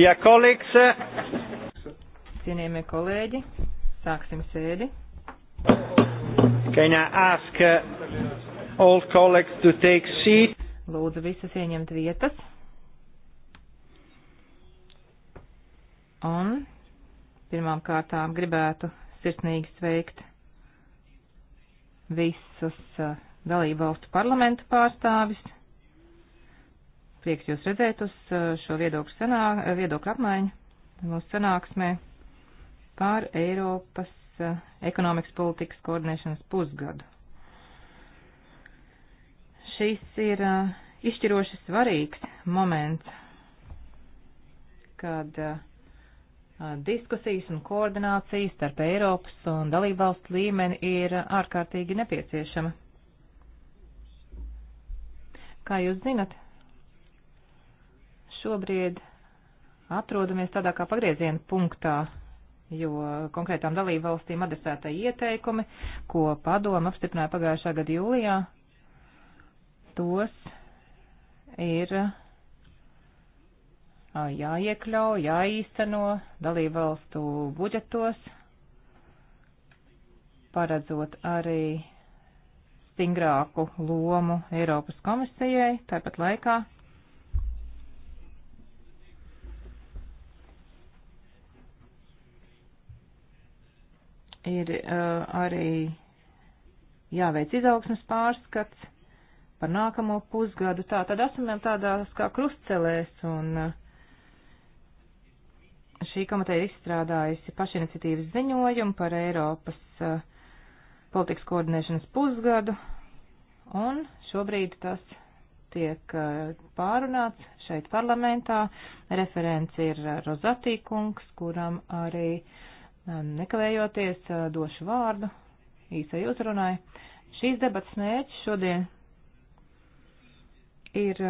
Ja kolēģis. Cienījamie kolēģi, sāksim sēdi. Can I ask uh, all colleagues to take seat? Lūdzu visus ieņemt vietas. Un pirmām kārtām gribētu sirsnīgi sveikt visus uh, dalību valstu parlamentu pārstāvis, Prieks jūs redzēt uz eh, šo viedokļu, sanā, eh, viedokļu apmaiņu mūsu sanāksmē pār Eiropas eh, ekonomikas politikas koordinēšanas pusgadu. Šis ir izšķiroši svarīgs moments, kad diskusijas un koordinācijas starp Eiropas un dalībvalstu līmeni ir ārkārtīgi nepieciešama. Kā jūs zinat, šobrīd atrodamies tādā kā pagrieziena punktā, jo konkrētām dalību valstīm adresētai ieteikumi, ko padoma apstiprināja pagājušā gada jūlijā, tos ir jāiekļau, jāīsteno dalību valstu budžetos, paredzot arī stingrāku lomu Eiropas komisijai, tāpat laikā ir uh, arī jāveic izaugsmas pārskats par nākamo pusgadu. Tā tad esam jau tādās kā krustcelēs un uh, šī komiteja ir izstrādājusi pašiniciatīvas ziņojumu par Eiropas uh, politikas koordinēšanas pusgadu un šobrīd tas tiek uh, pārunāts šeit parlamentā. Referents ir uh, Rozatī kungs, kuram arī uh, Nekavējoties došu vārdu īsai uzrunai. Šīs debats mērķis šodien ir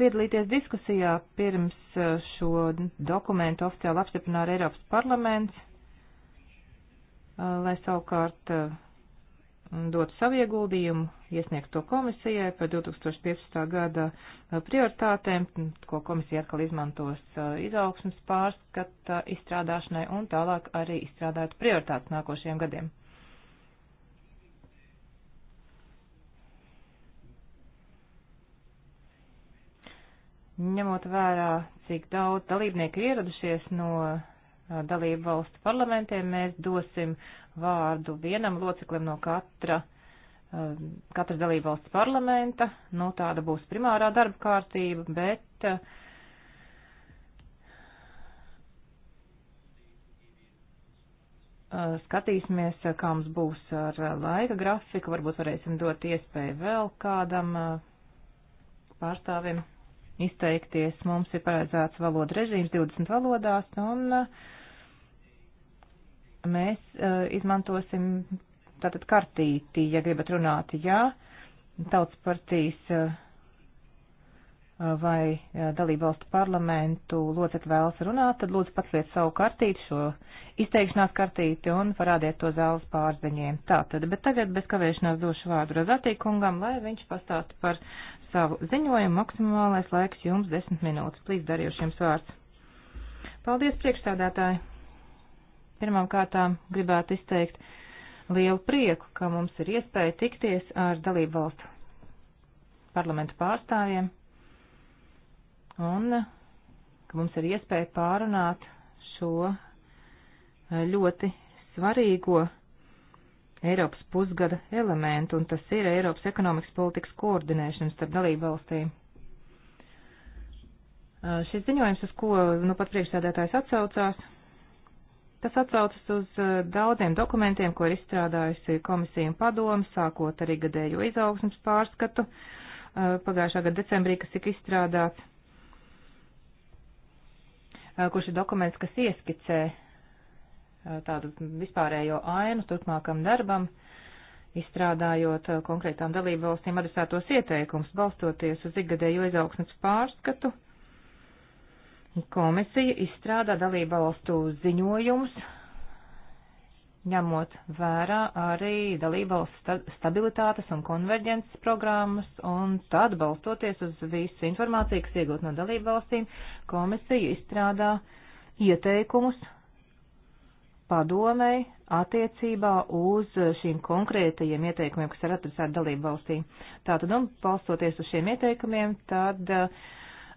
piedalīties diskusijā pirms šo dokumentu oficiāli apstiprināja Eiropas parlaments, lai savukārt dot savu ieguldījumu, iesniegt to komisijai par 2015. gada uh, prioritātēm, ko komisija atkal izmantos uh, izaugsmas pārskata izstrādāšanai un tālāk arī izstrādāt prioritātes nākošajiem gadiem. Ņemot vērā, cik daudz dalībnieku ieradušies no dalību valstu parlamentiem, mēs dosim vārdu vienam loceklim no katra, katra dalību valsts parlamenta. Nu, tāda būs primārā darba kārtība, bet skatīsimies, kā mums būs ar laika grafiku. Varbūt varēsim dot iespēju vēl kādam pārstāvim izteikties. Mums ir paredzēts valoda režīms 20 valodās un uh, mēs uh, izmantosim tātad kartīti, ja gribat runāt jā, tautas partijas uh, vai uh, dalībvalstu parlamentu locekļi vēlas runāt, tad lūdzu pakliet savu kartīti, šo izteikšanās kartīti un parādiet to zāles pārziņiem. Tātad, bet tagad bez kavēšanās došu vārdu Razatī kungam, lai viņš pastāsta par savu ziņojumu. Maksimālais laiks jums 10 minūtes. Plīz darījušiem vārds. Paldies, priekšstādātāji! Pirmām kārtām gribētu izteikt lielu prieku, ka mums ir iespēja tikties ar dalību valstu parlamentu pārstāvjiem un ka mums ir iespēja pārunāt šo ļoti svarīgo Eiropas pusgada elementu, un tas ir Eiropas ekonomikas politikas koordinēšanas starp dalību valstīm. Šis ziņojums, uz ko nu pat priekšsēdētājs atsaucās, Tas atsaucas uz uh, daudziem dokumentiem, ko ir izstrādājusi komisija un padoma, sākot ar igadējo izaugsmas pārskatu uh, pagājušā gada decembrī, kas tika izstrādāts, uh, kurš ir dokuments, kas ieskicē tādu vispārējo ainu turpmākam darbam, izstrādājot konkrētām dalību valstīm adresētos ieteikums, balstoties uz igadējo izaugsmas pārskatu Komisija izstrādā dalībvalstu ziņojumus, ņemot vērā arī dalībvalstu stabilitātes un konverģences programmas, un tad, balstoties uz visu informāciju, kas iegūt no dalībvalstīm, komisija izstrādā ieteikumus padomei attiecībā uz šīm konkrētajiem ieteikumiem, kas ir atrasēti dalībvalstī. Tātad, un nu, balstoties uz šiem ieteikumiem, tad uh,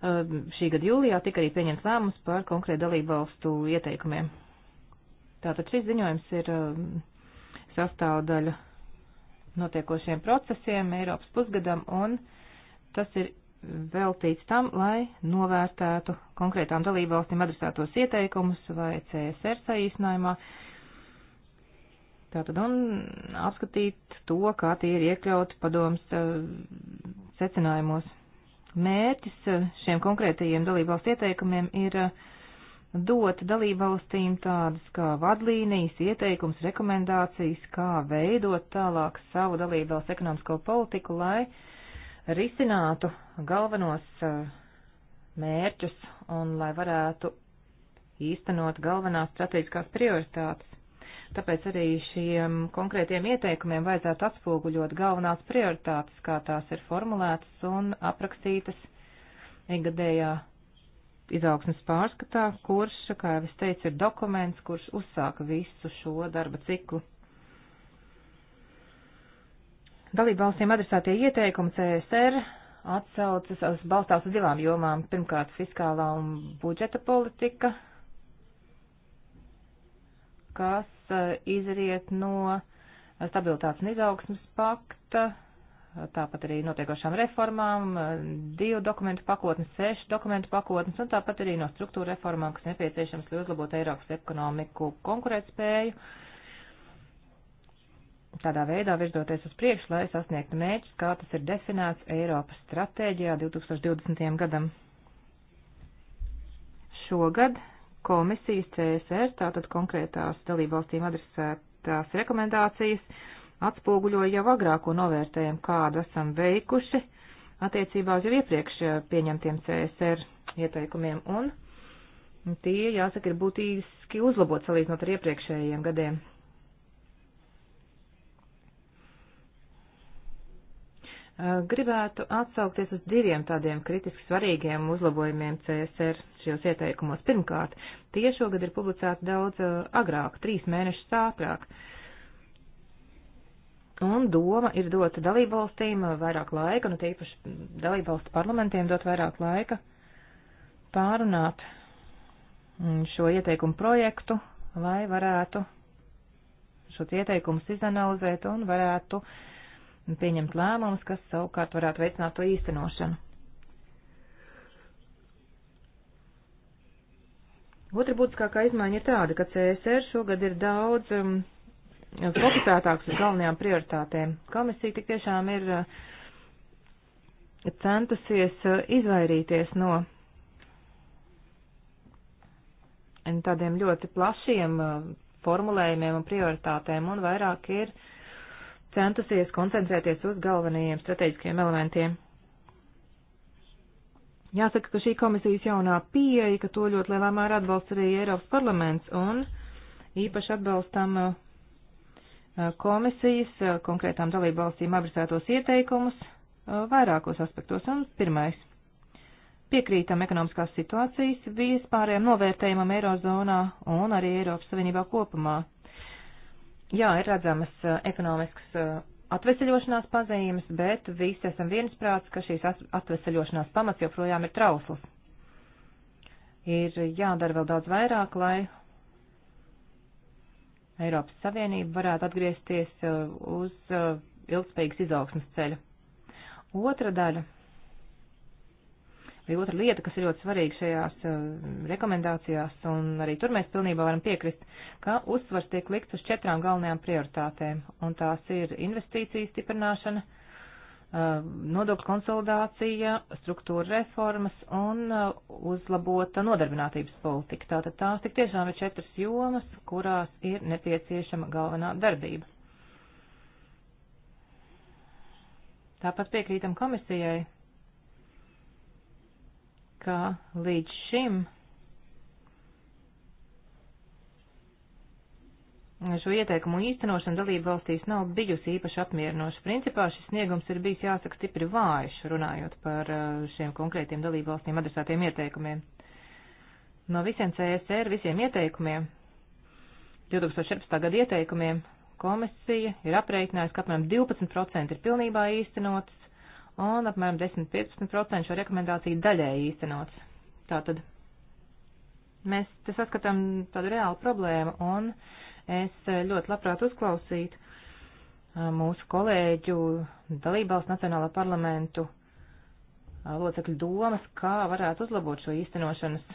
Um, šī gada jūlijā tika arī pieņemts lēmums par konkrētu dalību valstu ieteikumiem. Tātad šis ziņojums ir um, sastāvdaļa notiekošiem procesiem Eiropas pusgadam, un tas ir veltīts tam, lai novērtētu konkrētām dalību valstīm adresētos ieteikumus vai CSR saīsinājumā. Tātad un apskatīt to, kā tie ir iekļauti padoms uh, secinājumos. Uh, Mērķis eh, šiem konkrētajiem dalībvalstu ieteikumiem ir eh, dot dalībvalstīm tādas kā vadlīnijas, ieteikums, rekomendācijas, kā veidot tālāk savu dalībvalstu ekonomisko politiku, lai risinātu galvenos eh, mērķus un lai varētu īstenot galvenās strateģiskās prioritātes. Tāpēc arī šiem konkrētiem ieteikumiem vajadzētu atspoguļot galvenās prioritātes, kā tās ir formulētas un aprakstītas ikgadējā izaugsmes pārskatā, kurš, kā jau es teicu, ir dokuments, kurš uzsāka visu šo darba ciklu. Dalībvalstīm adresētie ieteikumi CSR atsaucas uz balstās uz divām jomām. Pirmkārt, fiskālā un budžeta politika, kas eh, izriet no stabilitātes un izaugsmas pakta, tāpat arī notiekošām reformām, divu dokumentu pakotnes, sešu dokumentu pakotnes un tāpat arī no struktūra reformām, kas nepieciešams, lai uzlabotu Eiropas ekonomiku konkurētspēju. Tādā veidā virzoties uz priekšu, lai sasniegtu mērķus, kā tas ir definēts Eiropas stratēģijā 2020. gadam. Šogad komisijas CSR, tātad konkrētās dalībvalstīm adresētās rekomendācijas, atspoguļoja jau agrāko novērtējumu, kādu esam veikuši attiecībā uz jau iepriekš eh, pieņemtiem CSR ieteikumiem, un tie, jāsaka, ir būtiski uzlabot salīdzinot ar iepriekšējiem gadiem. Gribētu atsaukties uz diviem tādiem kritiski svarīgiem uzlabojumiem CSR šajos ieteikumos. Pirmkārt, tie šogad ir publicēti daudz uh, agrāk, trīs mēnešus ātrāk. Un doma ir dot dalībvalstīm uh, vairāk laika, nu tīpaši dalībvalstu parlamentiem dot vairāk laika pārunāt mm, šo ieteikumu projektu, lai varētu šos ieteikumus izanalizēt un varētu uh, un pieņemt lēmumus, kas savukārt varētu veicināt to īstenošanu. Otra būtiskākā izmaiņa ir tāda, ka CSR šogad ir daudz um, fokusētāks uz galvenajām prioritātēm. Komisija tik tiešām ir uh, centusies uh, izvairīties no tādiem ļoti plašiem uh, formulējumiem un prioritātēm, un vairāk ir uh, centusies koncentrēties uz galvenajiem strateģiskiem elementiem. Jāsaka, ka šī komisijas jaunā pieeja, ka to ļoti lielā mērā atbalsta arī Eiropas parlaments un īpaši atbalstam uh, uh, komisijas uh, konkrētām dalībvalstīm adresētos ieteikumus vairākos aspektos. Un pirmais - piekrītam ekonomiskās situācijas vispārējiem novērtējumam Eirozonā un arī Eiropas Savienībā kopumā jā, ir redzamas ekonomiskas atveseļošanās pazīmes, bet visi esam viensprāts, ka šīs atveseļošanās pamats joprojām ir trausls. Ir jādara vēl daudz vairāk, lai Eiropas Savienība varētu atgriezties uz ilgspējīgas izaugsmas ceļa. Otra daļa Vai otra lieta, kas ir ļoti svarīga šajās um, rekomendācijās, un arī tur mēs pilnībā varam piekrist, ka uzsvars tiek likts uz četrām galvenajām prioritātēm, un tās ir investīcijas stiprināšana, uh, nodokļu konsolidācija, struktūra reformas un uh, uzlabota nodarbinātības politika. Tātad tās tik tiešām ir četras jomas, kurās ir nepieciešama galvenā darbība. Tāpat piekrītam komisijai ka līdz šim šo ieteikumu īstenošana dalību valstīs nav bijusi īpaši apmierinoša. Principā šis sniegums ir bijis jāsaka stipri vājš, runājot par eh, šiem konkrētiem dalību valstīm adresētiem ieteikumiem. No visiem CSR, visiem ieteikumiem, 2014. gada ieteikumiem, komisija ir apreikinājusi, ka apmēram 12% ir pilnībā īstenots, un apmēram 10-15% šo rekomendāciju daļēji īstenots. Tātad mēs te saskatām tādu reālu problēmu, un es ļoti labprāt uzklausītu mūsu kolēģu dalībvalsts Nacionālā parlamentu locekļu domas, kā varētu uzlabot šo īstenošanas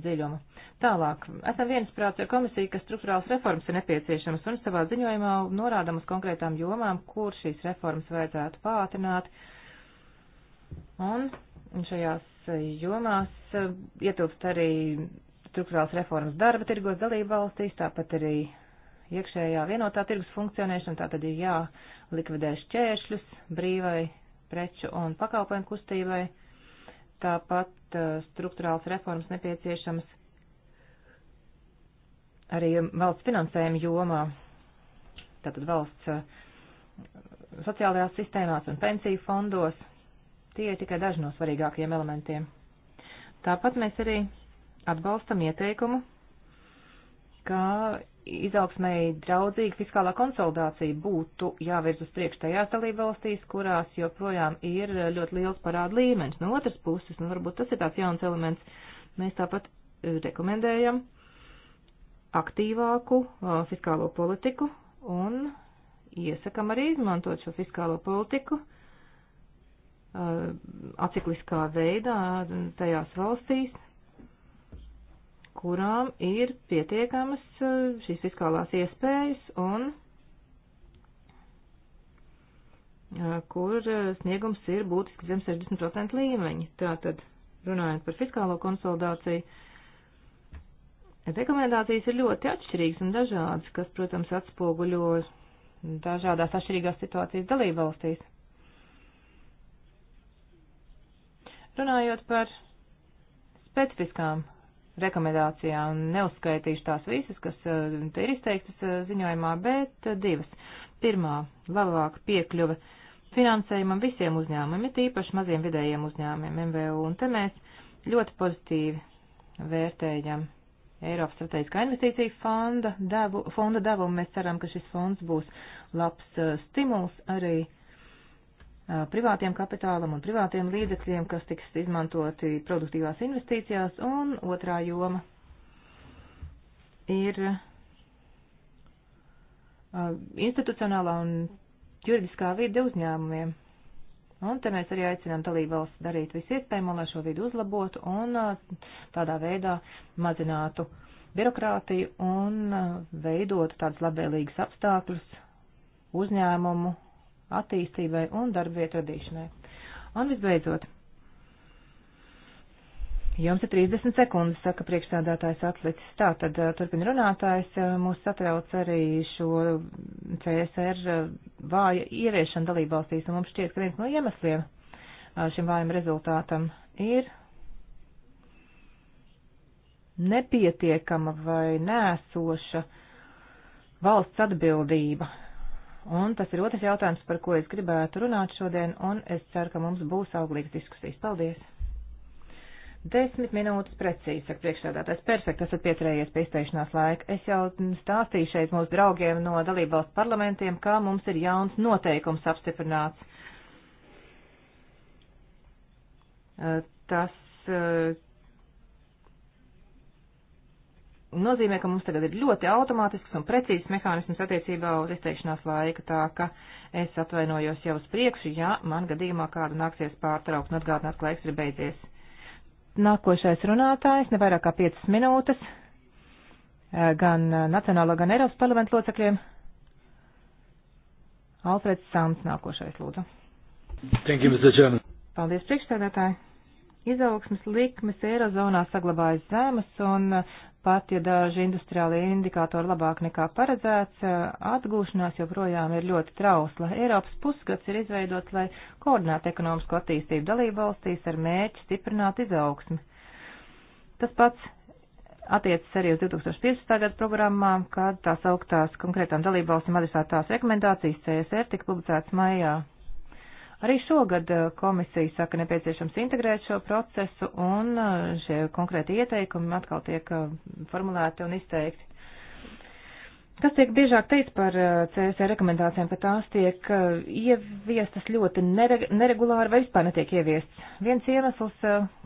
dziļumu. Tālāk, esam viensprāts ar komisiju, ka struktūrāls reformas ir nepieciešamas un savā ziņojumā norādam uz konkrētām jomām, kur šīs reformas vajadzētu pātrināt. Un šajās jomās eh, ietilpst arī struktūrāls reformas darba tirgos dalība valstīs, tāpat arī iekšējā vienotā tirgus funkcionēšana, tātad ir jālikvidē šķēršļus brīvai preču un pakalpojumu kustībai, tāpat veikt eh, struktūrāls reformas nepieciešams arī valsts finansējuma jomā, tātad valsts eh, sociālajās sistēmās un pensiju fondos. Tie ir tikai daži no svarīgākajiem elementiem. Tāpat mēs arī atbalstam ieteikumu, ka izaugsmēji draudzīga fiskālā konsolidācija būtu jāvirz uz priekšu tajās dalībvalstīs, kurās joprojām ir ļoti liels parāda līmenis. No otras puses, nu varbūt tas ir tāds jauns elements, mēs tāpat eh, rekomendējam aktīvāku eh, fiskālo politiku un iesakam arī izmantot šo fiskālo politiku eh, acikliskā veidā tajās valstīs, kurām ir pietiekamas eh, šīs fiskālās iespējas un eh, kur eh, sniegums ir būtiski zem 60% līmeņa. Tātad, runājot par fiskālo konsolidāciju, rekomendācijas ir ļoti atšķirīgas un dažādas, kas, protams, atspoguļo dažādās atšķirīgās situācijas dalībvalstīs. Runājot par specifiskām rekomendācijā un neuzskaitīšu tās visas, kas eh, te ir izteiktas eh, ziņojumā, bet eh, divas. Pirmā - labāka piekļuva finansējumam visiem uzņēmumiem, it īpaši maziem vidējiem uzņēmumiem MVU, un te mēs ļoti pozitīvi vērtējam Eiropas strateģiskā investīcija fonda, devu, fonda devumu. Mēs ceram, ka šis fonds būs labs stimuls arī uh, privātiem kapitālam un privātiem līdzekļiem, kas tiks izmantoti produktīvās investīcijās, un otrā joma ir institucionālā un juridiskā vide uzņēmumiem. Un te mēs arī aicinām dalībvalsts darīt visu iespējamo, lai šo vidu uzlabotu un tādā veidā mazinātu birokrātiju un veidotu tādus labvēlīgus apstākļus uzņēmumu attīstībai un darbvietu radīšanai. Un visbeidzot, jums ir 30 sekundes, saka priekšsādātājs atlicis. Tā tad eh, turpina runātājs, eh, mūs satrauc arī šo CSR eh, vāja ieviešana dalībvalstīs, un mums šķiet, ka viens no iemesliem šim vājam rezultātam ir nepietiekama vai nēsoša valsts atbildība Un tas ir otrs jautājums, par ko es gribētu runāt šodien, un es ceru, ka mums būs auglīgas diskusijas. Paldies! Desmit minūtes precīzi, saka priekšsēdētājs. Perfekti, esat pieturējies pie izteikšanās laika. Es jau stāstīju šeit mūsu draugiem no dalībvalstu parlamentiem, kā mums ir jauns noteikums apstiprināts. Eh, tas eh, nozīmē, ka mums tagad ir ļoti automātisks un precīzs mehānisms attiecībā uz izteikšanās laika, tā ka es atvainojos jau uz priekšu, ja man gadījumā kādu nāksies pārtraukt un atgādināt, ka laiks ir beidzies. Nākošais runātājs, ne vairāk kā 5 minūtes, eh, gan eh, Nacionālo, gan Eiropas parlamentu locekļiem. Alfreds Sants nākošais, lūdzu. Thank you, Mr. Chairman. Paldies, priekšstādātāji. Izaugsmes likmes Eirozonā saglabājas zemes un Pat ja daži industriālie indikātori labāk nekā paredzēts, atgūšanās joprojām ir ļoti trausla. Eiropas pusgads ir izveidots, lai koordinātu ekonomisko attīstību dalību valstīs ar mērķi stiprināt izaugsmi. Tas pats attiecas arī uz 2015. gadu programmām, kad tās augtās konkrētām dalībvalstīm adresētās rekomendācijas CSR tika publicētas maijā. Arī šogad eh, komisija saka nepieciešams integrēt šo procesu un eh, šie konkrēti ieteikumi atkal tiek eh, formulēti un izteikti. Kas tiek biežāk teikt par CSR e rekomendācijām, ka tās tiek ieviestas ļoti neregulāri vai vispār netiek ieviestas? Viens iemesls,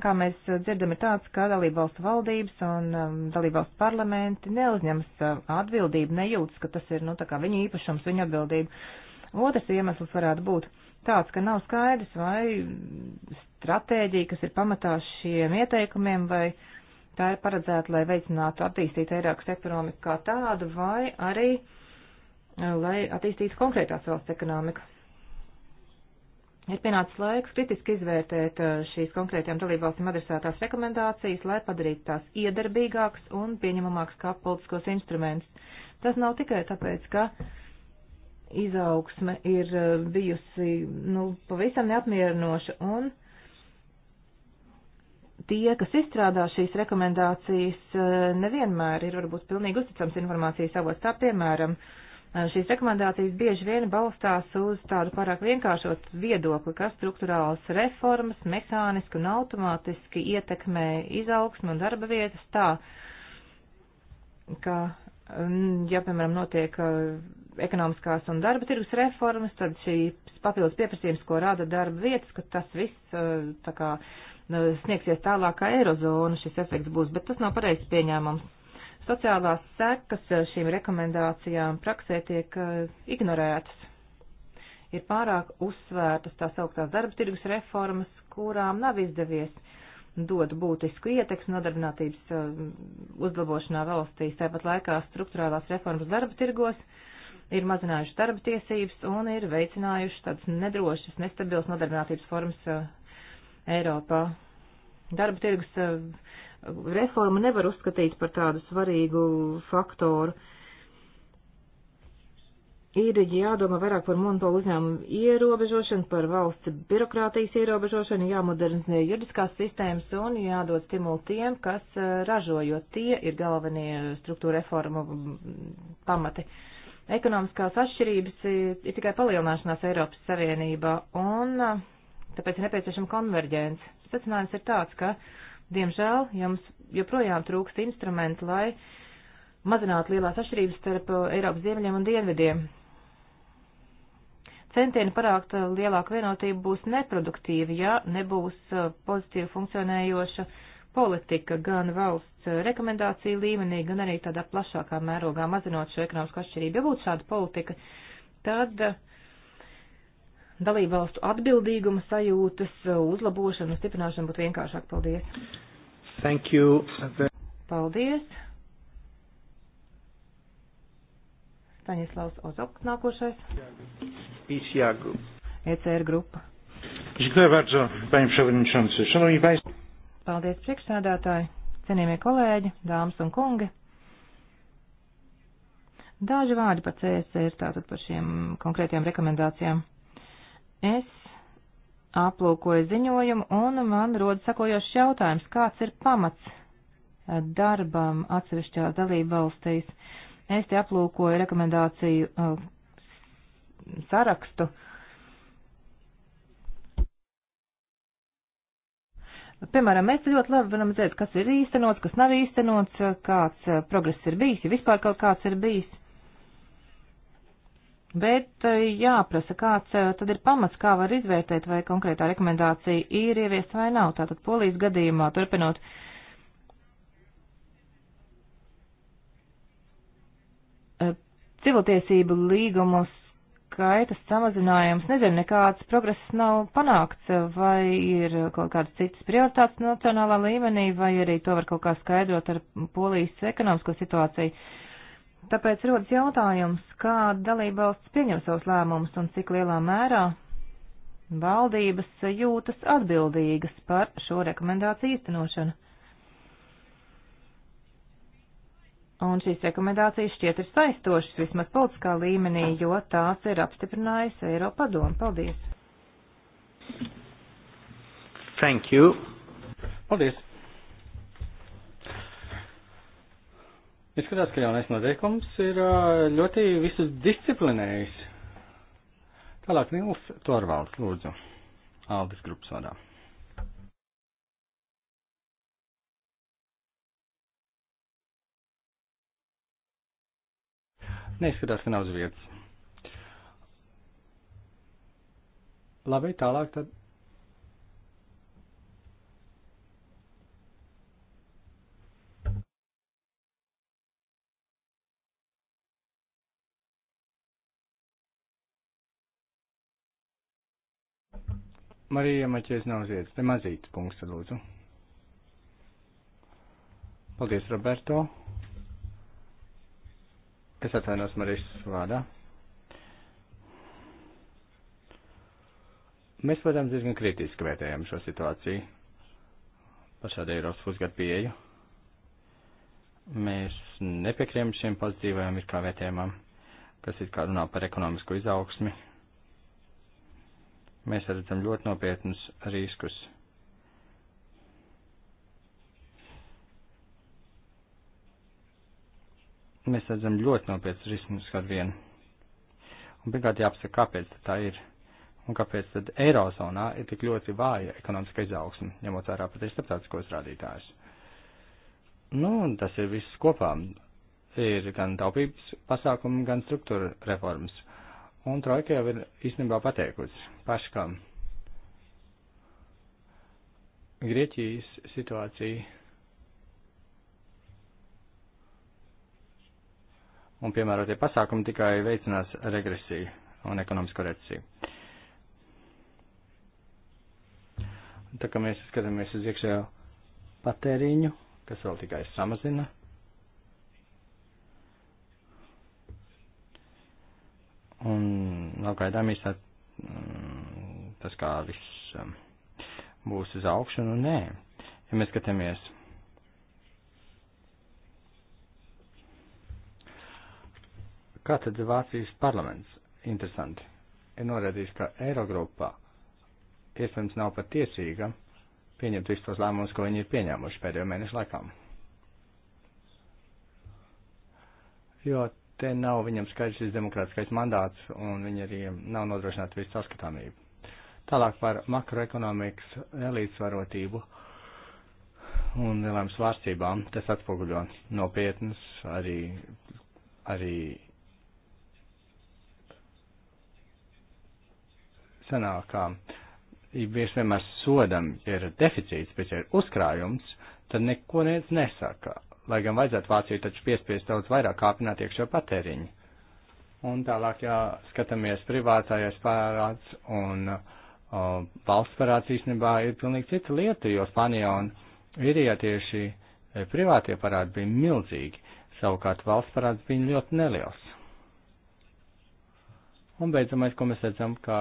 kā mēs dzirdam, ir tāds, ka dalībvalstu valdības un dalībvalstu parlamenti neuzņemas atbildību, nejūtas, ka tas ir, nu, tā kā viņu īpašums, viņu atbildība. Otrs iemesls varētu būt tāds, ka nav skaidrs, vai stratēģija, kas ir pamatā šiem ieteikumiem, vai tā ir paredzēta, lai veicinātu attīstīt Eiropas ekonomiku kā tādu, vai arī, eh, lai attīstītu konkrētās valsts ekonomiku. Ir pienācis laiks kritiski izvērtēt eh, šīs konkrētajām dalībvalstīm adresētās rekomendācijas, lai padarītu tās iedarbīgākas un pieņemamākas kā politiskos instrumentus. Tas nav tikai tāpēc, ka uh, izaugsme ir eh, bijusi nu, pavisam neapmierinoša un tie, kas izstrādā šīs rekomendācijas, eh, nevienmēr ir varbūt pilnīgi uzticams informācijas avots. Tā piemēram, eh, šīs rekomendācijas bieži vien balstās uz tādu pārāk vienkāršot viedokli, ka struktūrālas reformas mehāniski un automātiski ietekmē izaugsmu un darba vietas tā, ka ja, piemēram, notiek uh, ekonomiskās un darba tirgus reformas, tad šīs papildus pieprasījums, ko rada darba vietas, ka tas viss uh, tā kā nu, sniegsies tālākā eirozona, šis efekts būs, bet tas nav pareizs pieņēmums. Sociālās sekas uh, šīm rekomendācijām praksē tiek ignorētas. Ir pārāk uzsvērtas tās augstās darba tirgus reformas, kurām nav izdevies uh, dod būtisku ietekmi nodarbinātības eh, uzlabošanā valstīs, tāpat laikā struktūrālās reformas darba tirgos ir mazinājuši darba tiesības un ir veicinājuši tādas nedrošas, nestabilas nodarbinātības formas eh, Eiropā. Darba tirgus eh, reforma nevar uzskatīt par tādu svarīgu faktoru. Uh, ir jādomā vairāk par monopolu uzņēmumu ierobežošanu, par valsts birokrātijas ierobežošanu, jāmodernizē juridiskās sistēmas un jādod stimulu tiem, kas eh, ražo, jo tie ir galvenie struktūra reformu mm, pamati. Ekonomiskās atšķirības ir tikai palielināšanās Eiropas Savienībā un eh, tāpēc ir nepieciešama konverģence. Secinājums ir tāds, ka, diemžēl, jums joprojām trūkst instrumentu, lai mazinātu lielās atšķirības starp eh, Eiropas ziemeļiem un dienvidiem centieni parākt eh, lielāku vienotību būs neproduktīvi, ja nebūs eh, pozitīvi funkcionējoša politika gan valsts eh, rekomendāciju līmenī, gan arī tādā plašākā mērogā mazinot šo ekonomisko atšķirību. Ja būtu šāda politika, tad dalībvalstu atbildīguma sajūtas uzlabošana un stiprināšana būtu vienkāršāk. Paldies! Thank you. Paldies! Staņislavs Ozoks nākošais. PCA grupa. ECR grupa. Dziękuję bardzo, panie przewodniczący. Szanowni państwo. Paldies priekšsēdētāji, cienījamie kolēģi, dāmas un kungi. Daži vārdi par CSR, tātad par šiem konkrētajām rekomendācijām. Es aplūkoju ziņojumu un man rodas sakojošs jautājums, kāds ir pamats darbam atsevišķās dalību valstīs. Es te aplūkoju rekomendāciju uh, sarakstu. Piemēram, mēs ļoti labi varam redzēt, kas ir īstenots, kas nav īstenots, uh, kāds uh, progress ir bijis, ja vispār kaut kāds ir bijis. Bet uh, jāprasa, kāds tad ir pamats, kā var izvērtēt, vai konkrētā rekomendācija ir ieviesta vai nav. Tātad polijas gadījumā, turpinot uh, civiltiesību līgumu skaitas samazinājums, nezinu, nekāds progress nav panākts, vai ir kaut kādas citas prioritātes nacionālā līmenī, vai arī to var kaut kā skaidrot ar polijas ekonomisko situāciju. Tāpēc rodas jautājums, kā dalībvalsts pieņem savus lēmumus un cik lielā mērā valdības jūtas atbildīgas par šo rekomendāciju īstenošanu. Un šīs rekomendācijas šķiet ir saistošas vismaz politiskā līmenī, jo tās ir apstiprinājusi Eiropadoma. Paldies! Thank you. Paldies! Izskatās, ka jaunais noteikums ir ļoti visus disciplinējis. Tālāk Nils Torvalds, lūdzu, Aldis grupas vadā. Neizskatās, ka nav uz vietas. Labi, tālāk tad. Marija Maķēs nav ziedz, te mazīts punkts, lūdzu. Paldies, Roberto. Es atvainos Marijas vārdā. Mēs, protams, diezgan kritiski vērtējam šo situāciju par šādu Eiropas pusgadu pieeju. Mēs nepiekriem šiem pozitīvajiem ir kā vērtējumam, kas ir kā runā par ekonomisko izaugsmi. Mēs redzam ļoti nopietnus riskus mēs redzam ļoti nopietnas risinājumus kad vien. Un pirmkārt jāpasaka, kāpēc tā ir un kāpēc tad Eirozonā ir tik ļoti vāja ekonomiska izaugsme, ņemot vērā pat ir starptautiskos rādītājus. Nu, un tas ir viss kopā. Ir gan taupības pasākumi, gan struktūra reformas. Un Trojka jau ir īstenībā pateikusi paškam. Grieķijas situācija un piemērotie pasākumi tikai veicinās regresiju un ekonomisko recesiju. Tā kā mēs skatāmies uz iekšējo patēriņu, kas vēl tikai samazina. Un nav gaidāmies tā, mm, tas kā viss mm, būs uz augšu, nu nē. Ja mēs skatāmies Kā tad Vācijas parlaments, interesanti, ir norādījis, ka Eirogrupā iespējams nav pat tiesīga pieņemt visus tos lēmumus, ko viņi ir pieņēmuši pēdējo mēnešu laikā. Jo te nav viņam skaidrs šis demokrātiskais mandāts, un viņi arī nav nodrošināti visu caurskatāmību. Tālāk par makroekonomikas līdzsvarotību un lielām svārstībām. Tas atspoguļo nopietnas arī, arī sanākā. Mēs vienmēr sodam, ja ir deficīts, bet ja ir uzkrājums, tad neko neviens nesaka. Lai gan vajadzētu Vāciju taču piespiest daudz vairāk kāpināt iekšā patēriņu. Un tālāk, ja skatāmies privātājais pārāds un uh, valsts parāds īstenībā ir pilnīgi cita lieta, jo Spānijā un Irijā tieši e, privātie parādi bija milzīgi, savukārt valsts parāds bija ļoti neliels. Un beidzamais, ko mēs redzam, ka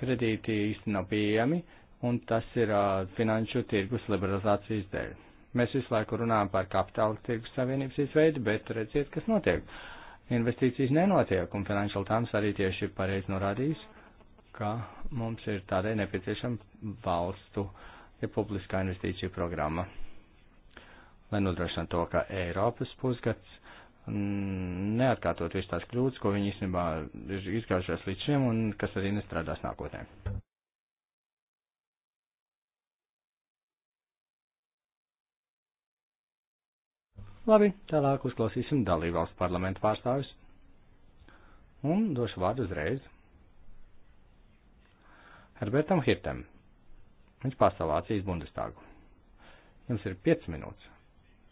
kredīti īsti nav pieejami, un tas ir uh, finanšu tirgus liberalizācijas dēļ. Mēs visu laiku runājam par kapitāla tirgus savienības izveidi, bet redziet, kas notiek. Investīcijas nenotiek, un Financial Times arī tieši pareizi norādījis, ka mums ir tādai nepieciešama valstu ja publiskā investīcija programma, lai nodrošinātu to, ka Eiropas pusgads neatkārtot visu tās kļūdas, ko viņi īstenībā ir izgājušies līdz šim un kas arī nestrādās nākotnē. Labi, tālāk uzklausīsim dalībvalstu parlamentu pārstāvis. Un došu vārdu uzreiz. Herbertam Hirtem. Viņš pārstāv Vācijas Bundestāgu. Jums ir 5 minūtes.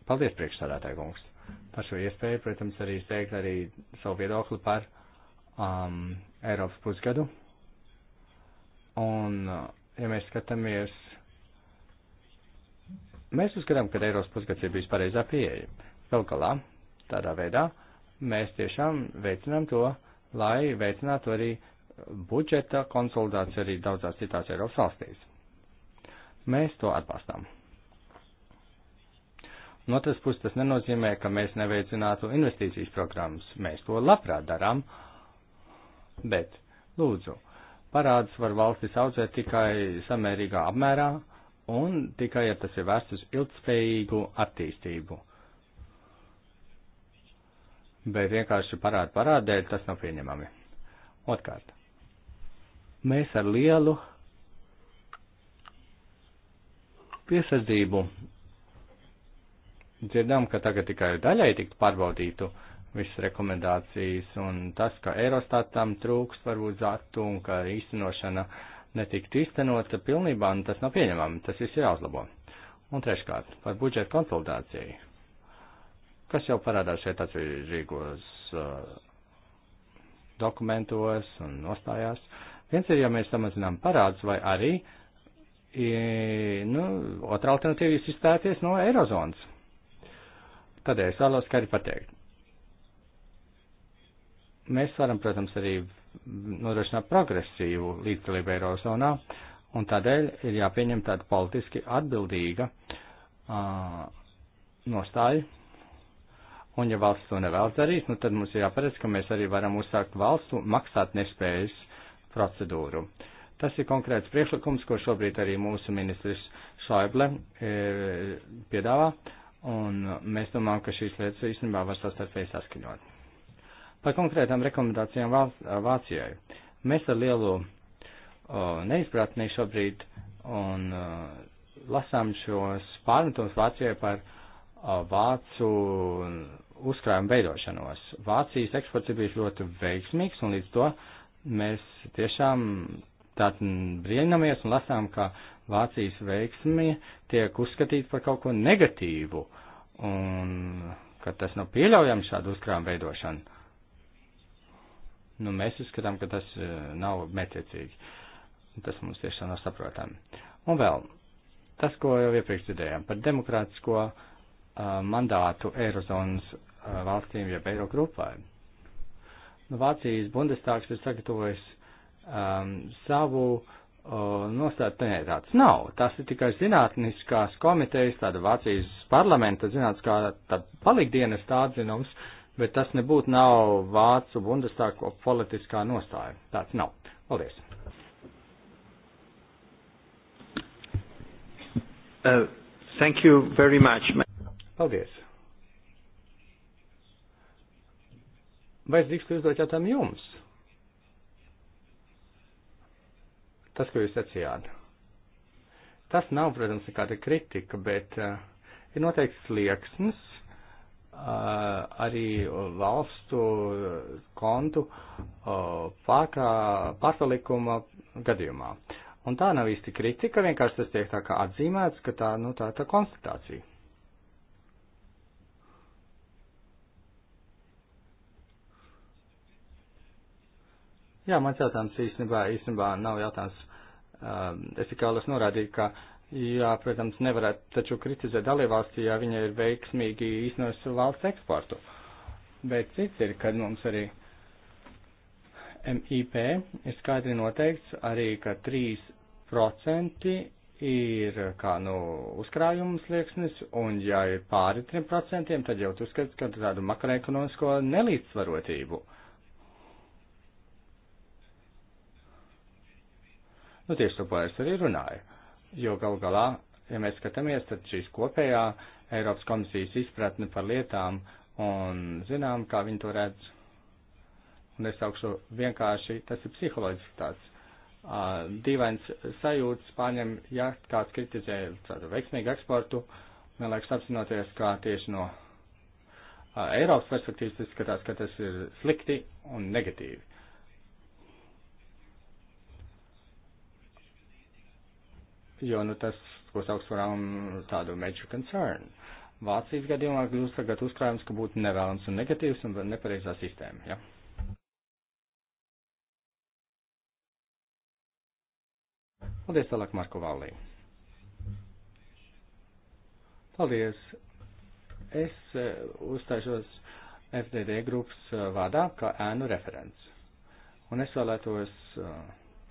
Paldies, priekšsādātāji kungs par šo iespēju, protams, arī izteikt arī savu viedokli par um, Eiropas pusgadu. Un, uh, ja mēs skatāmies, mēs uzskatām, ka Eiropas pusgads ir bijis pareizā pieeja. Galu galā, tādā veidā, mēs tiešām veicinām to, lai veicinātu arī budžeta konsolidāciju arī daudzās citās Eiropas valstīs. Mēs to atbalstām. No otras puses, tas nenozīmē, ka mēs neveicinātu investīcijas programmas. Mēs to labprāt darām, bet, lūdzu, parādus var valstis audzēt tikai samērīgā apmērā un tikai, ja tas ir vērsts uz ilgspējīgu attīstību. Bet vienkārši parādu parādēļ tas nav pieņemami. Otkārt, mēs ar lielu piesardzību dzirdām, ka tagad tikai daļai tiktu pārbaudītu visas rekomendācijas un tas, ka Eurostatam trūkst varbūt zatu un ka īstenošana netiktu īstenota pilnībā, un nu, tas nav pieņemami, tas viss ir jāuzlabo. Un treškārt, par budžeta konsolidāciju, kas jau parādās šeit atšķirīgos uh, dokumentos un nostājās. Viens ir, ja mēs samazinām parādus, vai arī, i, nu, otra alternatīva ir izstāties no Eirozonas. Tādēļ es vēlos skaidri pateikt. Mēs varam, protams, arī nodrošināt progresīvu līdzdalību Eirozonā, un tādēļ ir jāpieņem tāda politiski atbildīga uh, nostāja. Un ja valsts to nevēlas darīt, nu tad mums ir jāparedz, ka mēs arī varam uzsākt valstu maksāt nespējas procedūru. Tas ir konkrēts priekšlikums, ko šobrīd arī mūsu ministrs Šaible e, piedāvā. Uh, Un uh, mēs domājam, ka šīs lietas īstenībā var sastarpēji saskaņot. Par konkrētām rekomendācijām Vāc uh, Vācijai. Mēs ar lielu uh, neizpratnī šobrīd un uh, lasām šos pārmetumus Vācijai par uh, vācu uzkrājumu veidošanos. Vācijas eksports ir bijis ļoti veiksmīgs un līdz to mēs tiešām tātad brīnamies un lasām, ka uh, Vācijas veiksmi tiek uzskatīt par kaut ko negatīvu, un ka tas nav pieļaujams šādu uzkrājumu veidošanu. Nu, mēs uzskatām, ka tas eh, nav mērķiecīgi. Tas mums tiešām nav saprotami. Un vēl, tas, ko jau iepriekš dzirdējām par demokrātisko uh, mandātu Eirozonas uh, valstīm, jeb Eiro grupai. Nu, Vācijas Bundestāgs ir sagatavojis um, savu uh, nostāt, nē, tāds nav. Tas ir tikai zinātniskās komitejas, tāda Vācijas parlamenta zinātniskā tāda palikdienas atzinums, bet tas nebūtu nav Vācu bundestāko politiskā nostāja. Tāds nav. Paldies. Uh, thank you very much. Paldies. Vai es drīkstu uzdot jautājumu jums? tas, ko jūs sacījāt. Tas nav, protams, nekāda kritika, bet uh, ir noteikts slieksnis uh, arī valstu eh, kontu uh, pārkā, pārpalikuma gadījumā. Un tā nav īsti kritika, vienkārši tas tiek tā kā atzīmēts, ka tā, nu, tā ir tā konstatācija. Jā, mans jautājums īstenībā, īstenībā nav jautājums Ehm, es tikai vēlos norādīt, ka, jā, protams, nevarētu taču kritizēt dalībvalsti, ja viņa ir veiksmīgi īstenojusi valsts eksportu. Bet cits ir, kad mums arī MIP ir skaidri noteikts arī, ka 3% ir kā nu uzkrājums liekas, un ja ir pāri 3%, tad jau tu skaties, ka tādu makroekonomisko nelīdzsvarotību. Nu, tieši par to es arī runāju. Jo gal galā, ja mēs skatāmies, tad šīs kopējā Eiropas komisijas izpratne par lietām un zinām, kā viņi to redz. Un es saukšu vienkārši, tas ir psiholoģiski tāds uh, dīvains sajūts pārņem, ja kāds kritizē tādu veiksmīgu eksportu, vienlaikus apzinoties, kā tieši no uh, Eiropas perspektīvas izskatās, ka tas ir slikti un negatīvi. jo nu, tas, ko sauc par um, tādu major concern. Vācijas gadījumā kļūst tagad uzkrājums, ka būtu nevēlams un negatīvs un nepareizā sistēma. Ja? Paldies, tālāk Marko Vallī. Paldies. Es uh, uzstāšos FDD grupas uh, vārdā kā ēnu referents. Un es vēlētos uh,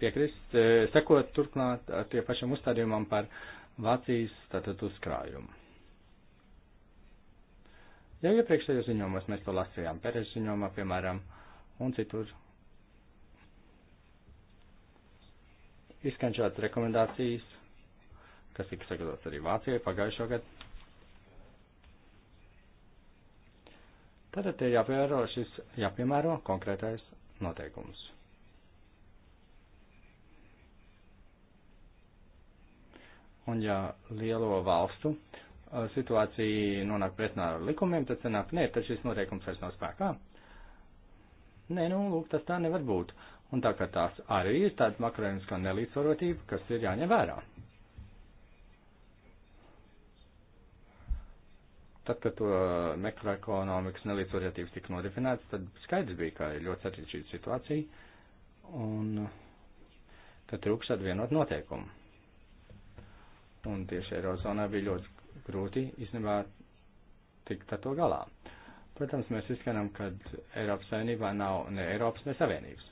piekrist, e, sekot turklāt tie pašam uzstādījumam par Vācijas tātad uzkrājumu. Jau iepriekšējos ziņojumos mēs to lasījām, Pērēs ziņojumā, piemēram, un citur. Izskan šādas rekomendācijas, kas tika sagatavotas arī Vācijai pagājušo gadu. Tātad te jāpiemēro šis, jāpiemēro konkrētais noteikums. Un ja lielo valstu situācija nonāk pretnā ar likumiem, tad sanāk, nē, tad šis noteikums vairs nav spēkā. Nē, nu, lūk, tas tā nevar būt. Un tā kā tās arī ir tāda makroēmiskā nelīdzsvarotība, kas ir jāņem vērā. Tad, kad to makroekonomikas nelīdzsvarotības tika nodefinēts, tad skaidrs bija, ka ir ļoti sarežģīta situācija un ka trūks atvienot noteikumu un tieši Eirozonā bija ļoti grūti īstenībā tikt ar to galā. Protams, mēs izskanam, ka Eiropas Savienībā nav ne Eiropas, ne Savienības.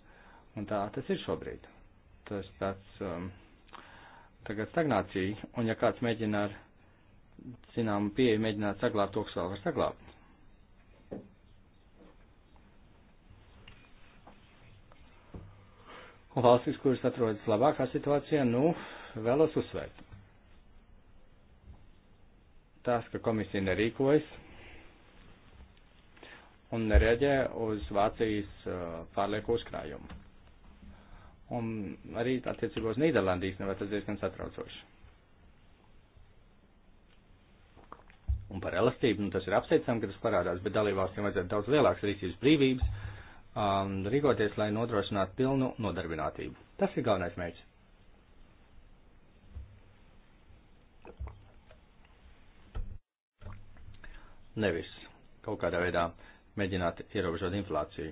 Un tā tas ir šobrīd. Tas tāds um, tagad stagnācija, un ja kāds mēģina ar zināmu pieeju mēģināt saglābt to, kas vēl var saglābt. Un valstis, kuras atrodas labākā situācijā, nu, vēlos uzsvērt tas, ka komisija nerīkojas un nereaģē uz Vācijas uh, pārlieku uzkrājumu. Un arī attiecībā uz Nīderlandijas nevar nu, tas diezgan satraucoši. Un par elastību, nu tas ir apsveicam, ka tas parādās, bet dalībvalstīm vajadzētu daudz lielākas rīcības brīvības um, rīkoties, lai nodrošinātu pilnu nodarbinātību. Tas ir galvenais mērķis. nevis kaut kādā veidā mēģināt ierobežot inflāciju.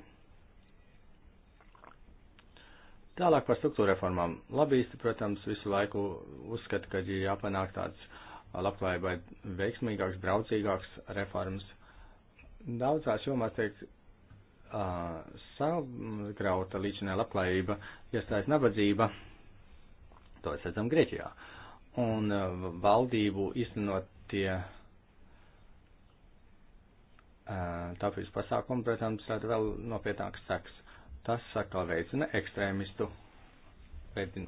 Tālāk par struktūra reformām. Labīsti, protams, visu laiku uzskata, ka ir jāpanāk tāds labklājībai veiksmīgāks, braucīgāks reformas. Daudzās jomās tiek uh, sagrauta līdzinē labklājība, iestājas nabadzība. To es redzam Grieķijā. Un uh, valdību īstenot tie uh, Eh, tāpēc pasākumi, protams, rada vēl nopietnāks seks. Tas atkal veicina ekstrēmistu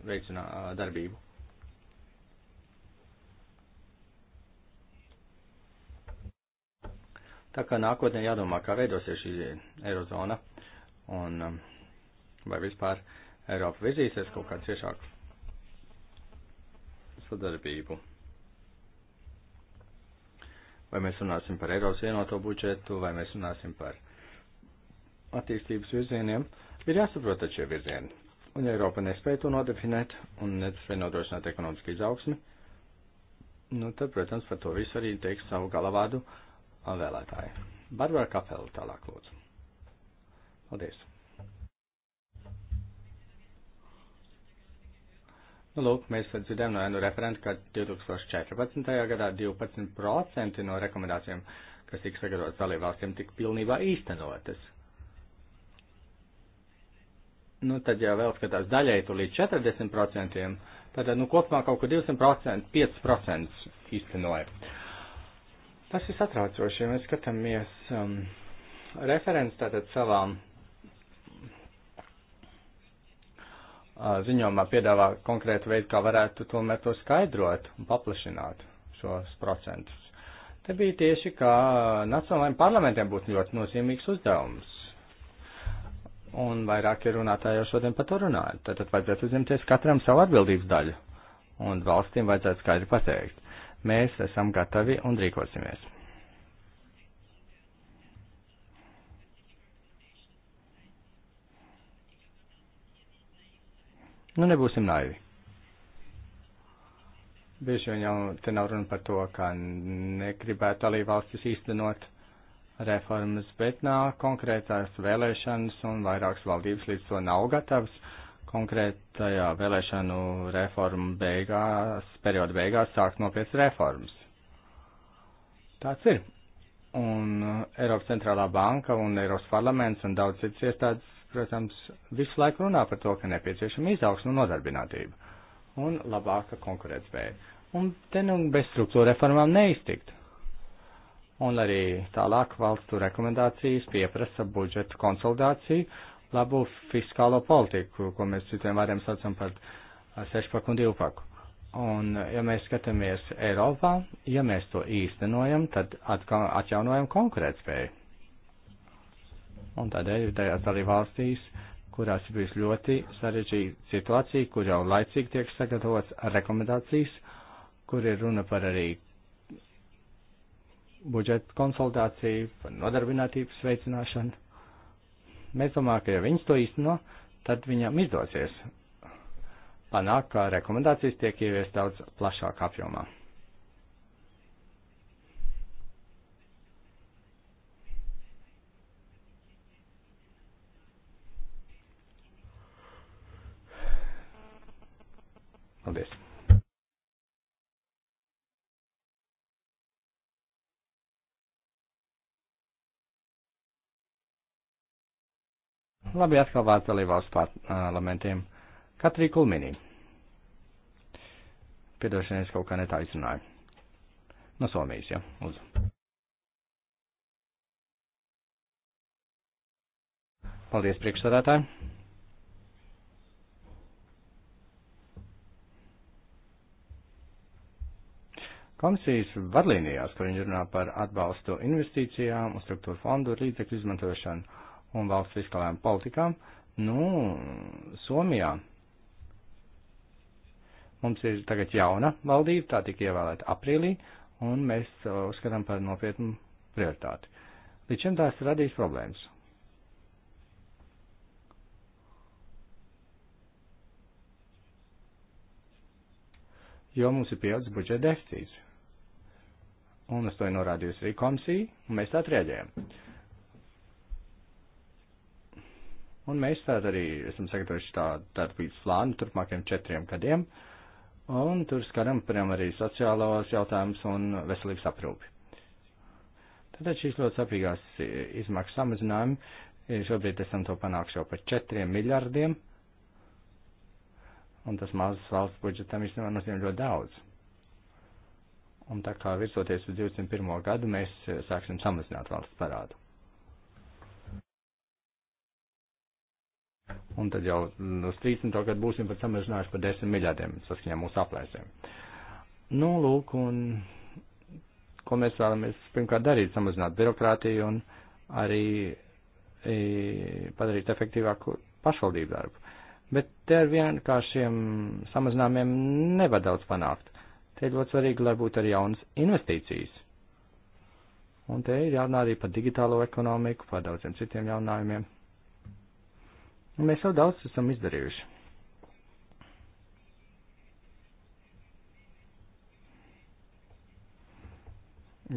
veicina eh, darbību. Tā kā nākotnē jādomā, kā veidosies šī eirozona un eh, vai vispār Eiropa virzīsies kaut kādu ciešāku sadarbību. Vai mēs runāsim par Eiropas vienoto budžetu, vai mēs runāsim par attīstības virzieniem, ir jāsaprot šie virzieni. Un ja Eiropa nespēja to nodefinēt un nespēja nodrošināt ekonomisku izaugsmi, nu tad, protams, par to visu arī teiks savu galavādu vēlētāju. Barbara Kapela tālāk lūdzu. Paldies! Nu, lūk, mēs dzirdējām no ēnu referenta, ka 2014. gadā 12% no rekomendācijām, kas tika sagatavotas dalībvalstīm, tika pilnībā īstenotas. Nu, tad, ja vēl skatās daļai, tu līdz 40%, tad, nu, kopumā kaut kur 200%, 5% īstenoja. Tas ir satraucoši, ja mēs skatāmies um, referents tātad savām ziņojumā piedāvā konkrētu veidu, kā varētu tomēr to skaidrot un paplašināt šos procentus. Te bija tieši, ka nacionālajiem parlamentiem būtu ļoti nozīmīgs uzdevums. Un vairāki runātāji jau šodien par to runāja. Tad, tad vajadzētu uzņemties katram savu atbildības daļu. Un valstīm vajadzētu skaidri pateikt, mēs esam gatavi un rīkosimies. Nu, nebūsim naivi. Bieži vien jau te nav runa par to, ka negribētu dalībvalstis īstenot reformas, bet nav konkrētās vēlēšanas un vairākas valdības līdz to nav gatavas konkrētajā vēlēšanu reformu beigās, perioda beigās sākt nopietnas reformas. Tāds ir. Un uh, Eiropas centrālā banka un Eiropas parlaments un daudz citas iestādes protams, visu laiku runā par to, ka nepieciešama izaugsme un nodarbinātība un labāka konkurētspēja. Un te nu bez struktūra reformām neiztikt. Un arī tālāk valstu rekomendācijas pieprasa budžeta konsolidāciju, labu fiskālo politiku, ko mēs citiem vārdiem saucam par sešpaku un divpaku. Un, ja mēs skatāmies Eiropā, ja mēs to īstenojam, tad atjaunojam konkurētspēju un tādēļ ir tajās dalībvalstīs, kurās ir bijusi ļoti sarežģīta situācija, kur jau laicīgi tiek sagatavots rekomendācijas, kur ir runa par arī budžeta konsultāciju, par nodarbinātības veicināšanu. Mēs domājam, ka ja viņš to īsteno, tad viņam izdosies panākt, ka rekomendācijas tiek ieviest daudz plašāk apjomā. Paldies! Labi, atkal vārds dalībvalsts parlamentiem. Katrī Kulminī. Piedošanies kaut kā netā izrunāju. No Somijas, ja? Uz. Paldies, priekšsādātāji. Komisijas vadlīnijās, kur viņi runā par atbalstu investīcijām, struktūra fondu līdzekļu izmantošanu un valsts fiskālajām politikām, nu, Somijā mums ir tagad jauna valdība, tā tika ievēlēta aprīlī, un mēs uzskatām par nopietnu prioritāti. Līdz šim tās radīs problēmas. Jo mums ir pieaudzis budžeta deficīts un uz to ir norādījusi arī komisija, un mēs tā rēģējam. Un mēs tā arī esam sagatavojuši tādu darbības plānu turpmākiem četriem gadiem, un tur skaram, piemēram, arī sociālos jautājumus un veselības aprūpi. Tātad šīs ļoti sapīgās izmaksu samazinājumi, e, šobrīd esam to panākuši jau par četriem miljardiem, un tas mazas valsts budžetam īstenībā nozīmē ļoti daudz un tā kā virsoties uz 21. gadu, mēs eh, sāksim samazināt valsts parādu. Un tad jau uz 30. gadu būsim pat samazinājuši par 10 miljardiem saskaņā mūsu aplēsēm. Nu, lūk, un ko mēs vēlamies pirmkārt darīt, samazināt birokrātiju un arī e, padarīt efektīvāku pašvaldību darbu. Bet te ar vienkāršiem samazinājumiem nevar daudz panākt. Te ir ļoti svarīgi, lai būtu arī jaunas investīcijas. Un te ir jārunā arī par digitālo ekonomiku, par daudziem citiem jaunājumiem. Un mēs jau daudz esam izdarījuši.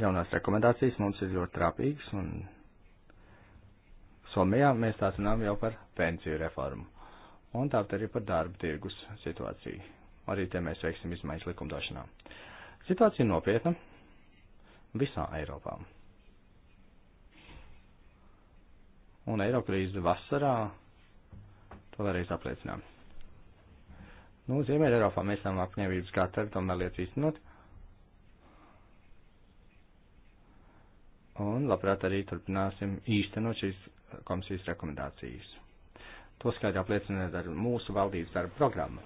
Jaunās rekomendācijas mums ir ļoti trāpīgas, un Somijā mēs tās runājam jau par pensiju reformu, un tāpat arī par darba tirgus situāciju. Arī te mēs veiksim izmaiņas likumdošanā. Situācija nopietna visā Eiropā. Un Eiropa krīze vasarā to vēlreiz apliecinām. Nu, Ziemeļa Eiropā mēs esam apņēmības gatavi tomēr lietas īstenot. Un labprāt arī turpināsim īstenot šīs komisijas rekomendācijas. To skaidri apliecina arī mūsu valdības darba programma.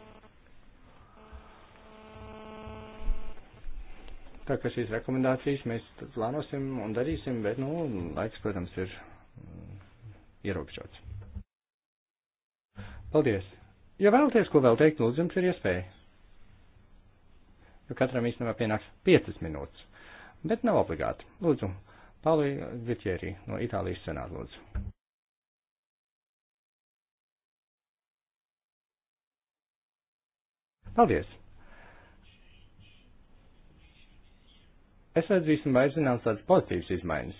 Tā kā šīs rekomendācijas mēs plānosim un darīsim, bet, nu, laiks, protams, ir mm, ierobežots. Paldies! Ja vēlaties, ko vēl teikt, lūdzu, jums ir iespēja. Jo katram īstenībā pienāks 5 minūtes, bet nav obligāti. Lūdzu, Pauli Gutieri no Itālijas senāta, lūdzu. Paldies! Es atzīstu vai zināms tādas pozitīvas izmaiņas.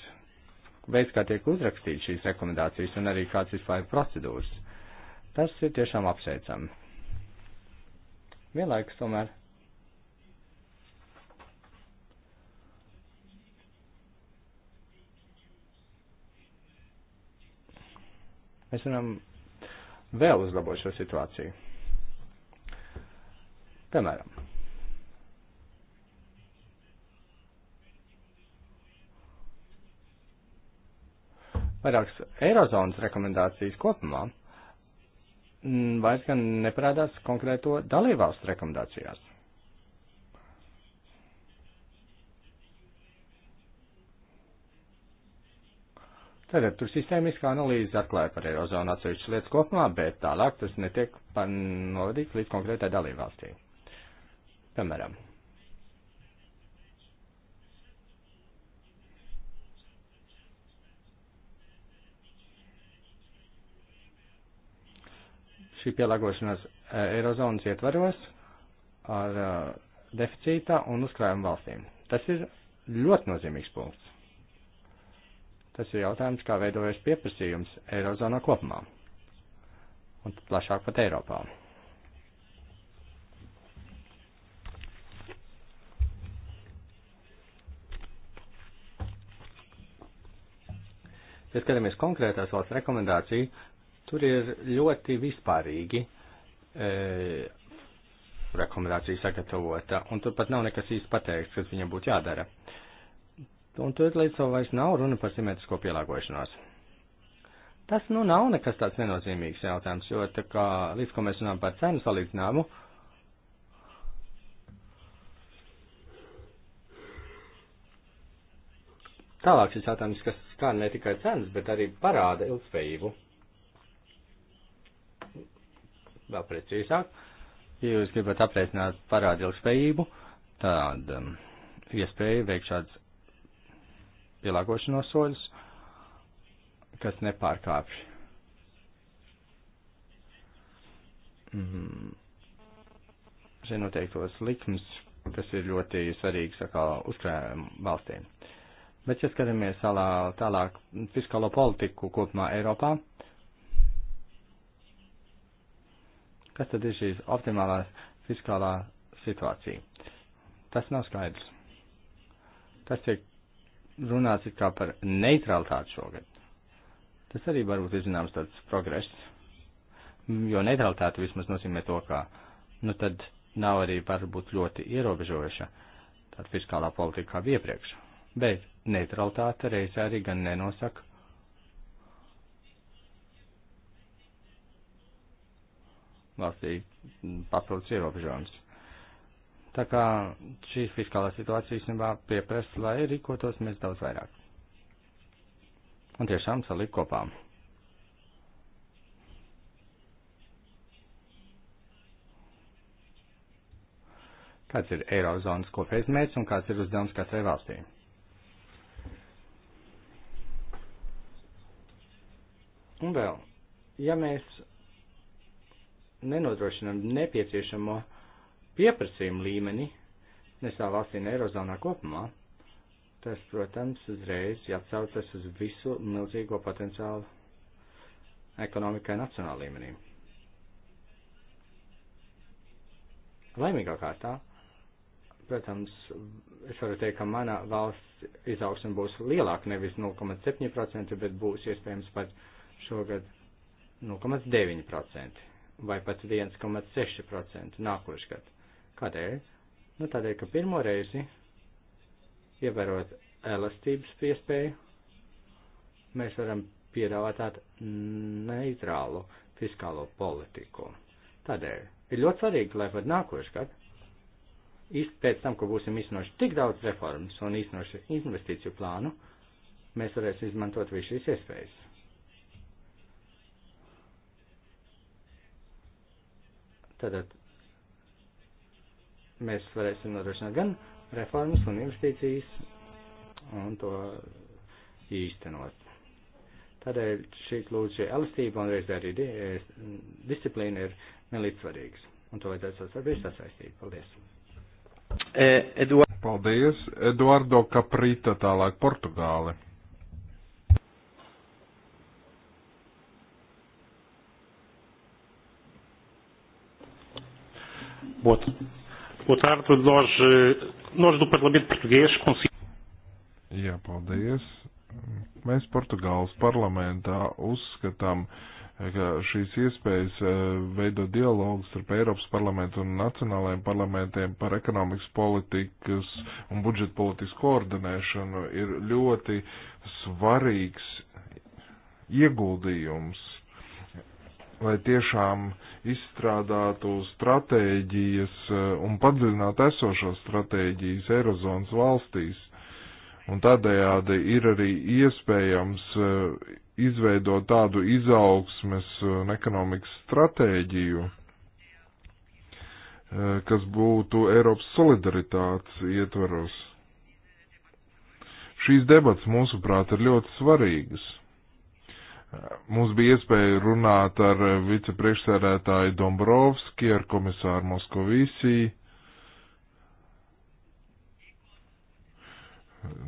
Veids, kā tiek uzrakstīts šīs rekomendācijas un arī kāds vispār ir procedūras. Tas ir tiešām apsveicami. Vienlaikus tomēr. Mēs varam vēl uzlabot šo situāciju. Piemēram, vairākas Eirozonas rekomendācijas kopumā, mm, vairs gan neparādās konkrēto dalībvalstu rekomendācijās. Tātad tur sistēmiska analīze atklāja par Eirozonu atsevišķas lietas kopumā, bet tālāk tas netiek novadīts līdz konkrētai dalībvalstī. Piemēram, šī pielāgošanās e, Eirozonas ietvaros ar e, deficīta un uzkrājuma valstīm. Tas ir ļoti nozīmīgs punkts. Tas ir jautājums, kā veidojas pieprasījums Eirozonā kopumā un plašāk pat Eiropā. Ja skatāmies konkrētās valsts rekomendāciju, Tur ir ļoti vispārīgi e, rekomendācija sagatavota, un tur pat nav nekas īsti pateikts, kas viņam būtu jādara. Un tur līdz to vairs nav runa par simetrisko pielāgošanos. Tas nu nav nekas tāds nenozīmīgs jautājums, jo tā kā līdz ko mēs runājam par cenu salīdzinājumu, tālāk šis jautājums, kas skar ne tikai cenas, bet arī parāda ilgspējību vēl precīzāk. Ja jūs gribat aprēķināt parādu ilgspējību, tad um, iespēja veikt šāds pielāgošanos soļus, kas nepārkāpj. Mm. Šeit noteiktos likums, kas ir ļoti svarīgs atkal uzkrājuma valstīm. Bet, ja skatāmies tālāk fiskālo politiku kopumā Eiropā, kas tad ir šīs optimālās fiskālā situācija. Tas nav skaidrs. Tas tiek runāts it kā par neutralitāti šogad. Tas arī varbūt ir zināms tāds progress, jo neutralitāte vismaz nozīmē to, ka nu tad nav arī varbūt ļoti ierobežojuša tāda fiskālā politika kā iepriekš. Bet neutralitāte reizē arī gan nenosaka valstī papildus ierobežojums. Tā kā šī fiskālā situācija īstenībā pieprasa, lai rīkotos mēs daudz vairāk. Un tiešām salikt kopā. Kāds ir Eirozonas kopējais mērķis un kāds ir uzdevums katrai valstī? Un vēl, ja mēs nenodrošinam nepieciešamo pieprasījumu līmeni visā valstī un Eirozonā kopumā, tas, protams, uzreiz atsaucas uz visu milzīgo potenciālu ekonomikai nacionāla līmenī. Laimīgā kārtā, protams, es varu teikt, ka mana valsts izaugsme būs lielāka, nevis 0,7%, bet būs iespējams pat šogad 0,9% vai pat 1,6% nākošgad. Kādēļ? Nu, tādēļ, ka pirmo reizi, ievērot elastības iespēju, mēs varam piedāvāt tādu neitrālu fiskālo politiku. Tādēļ ir ļoti svarīgi, lai pat nākošgad, pēc tam, ka būsim iznoši tik daudz reformas un iznoši investīciju plānu, mēs varēsim izmantot visu šīs iespējas. Tātad mēs varēsim nodrošināt gan reformas un investīcijas un to īstenot. Tādēļ šī lūdzu elastība un reizē arī disciplīna ir nelīdzsvarīgas. Un to vajadzētu sasarbīt sasaistīt. Paldies. E, Eduard... Paldies. Eduardo Caprita tālāk Portugāli. Boa, boa tarde. Nós, eh, nós do Parlamento Português conseguimos. Jā, paldies. Mēs Portugāles parlamentā uzskatām, ka šīs iespējas eh, veido dialogu starp Eiropas parlamentu un nacionālajiem parlamentiem par ekonomikas politikas un budžeta politikas koordinēšanu ir ļoti svarīgs ieguldījums lai tiešām izstrādātu stratēģijas eh, un padziļinātu esošos stratēģijas Eirozonas valstīs. Un tādējādi ir arī iespējams eh, izveidot tādu izaugsmes eh, un ekonomikas stratēģiju, kas būtu Eiropas solidaritātes ietvaros. Šīs debats, mūsuprāt, ir ļoti svarīgas Mums bija iespēja runāt ar vicepriekšsēdētāju Dombrovski, ar komisāru Moskovisī.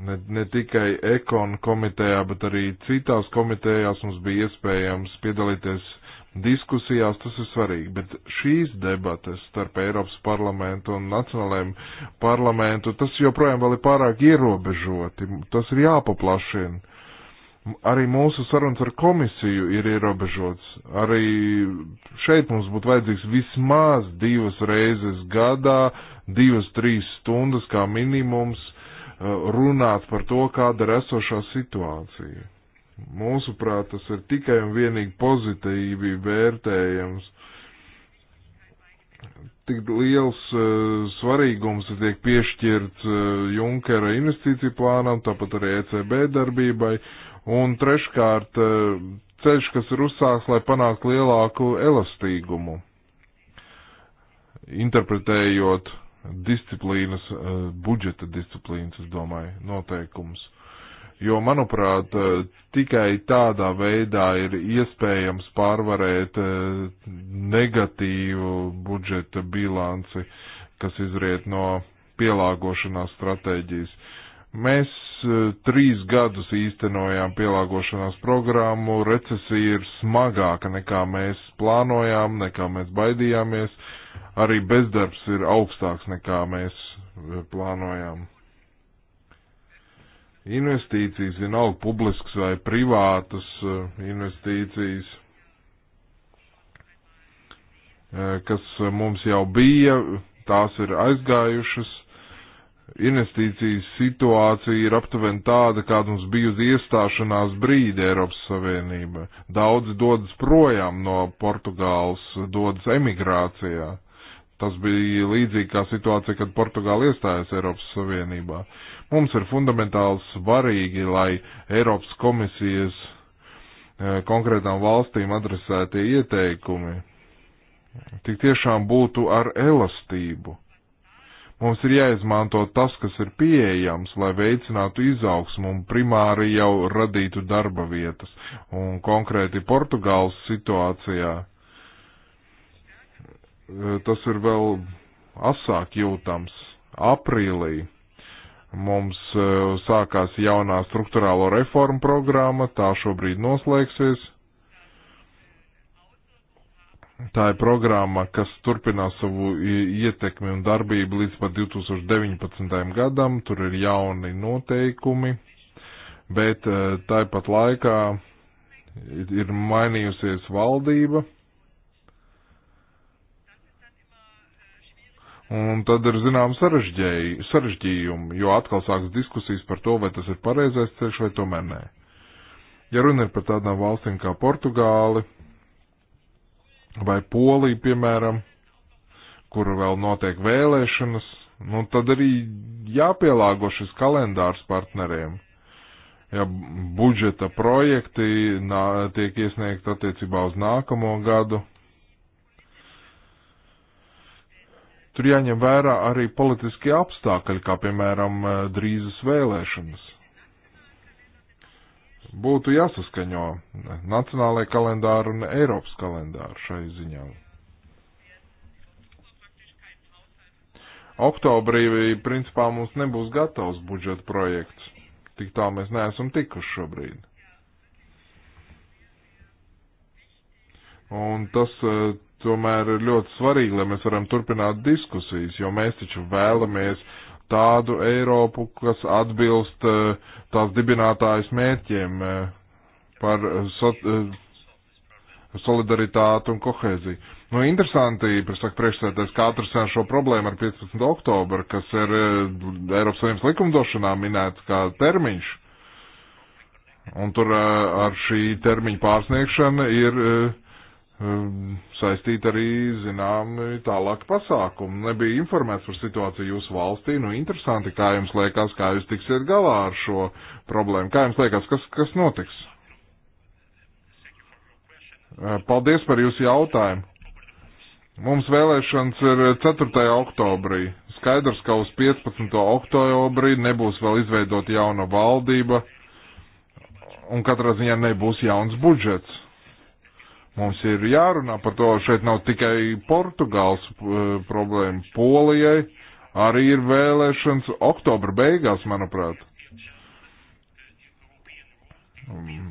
Ne, ne tikai ekon komitejā, bet arī citās komitejās mums bija iespējams piedalīties diskusijās, tas ir svarīgi, bet šīs debates starp Eiropas parlamentu un nacionālajiem parlamentu, tas joprojām vēl ir pārāk ierobežoti, tas ir jāpaplašina Arī mūsu sarunas ar komisiju ir ierobežots. Arī šeit mums būtu vajadzīgs vismaz divas reizes gadā, divas, trīs stundas kā minimums eh, runāt par to, kāda ir esošā situācija. Mūsuprāt, tas ir tikai un vienīgi pozitīvi vērtējams. Tik liels uh, svarīgums tiek piešķirts uh, eh, Junkera investīciju plānam, tāpat arī ECB darbībai, Un treškārt, e, ceļš, kas ir uzsāks, lai panāktu lielāku elastīgumu, interpretējot disciplīnas, e, budžeta disciplīnas, es domāju, noteikums. Jo, manuprāt, e, tikai tādā veidā ir iespējams pārvarēt negatīvu budžeta bilanci, kas izriet no pielāgošanās stratēģijas. Mēs Eh, trīs gadus īstenojām pielāgošanās programmu, recesija ir smagāka nekā mēs plānojām, nekā mēs baidījāmies, arī bezdarbs ir augstāks nekā mēs eh, plānojām. Investīcijas, vienalga publiskas vai privātas eh, investīcijas, kas mums jau bija, tās ir aizgājušas investīcijas situācija ir aptuveni tāda, kāda mums bija uz iestāšanās brīdi Eiropas Savienība. Daudzi dodas projām no Portugāles, dodas emigrācijā. Tas bija līdzīgi kā situācija, kad Portugāla iestājas Eiropas Savienībā. Mums ir fundamentāli svarīgi, lai Eiropas komisijas eh, konkrētām valstīm adresētie ieteikumi tik tiešām būtu ar elastību Mums ir jāizmanto tas, kas ir pieejams, lai veicinātu izaugsmu un primāri jau radītu darba vietas. Un konkrēti Portugāles situācijā eh, tas ir vēl asāk jūtams. Aprīlī mums eh, sākās jaunā struktūrālo reformu programma, tā šobrīd noslēgsies Tā ir programma, kas turpinās savu ietekmi un darbību līdz pat 2019. gadam. Tur ir jauni noteikumi, bet e, tāpat laikā ir mainījusies valdība. Un tad ir zinām sarežģījumi, jo atkal sāks diskusijas par to, vai tas ir pareizais ceļš vai tomēr nē. Ja runa ir par tādām valstīm kā Portugāli, vai Polija, piemēram, kur vēl notiek vēlēšanas, nu tad arī jāpielāgo šis kalendārs partneriem. Ja budžeta projekti nā, tiek iesniegt attiecībā uz nākamo gadu, tur jāņem vērā arī politiskie apstākļi, kā piemēram drīzas vēlēšanas būtu jāsaskaņo nacionālajai kalendāru un Eiropas kalendāru šai ziņā. Oktobrī, principā, mums nebūs gatavs budžeta projekts. Tik tā mēs neesam tikuši šobrīd. Un tas e, tomēr ir ļoti svarīgi, lai mēs varam turpināt diskusijas, jo mēs taču vēlamies uh, tādu Eiropu, kas atbilst eh, tās dibinātājas mērķiem eh, par so, eh, solidaritāti un kohēziju. Nu, interesanti, saka priekšsēdētājs, kā atrisināt šo problēmu ar 15. oktobru, kas ir Eiropas Savienības likumdošanā minēts kā termiņš. Un tur ar šī termiņa pārsniegšana ir uh, Ehm, saistīt arī, zinām, tālāk pasākumu. Nebija informēts par situāciju jūsu valstī. Nu, interesanti, kā jums liekas, kā jūs tiksiet galā ar šo problēmu. Kā jums liekas, kas, kas notiks? Ehm, paldies par jūsu jautājumu. Mums vēlēšanas ir 4. oktobrī. Skaidrs, ka uz 15. oktobrī nebūs vēl izveidota jauna valdība un katrā ziņā nebūs jauns budžets Mums ir jārunā par to, šeit nav tikai Portugāls eh, problēma. Polijai arī ir vēlēšanas oktobra beigās, manuprāt. Mm,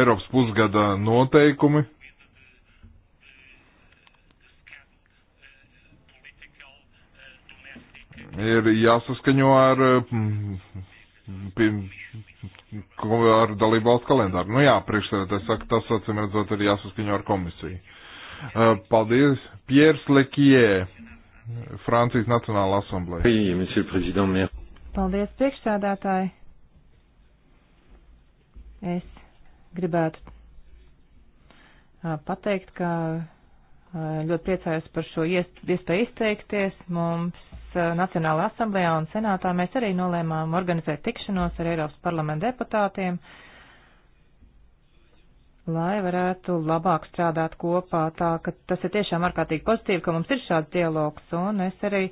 Eiropas pusgada noteikumi. Ir jāsaskaņo ar eh, ar dalību valsts kalendāru. Nu jā, priekšsēdētājs saka, tas acīm redzot ir jāsaskaņo ar komisiju. Paldies. Piers Lekie, Francijas Nacionāla asamblēja. Paldies, priekšsēdētāji. Es gribētu pateikt, ka ļoti priecājos par šo iespēju izteikties. Mums Eh, Nacionālā asamblējā un senātā mēs arī nolēmām organizēt tikšanos ar Eiropas parlamenta deputātiem, lai varētu labāk strādāt kopā. Tā ka tas ir tiešām ārkārtīgi pozitīvi, ka mums ir šāds dialogs, un es arī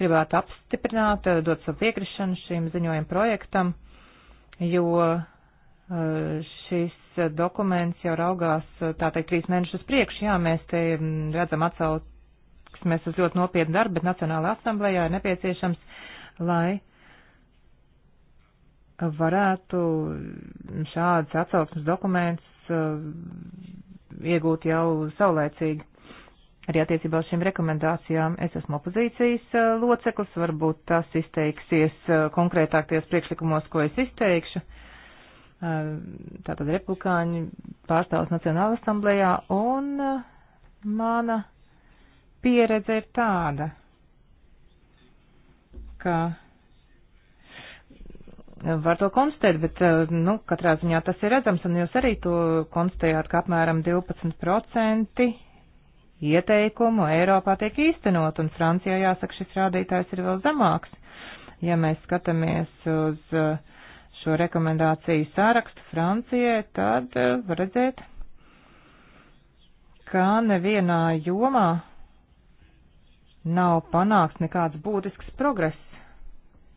gribētu apstiprināt, eh, dot savu piekrišanu šim ziņojumu projektam, jo eh, šis dokuments jau raugās, tā teikt, trīs mēnešus priekš, jā, mēs te mm, redzam atsauc atsauksmes uz ļoti nopietnu darbu, bet Nacionālajā asamblējā ir nepieciešams, lai varētu šādas atsauksmes dokumentus uh, iegūt jau saulēcīgi. Arī attiecībā uz šīm rekomendācijām es esmu opozīcijas uh, loceklis, varbūt tas izteiksies uh, konkrētāk tajos priekšlikumos, ko es izteikšu tātad republikāņu pārstāvs Nacionāla asamblējā un mana Pieredze ir tāda, ka var to konstatēt, bet, eh, nu, katrā ziņā tas ir redzams, un jūs arī to konstatējāt, ka apmēram 12% ieteikumu Eiropā tiek īstenot, un Francijā jāsaka, šis rādītājs ir vēl zemāks. Ja mēs skatāmies uz eh, šo rekomendāciju sārakstu Francijai, tad eh, var redzēt, ka nevienā jomā nav panāks nekāds būtisks progress,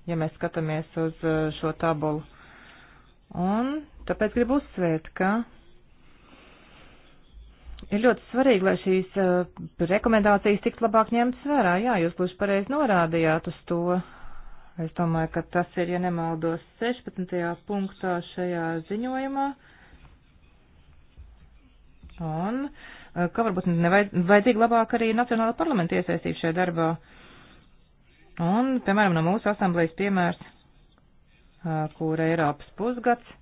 ja mēs skatāmies uz uh, šo tabulu. Un tāpēc gribu uzsvērt, ka ir ļoti svarīgi, lai šīs uh, rekomendācijas tiktu labāk ņemtas vērā. Jā, jūs gluži pareizi norādījāt uz to. Es domāju, ka tas ir, ja nemaldos, 16. punktā šajā ziņojumā. Un uh, Eh, ka varbūt nevajadzīga labāk arī Nacionāla parlamenta iesaistība šajā darbā. Un, piemēram, no mūsu asamblejas piemērs, eh, kur Eiropas pusgads.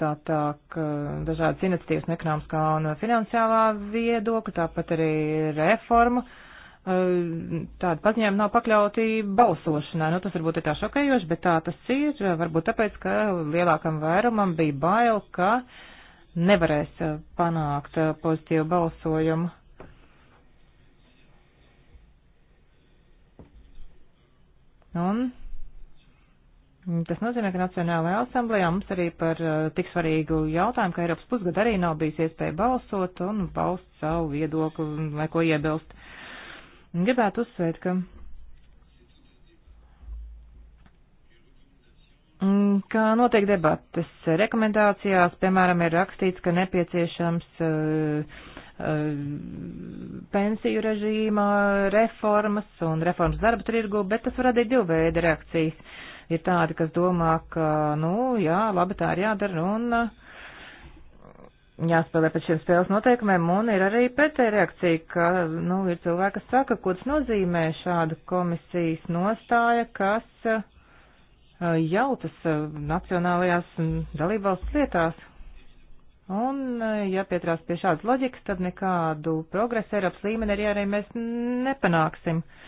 Tātāk dažādas iniciatīvas no ekonomiskā un finansiālā viedokļa, tāpat arī reformu uh, tādi paziņojumi nav pakļauti balsošanai. Nu, tas varbūt ir tā šokējoši, bet tā tas ir. Varbūt tāpēc, ka lielākam vairumam bija bail, ka nevarēs eh, panākt eh, pozitīvu balsojumu. Un tas nozīmē, ka Nacionālajā asamblējā mums arī par eh, tik svarīgu jautājumu, ka Eiropas pusgada arī nav bijis iespēja balsot un paust savu viedokli vai ko iebilst. Uh, Gribētu uzsvērt, ka mm, ka notiek debates. Rekomendācijās, piemēram, ir rakstīts, ka nepieciešams uh, uh, pensiju režīma reformas un reformas darba tirgu, bet tas var radīt divu veidu reakcijas. Ir tādi, kas domā, ka, nu, jā, labi, tā ir jādara, un uh, jāspēlē pēc šiem spēles noteikumiem, un ir arī pretēja reakcija, ka, nu, ir cilvēki, kas saka, ko tas nozīmē šāda komisijas nostāja, kas eh, jautas eh, nacionālajās dalībvalsts lietās. Un, eh, ja pieturās pie šādas loģikas, tad nekādu progresu Eiropas līmenī arī, arī mēs nepanāksim. Uh,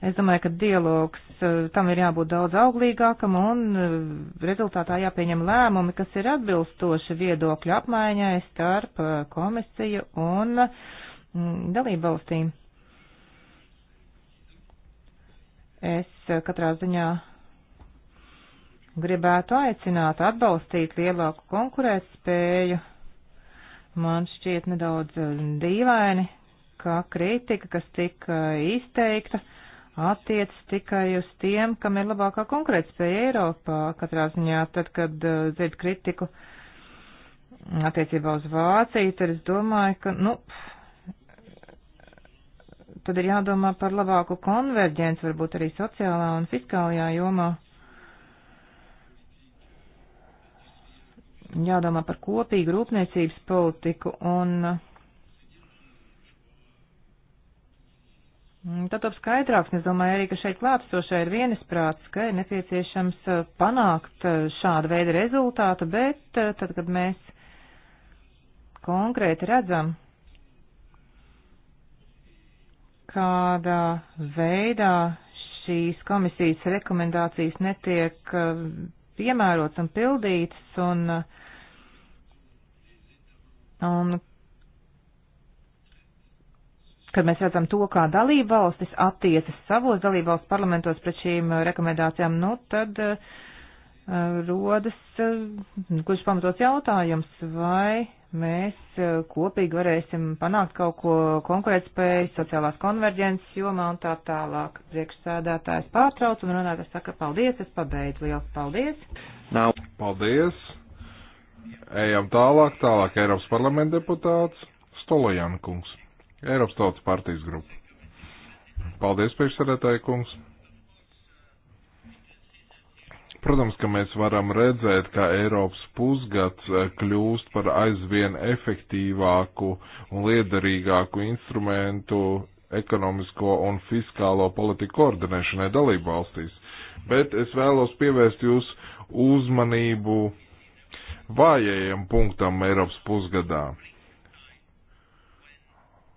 Es domāju, ka dialogs eh, tam ir jābūt daudz auglīgākam un eh, rezultātā jāpieņem lēmumi, kas ir atbilstoši viedokļu apmaiņai starp eh, komisiju un mm, dalību valstīm. Es katrā ziņā gribētu aicināt atbalstīt lielāku konkurētspēju. Man šķiet nedaudz dīvaini, ka kritika, kas tika izteikta, uh, attiec tikai uz tiem, kam ir labākā konkurētspēja Eiropā, katrā ziņā tad, kad uh, dzird kritiku attiecībā uz Vāciju, tad es domāju, ka, nu, tad ir jādomā par labāku konverģenci, varbūt arī sociālā un fiskālajā jomā. Jādomā par kopīgu rūpniecības politiku un uh, Mm, tad top skaidrāks, es domāju arī, ka šeit klātsošai ir vienisprāts, ka ir nepieciešams uh, panākt uh, šādu veidu rezultātu, bet uh, tad, kad mēs konkrēti redzam, kādā veidā šīs komisijas rekomendācijas netiek piemērots un pildīts un, un kad mēs redzam to, kā dalība valstis attiecas savos dalība valsts parlamentos pret šīm uh, rekomendācijām, nu tad uh, uh rodas uh, gluži pamatots jautājums, vai mēs uh, kopīgi varēsim panākt kaut ko konkurētspējas, sociālās konverģences jomā un tā tālāk. Priekšsēdētājs pārtrauc un runātājs saka paldies, es pabeidzu. Liels paldies! Nav. Paldies! Ejam tālāk, tālāk Eiropas parlamenta deputāts Stolojankungs. Eiropas Tautas partijas grupa. Paldies, priekšsēdētāji kungs. Protams, ka mēs varam redzēt, ka Eiropas pusgads eh, kļūst par aizvien efektīvāku un liederīgāku instrumentu ekonomisko un fiskālo politiku koordinēšanai dalību valstīs. Bet es vēlos pievērst jūs uzmanību vājajiem punktam Eiropas pusgadā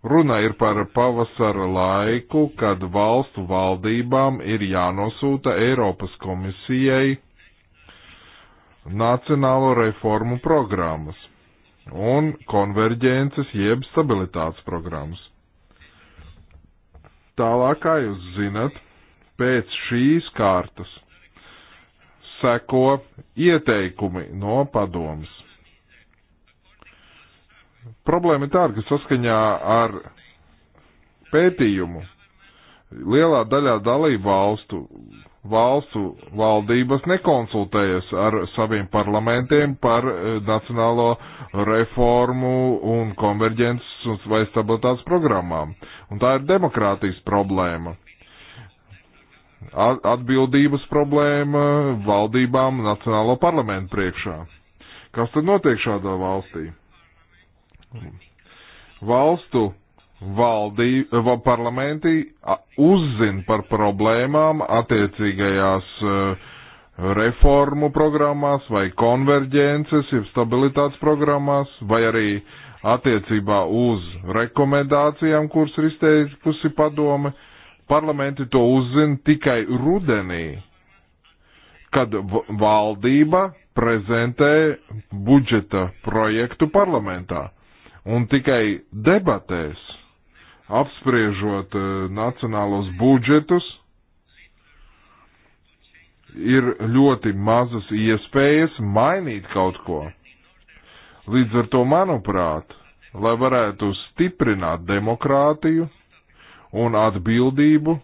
Runa ir par pavasara laiku, kad valstu valdībām ir jānosūta Eiropas komisijai nacionālo reformu programmas un konverģences jeb stabilitātes programmas. Tālāk, kā jūs zinat, pēc šīs kārtas seko ieteikumi no padomas. Problēma ir tāda, ka saskaņā ar pētījumu lielā daļā dalību valstu, valstu valdības nekonsultējas ar saviem parlamentiem par e, nacionālo reformu un konverģences vai stabilitātes programmām. Un tā ir demokrātijas problēma atbildības problēma valdībām Nacionālo parlamentu priekšā. Kas tad notiek šādā valstī? valstu valdī, eh, parlamenti uzzina par problēmām attiecīgajās eh, reformu programmās vai konverģences, jeb stabilitātes programmās, vai arī attiecībā uz rekomendācijām, kuras ir izteikusi padome. Parlamenti to uzzina tikai rudenī, kad valdība prezentē budžeta projektu parlamentā Un tikai debatēs, apspriežot eh, nacionālos budžetus, ir ļoti mazas iespējas mainīt kaut ko. Līdz ar to, manuprāt, lai varētu stiprināt demokrātiju un atbildību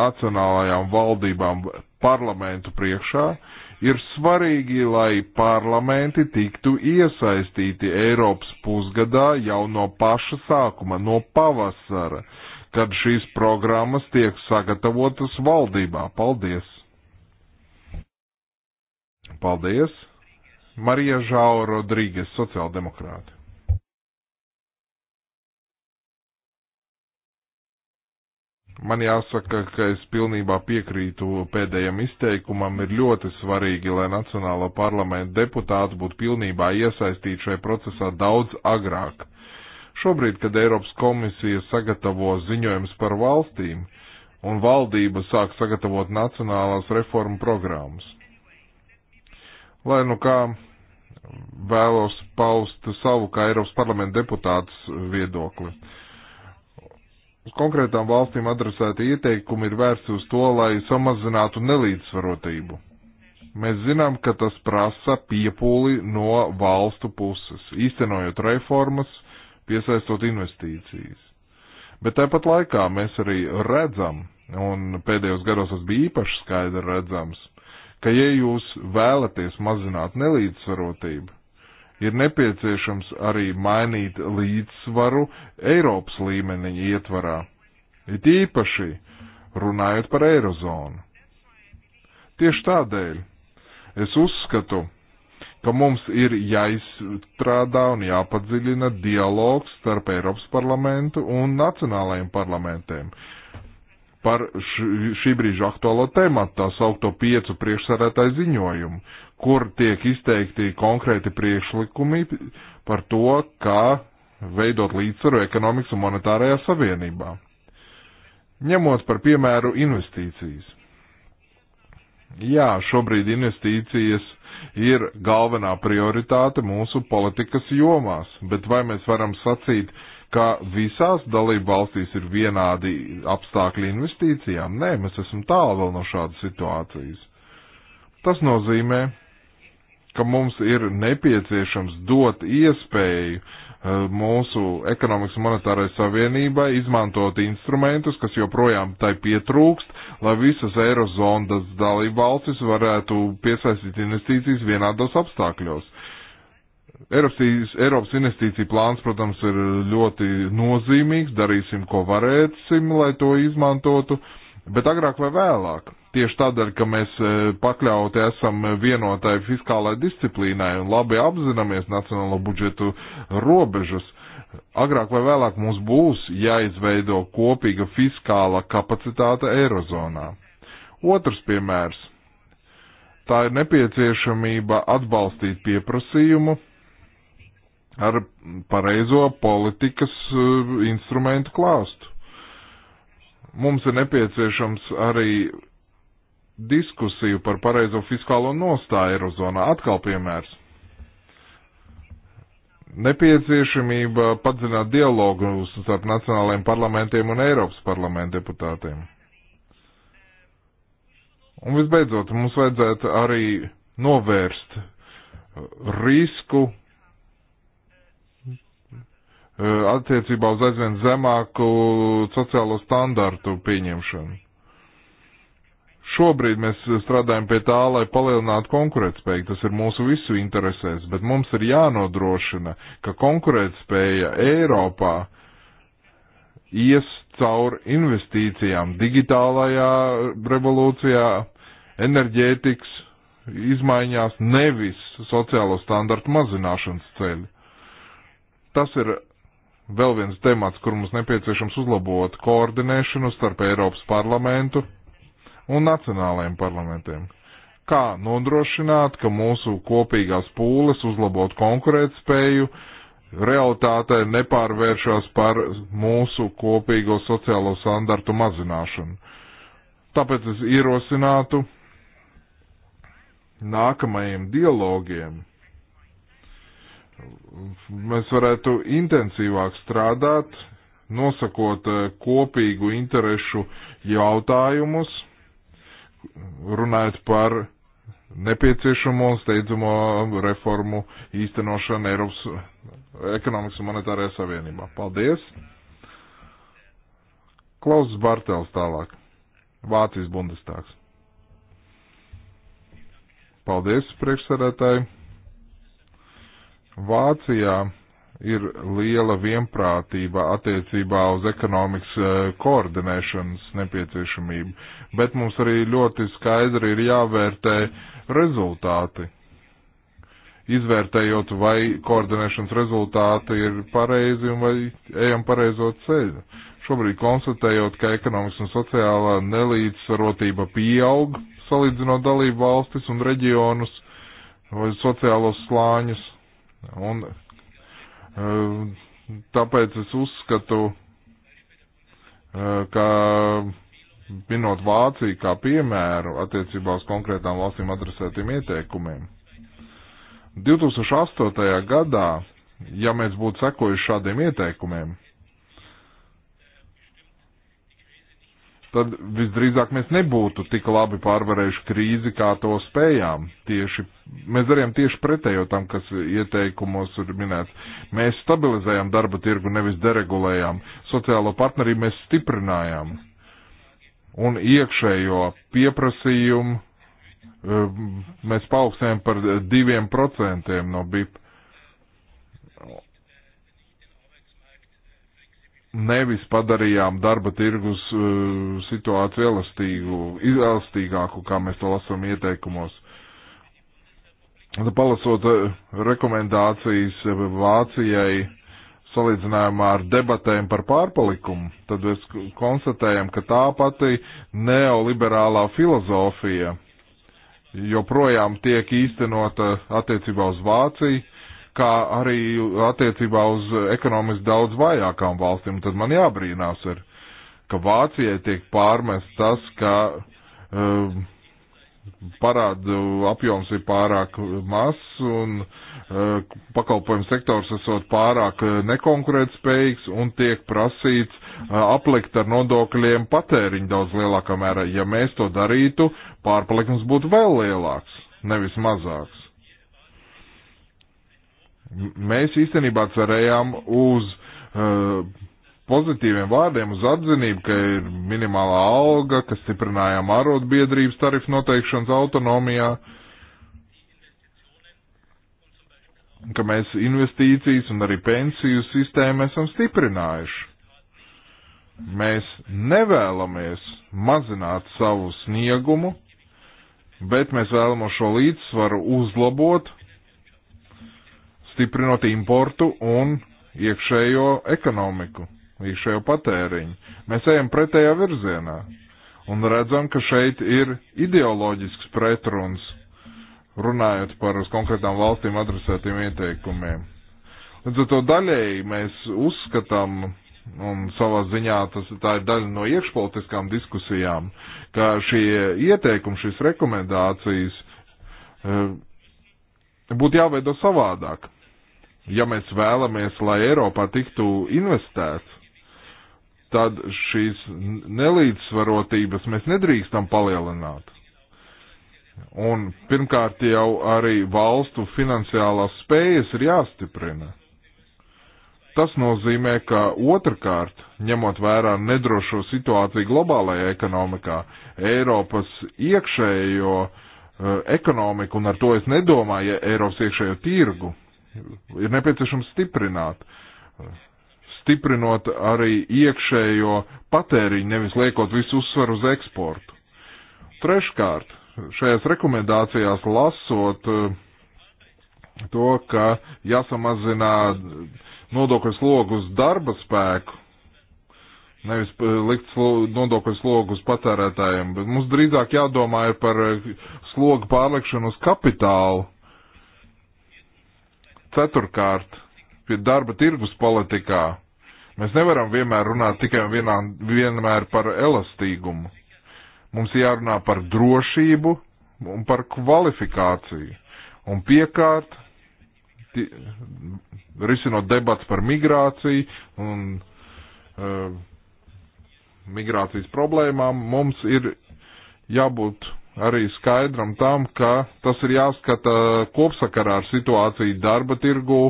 nacionālajām valdībām parlamentu priekšā, Ir svarīgi, lai parlamenti tiktu iesaistīti Eiropas pusgadā jau no paša sākuma, no pavasara, kad šīs programmas tiek sagatavotas valdībā. Paldies! Paldies! Marija Žāo Rodrīgas, sociāldemokrāti. Man jāsaka, ka es pilnībā piekrītu pēdējam izteikumam. Ir ļoti svarīgi, lai Nacionālo parlamentu deputāti būtu pilnībā iesaistīti šajā procesā daudz agrāk. Šobrīd, kad Eiropas komisija sagatavo ziņojums par valstīm un valdība sāk sagatavot nacionālās reformu programmas. Lai nu kā vēlos paust savu kā Eiropas parlamenta deputātas viedokli. Uh, uz konkrētām valstīm adresēti ieteikumi ir vērsti uz to, lai samazinātu nelīdzsvarotību. Mēs zinām, ka tas prasa piepūli no valstu puses, īstenojot reformas, piesaistot investīcijas. Bet tāpat laikā mēs arī redzam, un pēdējos gados tas bija īpaši skaidri redzams, ka ja jūs vēlaties mazināt nelīdzsvarotību, ir nepieciešams arī mainīt līdzsvaru Eiropas līmeni ietvarā, it īpaši runājot par Eirozonu. Tieši tādēļ es uzskatu, ka mums ir jāizstrādā un jāpadziļina dialogs starp Eiropas parlamentu un nacionālajiem parlamentiem, par šī brīža aktuālo tēmatu, tā saukto piecu priekšsarētāju ziņojumu, kur tiek izteikti konkrēti priekšlikumi par to, kā veidot līdzsvaru ekonomikas un monetārajā savienībā. Ņemot par piemēru investīcijas. Jā, šobrīd investīcijas ir galvenā prioritāte mūsu politikas jomās, bet vai mēs varam sacīt, uh, ka visās dalību valstīs ir vienādi apstākļi investīcijām. Nē, mēs esam tālu vēl no šādas situācijas. Tas nozīmē, ka mums ir nepieciešams dot iespēju eh, mūsu ekonomikas monetārai savienībai izmantot instrumentus, kas joprojām tai pietrūkst, lai visas eirozonas dalību valstis varētu piesaistīt investīcijas vienādos apstākļos. Eiropas, Eiropas investīcija plāns, protams, ir ļoti nozīmīgs, darīsim, ko varēsim, lai to izmantotu, bet agrāk vai vēlāk. Tieši tādēļ, ka mēs e, pakļauti esam vienotai fiskālai disciplīnai un labi apzināmies nacionālo budžetu robežas, agrāk vai vēlāk mums būs jāizveido kopīga fiskāla kapacitāte Eirozonā. Otrs piemērs. Tā ir nepieciešamība atbalstīt pieprasījumu ar pareizo politikas eh, instrumentu klāstu. Mums ir nepieciešams arī diskusiju par pareizo fiskālo nostāju Eirozonā. Atkal piemērs. Nepieciešamība padzināt dialogu starp nacionālajiem parlamentiem un Eiropas parlamenta deputātiem. Un visbeidzot, mums vajadzētu arī novērst risku Eh, attiecībā uz aizvien zemāku sociālo standartu pieņemšanu. Šobrīd mēs strādājam pie tā, lai palielinātu konkurētspēju. Tas ir mūsu visu interesēs, bet mums ir jānodrošina, ka konkurētspēja Eiropā ies caur investīcijām digitālajā revolūcijā, enerģētikas izmaiņās, nevis sociālo standartu mazināšanas ceļu. Tas ir vēl viens temats, kur mums nepieciešams uzlabot koordinēšanu starp Eiropas parlamentu un nacionālajiem parlamentiem. Kā nodrošināt, ka mūsu kopīgās pūles uzlabot konkurētspēju realitātē nepārvēršas par mūsu kopīgo sociālo standartu mazināšanu. Tāpēc es ierosinātu nākamajiem dialogiem mēs varētu intensīvāk strādāt, nosakot eh, kopīgu interešu jautājumus, runājot par nepieciešamo steidzamo reformu īstenošanu Eiropas ekonomikas un monetārajā savienībā. Paldies! Klauss Bartels tālāk. Vācijas bundestāks. Paldies, priekšsēdētāji! Vācijā ir liela vienprātība attiecībā uz ekonomikas eh, koordinēšanas nepieciešamību, bet mums arī ļoti skaidri ir jāvērtē rezultāti. Izvērtējot, vai koordinēšanas rezultāti ir pareizi un vai ejam pareizo ceļu. Šobrīd konstatējot, ka ekonomikas un sociālā nelīdzsvarotība pieaug, salīdzinot dalību valstis un reģionus vai sociālos slāņus, Un e, tāpēc es uzskatu, e, ka minot Vāciju kā piemēru attiecībā uz konkrētām valstīm adresētiem ieteikumiem. 2008. gadā, ja mēs būtu sekojuši šādiem ieteikumiem, tad visdrīzāk mēs nebūtu tik labi pārvarējuši krīzi, kā to spējām. Tieši, mēs darījām tieši pretējo tam, kas ieteikumos ir minēts. Mēs stabilizējām darba tirgu, nevis deregulējām. Sociālo partnerību mēs stiprinājām. Un iekšējo pieprasījumu eh, mēs paaugstinājām par diviem procentiem no BIP. nevis padarījām darba tirgus uh, situāciju elastīgu, elastīgāku, kā mēs to lasām ieteikumos. Palasot uh, rekomendācijas uh, Vācijai salīdzinājumā ar debatēm par pārpalikumu, tad mēs konstatējam, ka tā pati neoliberālā filozofija joprojām tiek īstenota attiecībā uz Vāciju, kā arī attiecībā uz ekonomiski daudz vājākām valstīm. Tad man jābrīnās, ar, ka Vācijai tiek pārmest tas, ka uh, parādu apjoms ir pārāk mazs un uh, pakalpojumu sektors esot pārāk uh, nekonkurētspējīgs un tiek prasīts uh, aplikt ar nodokļiem patēriņu daudz lielākā mērā. Ja mēs to darītu, pārpalikums būtu vēl lielāks, nevis mazāks. Mēs īstenībā cerējām uz uh, pozitīviem vārdiem, uz atzinību, ka ir minimālā alga, ka stiprinājām arotbiedrības tarifu noteikšanas autonomijā, ka mēs investīcijas un arī pensiju sistēmu esam stiprinājuši. Mēs nevēlamies mazināt savu sniegumu, bet mēs vēlamies šo līdzsvaru uzlabot stiprinot importu un iekšējo ekonomiku, iekšējo patēriņu. Mēs ejam pretējā virzienā un redzam, ka šeit ir ideoloģisks pretruns, runājot par uz konkrētām valstīm adresētiem ieteikumiem. Līdz ar to daļēji mēs uzskatām, un savā ziņā tas, tā ir daļa no iekšpolitiskām diskusijām, ka šie ieteikumi, šīs rekomendācijas eh, būtu jāveido savādāk. Ja mēs vēlamies, lai Eiropā tiktu investēts, tad šīs nelīdzsvarotības mēs nedrīkstam palielināt. Un pirmkārt jau arī valstu finansiālās spējas ir jāstiprina. Tas nozīmē, ka otrkārt, ņemot vērā nedrošo situāciju globālajā ekonomikā, Eiropas iekšējo uh, ekonomiku, un ar to es nedomāju ja Eiropas iekšējo tirgu, ir nepieciešams stiprināt. Stiprinot arī iekšējo patēriņu, nevis liekot visu uzsvaru uz eksportu. Treškārt, šajās rekomendācijās lasot eh, to, ka jāsamazina nodokļu slogu uz darba spēku, nevis eh, likt nodokļu slogu uz patērētājiem, bet mums drīzāk jādomā par eh, slogu pārlikšanu uz kapitālu Ceturkārt, pie darba tirgus politikā mēs nevaram vienmēr runāt tikai un vienā, vienmēr par elastīgumu. Mums jārunā par drošību un par kvalifikāciju. Un piekārt, ti, risinot debats par migrāciju un uh, migrācijas problēmām, mums ir jābūt arī skaidram tam, ka tas ir jāskata kopsakarā ar situāciju darba tirgu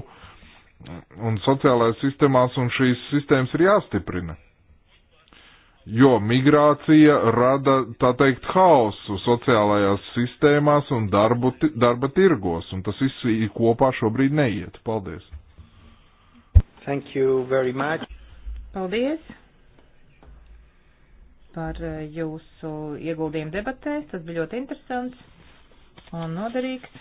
un sociālajās sistēmās, un šīs sistēmas ir jāstiprina. Jo migrācija rada, tā teikt, haosu sociālajās sistēmās un darbu, darba tirgos, un tas viss kopā šobrīd neiet. Paldies! Thank you very much. Paldies! par eh, jūsu ieguldījumu debatēs. Tas bija ļoti interesants un noderīgs.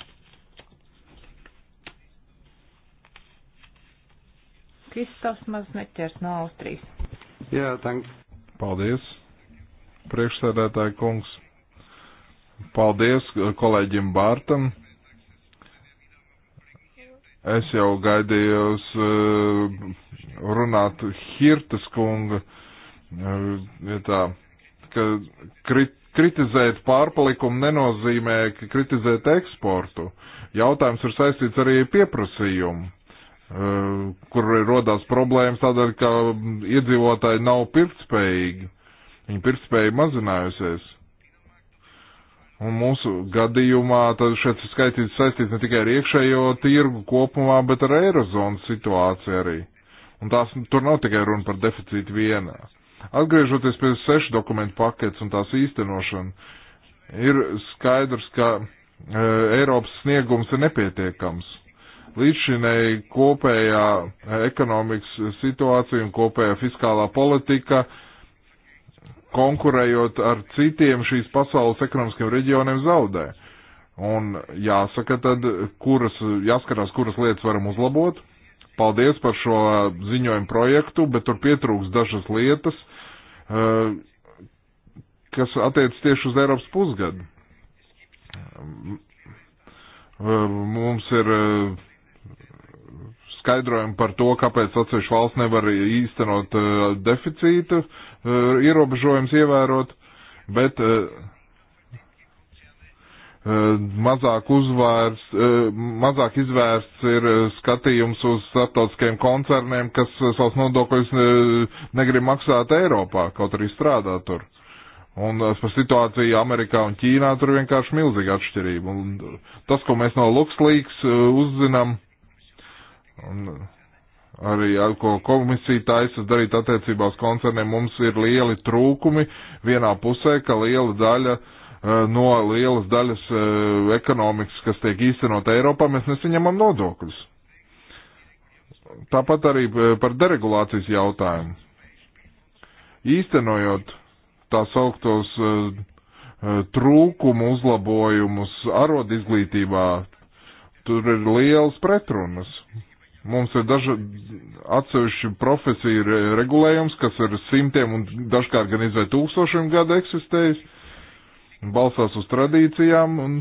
Kristofs Mazmeķers no Austrijas. Jā, tank. Paldies, priekšsēdētāji kungs. Paldies eh, kolēģim Bārtam. Es jau gaidījos eh, runāt Hirtas kunga vietā. Ja ka krit, kritizēt pārpalikumu nenozīmē kritizēt eksportu. Jautājums ir saistīts arī pieprasījumu, eh, kur rodās problēmas tādēļ, ka iedzīvotāji nav pirktspējīgi. Viņa pirktspēja mazinājusies. Un mūsu gadījumā tad šeit skaitīts saistīts ne tikai ar iekšējo tirgu kopumā, bet ar eirozonas situāciju arī. Un tās, tur nav tikai runa par deficītu vienā. Atgriežoties pie sešu dokumentu paketes un tās īstenošana, ir skaidrs, ka e, Eiropas sniegums ir nepietiekams. Līdzinēji kopējā e, ekonomikas situācija un kopējā fiskālā politika konkurējot ar citiem šīs pasaules ekonomiskiem reģioniem zaudē. Un jāsaka tad, kuras, jāskatās, kuras lietas varam uzlabot. Paldies par šo ziņojumu projektu, bet tur pietrūks dažas lietas, Eh, kas attiec tieši uz Eiropas pusgadu. Eh, mums ir eh, skaidrojumi par to, kāpēc atsevišķa valsts nevar īstenot deficītu, ierobežojums ievērot, bet Eh, mazāk uzvērs, eh, mazāk izvērsts ir eh, skatījums uz starptautiskajiem koncerniem, kas savus nodokļus negrib maksāt Eiropā, kaut arī strādā tur. Un par situāciju Amerikā un Ķīnā tur vienkārši milzīga atšķirība. Un tas, ko mēs no Luxlīks uzzinām, un arī ar ko komisija taisas darīt attiecībā uz koncerniem, mums ir lieli trūkumi vienā pusē, ka liela daļa uh, Eh, no lielas daļas eh, ekonomikas, kas tiek īstenot Eiropā, mēs nesaņemam nodokļus. Tāpat arī eh, par deregulācijas jautājumu. Īstenojot tā sauktos trūkumu uzlabojumus arod izglītībā, tur ir liels pretrunas. Mums ir daži atsevišķi profesiju regulējums, kas ir simtiem un dažkārt gan izvē tūkstošiem gadu eksistējis. Uh, balstās uz tradīcijām, un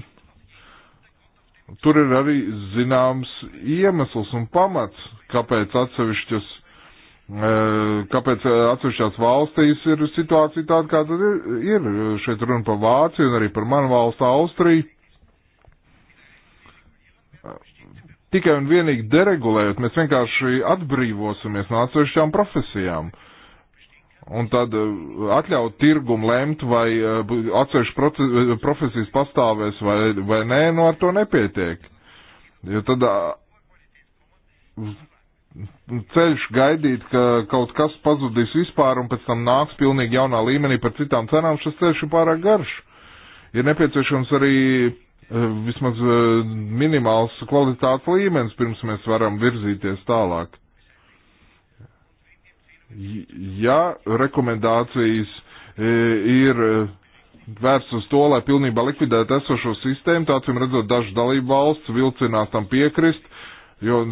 tur ir arī zināms iemesls un pamats, kāpēc atsevišķas e, kāpēc e, atsevišķās valstīs ir situācija tāda, kā tad ir. ir. Šeit runa par Vāciju un arī par manu valstu Austriju. Tikai un vienīgi deregulējot, mēs vienkārši atbrīvosimies no atsevišķām profesijām. Uh, un tad eh, atļaut tirgumu lemt, vai eh, atsevišķi eh, profesijas pastāvēs vai, vai nē, nu ar to nepietiek. Jo tad ceļš gaidīt, ka kaut kas pazudīs vispār un pēc tam nāks pilnīgi jaunā līmenī par citām cenām, šis ceļš ir pārāk garš. Ir nepieciešams arī vismaz minimāls kvalitātes līmenis, pirms mēs varam virzīties tālāk. Ja rekomendācijas e, ir e, vērsts uz to, lai pilnībā likvidētu esošo sistēmu, tācim redzot, dažas dalību valsts vilcinās tam piekrist, jo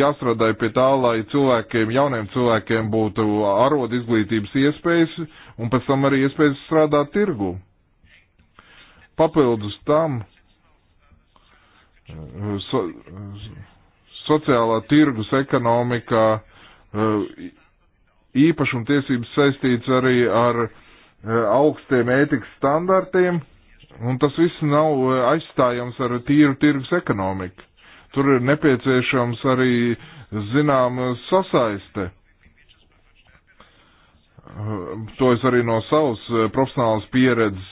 jāstrādā pie tā, lai cilvēkiem, jauniem cilvēkiem būtu arod izglītības iespējas un pēc tam arī iespējas strādāt tirgu. Papildus tam e, so, sociālā tirgus ekonomikā īpašumtiesības saistīts arī ar eh, augstiem ētikas standartiem, un tas viss nav eh, aizstājams ar tīru tirgus ekonomiku. Tur ir nepieciešams arī zinām eh, sasaiste. To es arī no savas profesionālas pieredzes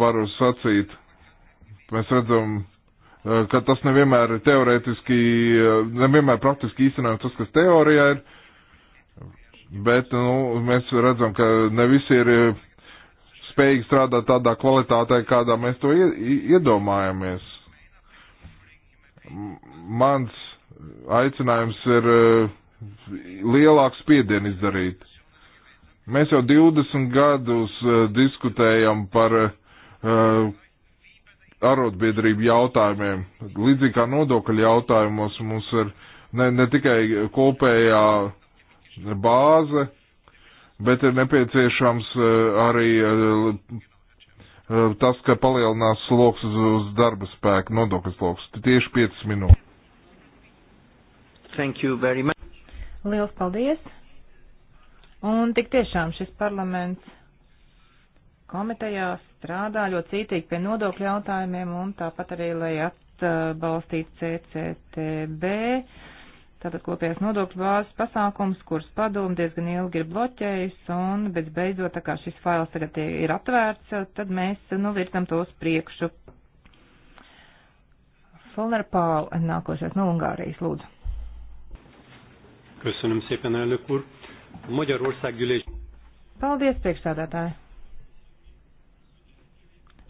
varu sacīt. Mēs redzam, ka tas nevienmēr ir teorētiski, nevienmēr praktiski īstenojams tas, kas teorijā ir, bet nu, mēs redzam, ka ne visi ir eh, spējīgi strādāt tādā kvalitātē, kādā mēs to iedomājamies. Mans aicinājums ir eh, lielāks spiedienu izdarīt. Mēs jau 20 gadus eh, diskutējam par uh, arotbiedrību jautājumiem. Līdzīgi kā nodokļu jautājumos mums ir ne, ne tikai kopējā uh, bāze, bet ir nepieciešams e, arī e, e, tas, ka palielinās sloks uz darba spēku, nodokļu sloks. Tieši 5 minūtes. Thank you very much. Liels paldies. Un tik tiešām šis parlaments komitejā strādā ļoti cītīgi pie nodokļu jautājumiem un tāpat arī, lai atbalstītu CCTB. Tātad kopējais nodokļu bāzes pasākums, kurus padomu diezgan ilgi ir bloķējis, un bez beidzot, tā kā šis fails tagad ir atvērts, tad mēs nu virzam to uz priekšu. Folner Pāl, nākošais no Ungārijas, lūdzu. Köszönöm szépen, elnök úr. A Magyarország gyűlés... Paldies, priekšstādātāji.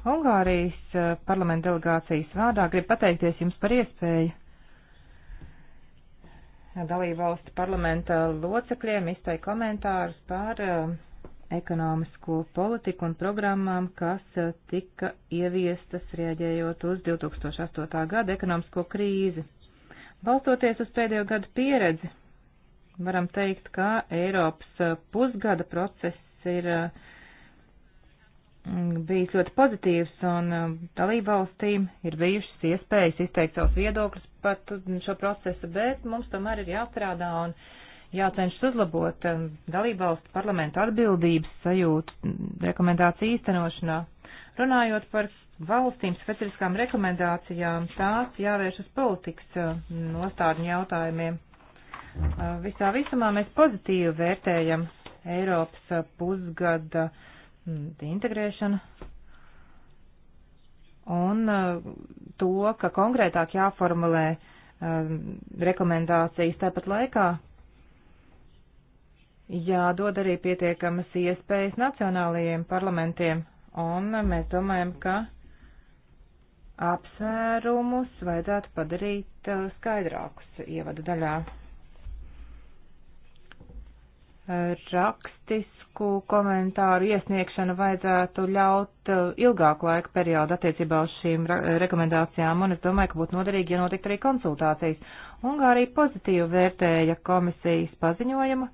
Ungārijas eh, parlamenta delegācijas vārdā grib pateikties jums par iespēju dalībvalstu parlamenta locekļiem izteikt komentārus par eh, ekonomisko politiku un programmām, kas eh, tika ieviestas rieģējot uz 2008. gada ekonomisko krīzi. Balstoties uz pēdējo gadu pieredzi, varam teikt, ka Eiropas eh, pusgada process ir uh, Mm, bijis ļoti pozitīvs un um, dalībvalstīm ir bijušas iespējas izteikt savus viedokļus par šo procesu, bet mums tomēr ir jāstrādā un jācenšas uzlabot um, dalībvalstu parlamentu atbildības sajūtu mm, rekomendāciju īstenošanā. Runājot par valstīm specifiskām rekomendācijām, tās jāvērš uz politikas uh, nostādņu jautājumiem. Uh, visā visumā mēs pozitīvi vērtējam Eiropas uh, pusgada uh, Mm, integrēšana un uh, to, ka konkrētāk jāformulē um, rekomendācijas tāpat laikā jādod arī pietiekamas iespējas nacionālajiem parlamentiem, un mēs domājam, ka apsvērumus vajadzētu padarīt uh, skaidrākus ievadu daļā rakstisku komentāru iesniegšanu vajadzētu ļaut uh, ilgāku laiku periodu attiecībā uz šīm rekomendācijām, un es domāju, ka būtu noderīgi, ja notiktu arī konsultācijas. Ungārija pozitīvi vērtēja komisijas paziņojumu.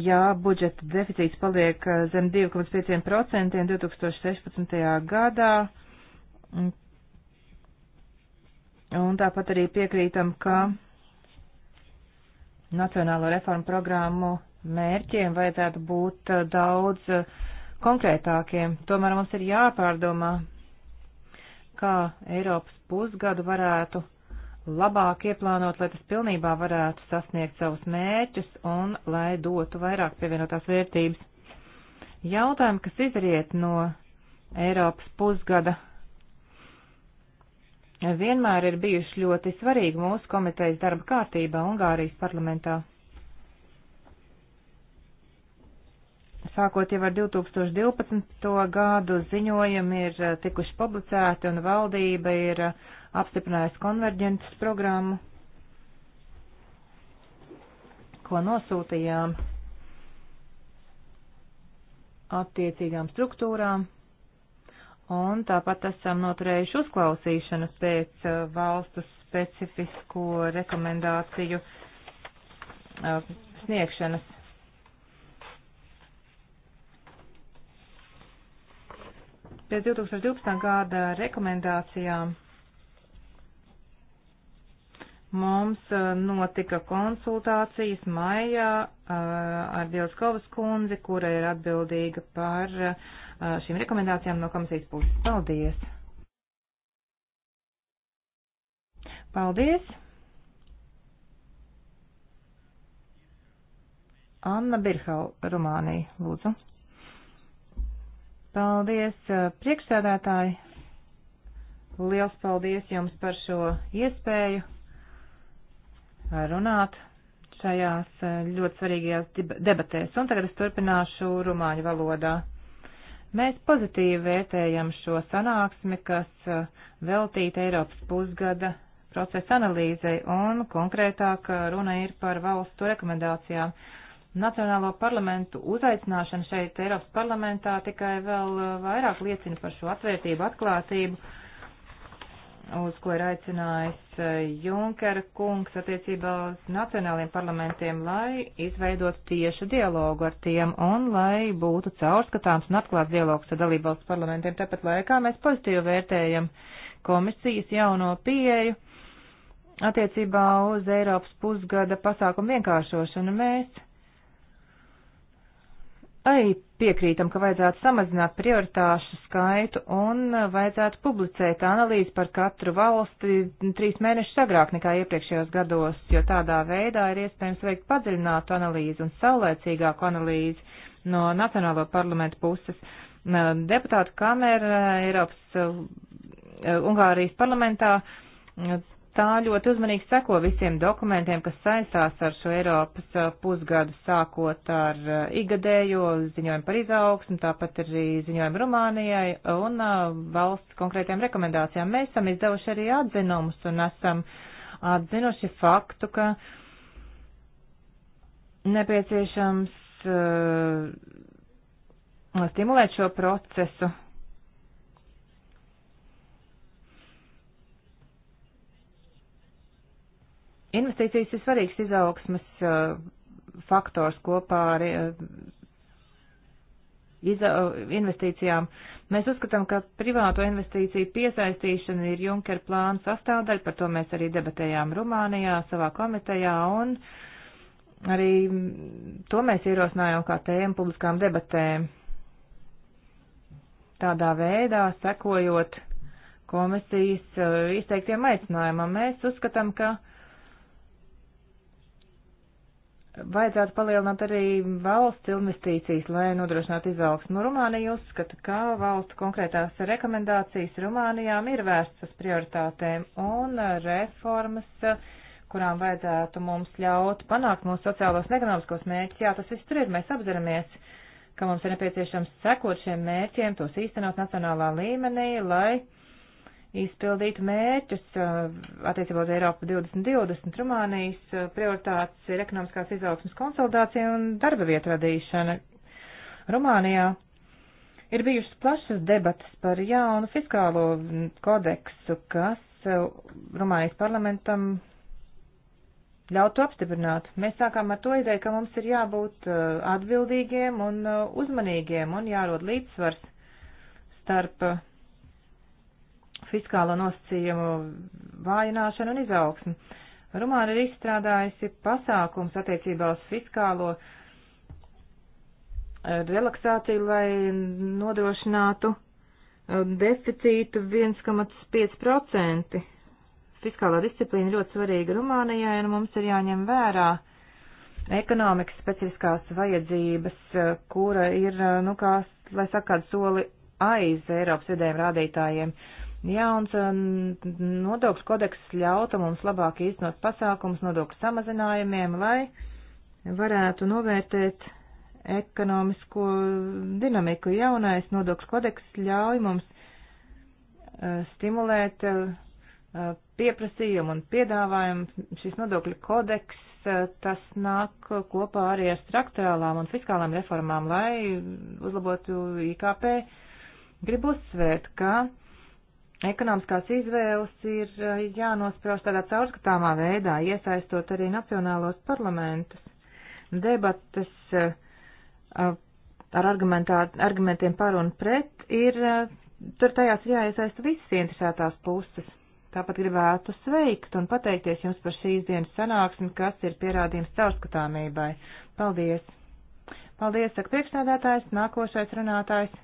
Ja budžeta deficīts paliek uh, zem 2,5% 2016. gadā, Un tāpat arī piekrītam, ka Nacionālo reformu programmu mērķiem vajadzētu būt eh, daudz eh, konkrētākiem. Tomēr mums ir jāpārdomā, kā Eiropas pusgadu varētu labāk ieplānot, lai tas pilnībā varētu sasniegt savus mērķus un lai dotu vairāk pievienotās vērtības. Jautājumi, kas izriet no Eiropas pusgada vienmēr ir bijuši ļoti svarīgi mūsu komitejas darba kārtībā Ungārijas parlamentā. Sākot jau ar 2012. gadu ziņojumi ir eh, tikuši publicēti un valdība ir eh, apstiprinājusi konverģences programmu, ko nosūtījām attiecīgām struktūrām Un tāpat esam noturējuši uzklausīšanu pēc uh, valstu specifisko rekomendāciju uh, sniegšanas. Pēc 2012. gada rekomendācijām mums uh, notika konsultācijas maijā ar Bielskovas kundzi, kura ir atbildīga par uh, šīm rekomendācijām no komisijas puses. Paldies! Paldies! Anna Birhau, Rumānija, lūdzu. Paldies, priekšsēdētāji. Liels paldies jums par šo iespēju runāt šajās ļoti svarīgajās debatēs. Un tagad es turpināšu rumāņu valodā. Mēs pozitīvi vērtējam šo sanāksmi, kas uh, veltīta Eiropas pusgada procesa analīzei un konkrētāk uh, runa ir par valstu rekomendācijām. Nacionālo parlamentu uzaicināšana šeit Eiropas parlamentā tikai vēl uh, vairāk liecina par šo atvērtību, atklātību uz ko ir aicinājis eh, Junkera kungs attiecībā uz nacionāliem parlamentiem, lai izveidot tiešu dialogu ar tiem un lai būtu caurskatāms un atklāts dialogs ar dalībvalsts parlamentiem. Tāpat laikā mēs pozitīvi vērtējam komisijas jauno pieeju attiecībā uz Eiropas pusgada pasākumu vienkāršošanu. Mēs arī piekrītam, ka vajadzētu samazināt prioritāšu skaitu un uh, vajadzētu publicēt analīzi par katru valsti trīs mēnešus agrāk nekā iepriekšējos gados, jo tādā veidā ir iespējams veikt padziļinātu analīzi un saulēcīgāku analīzi no Nacionālo parlamentu puses. Uh, Deputāta kamera Eiropas uh, Ungārijas parlamentā tā ļoti uzmanīgi seko visiem dokumentiem, kas saistās ar šo Eiropas uh, pusgadu, sākot ar uh, igadējo ziņojumu par izaugsmu, tāpat arī ziņojumu Rumānijai un uh, valsts konkrētiem rekomendācijām. Mēs esam izdevuši arī atzinumus un esam atzinuši faktu, ka nepieciešams uh, stimulēt šo procesu Investīcijas ir svarīgs izaugsmas uh, faktors kopā ar uh, uh, investīcijām. Mēs uzskatām, ka privāto investīciju piesaistīšana ir Junker plāna sastāvdaļa, par to mēs arī debatējām Rumānijā savā komitejā un arī mm, to mēs ierosinājām kā tēmu publiskām debatēm. Tādā veidā, sekojot komisijas izteiktiem aicinājumam, mēs uzskatām, ka Vajadzētu palielināt arī valsts investīcijas, lai nodrošinātu izaugsmu. Nu, Rumānija uzskata, ka valsts konkrētās rekomendācijas Rumānijām ir vērstas uz prioritātēm un reformas, kurām vajadzētu mums ļaut panākt mūsu sociālos un ekonomiskos mērķus. Jā, tas viss tur ir, mēs apzināmies ka mums ir nepieciešams sekot šiem mērķiem, tos īstenot nacionālā līmenī, lai izpildītu mērķus uh, attiecībā uz Eiropu 2020. Rumānijas uh, prioritātes ir ekonomiskās izaugsmas konsolidācija un darba vietu radīšana. Rumānijā ir bijušas plašas debatas par jaunu fiskālo kodeksu, kas uh, Rumānijas parlamentam ļautu apstiprināt. Mēs sākām ar to ideju, ka mums ir jābūt atbildīgiem un uzmanīgiem un jārod līdzsvars starp fiskālo nosacījumu vājināšanu un izaugsmu. Rumāna ir izstrādājusi pasākums attiecībā uz fiskālo eh, relaksāciju, lai nodrošinātu eh, deficītu 1,5%. Fiskālā disciplīna ļoti svarīga Rumānijai, un mums ir jāņem vērā ekonomikas specifiskās vajadzības, eh, kura ir, nu kā, lai sakāt, soli aiz Eiropas vidējiem rādītājiem. Uh, Jauns uh, nodokļu kodeks ļauta mums labāk īstenot pasākums nodokļu samazinājumiem, lai varētu novērtēt ekonomisko dinamiku. Jaunais nodokļu kodeks ļauj mums uh, stimulēt uh, pieprasījumu un piedāvājumu. Šis nodokļu kodeks tas nāk kopā arī ar struktūrālām un fiskālām reformām, lai uzlabotu IKP. Gribu uzsvērt, ka Ekonomiskās izvēles ir eh, jānosprauž tādā caurskatāmā veidā, iesaistot arī nacionālos parlamentus. Debates eh, eh, ar argumentiem par un pret ir, tur tajās jāiesaista visas interesētās puses. Tāpat gribētu sveikt un pateikties jums par šīs dienas sanāksmi, kas ir pierādījums caurskatāmībai. Paldies! Paldies, saka priekšstādātājs, nākošais runātājs.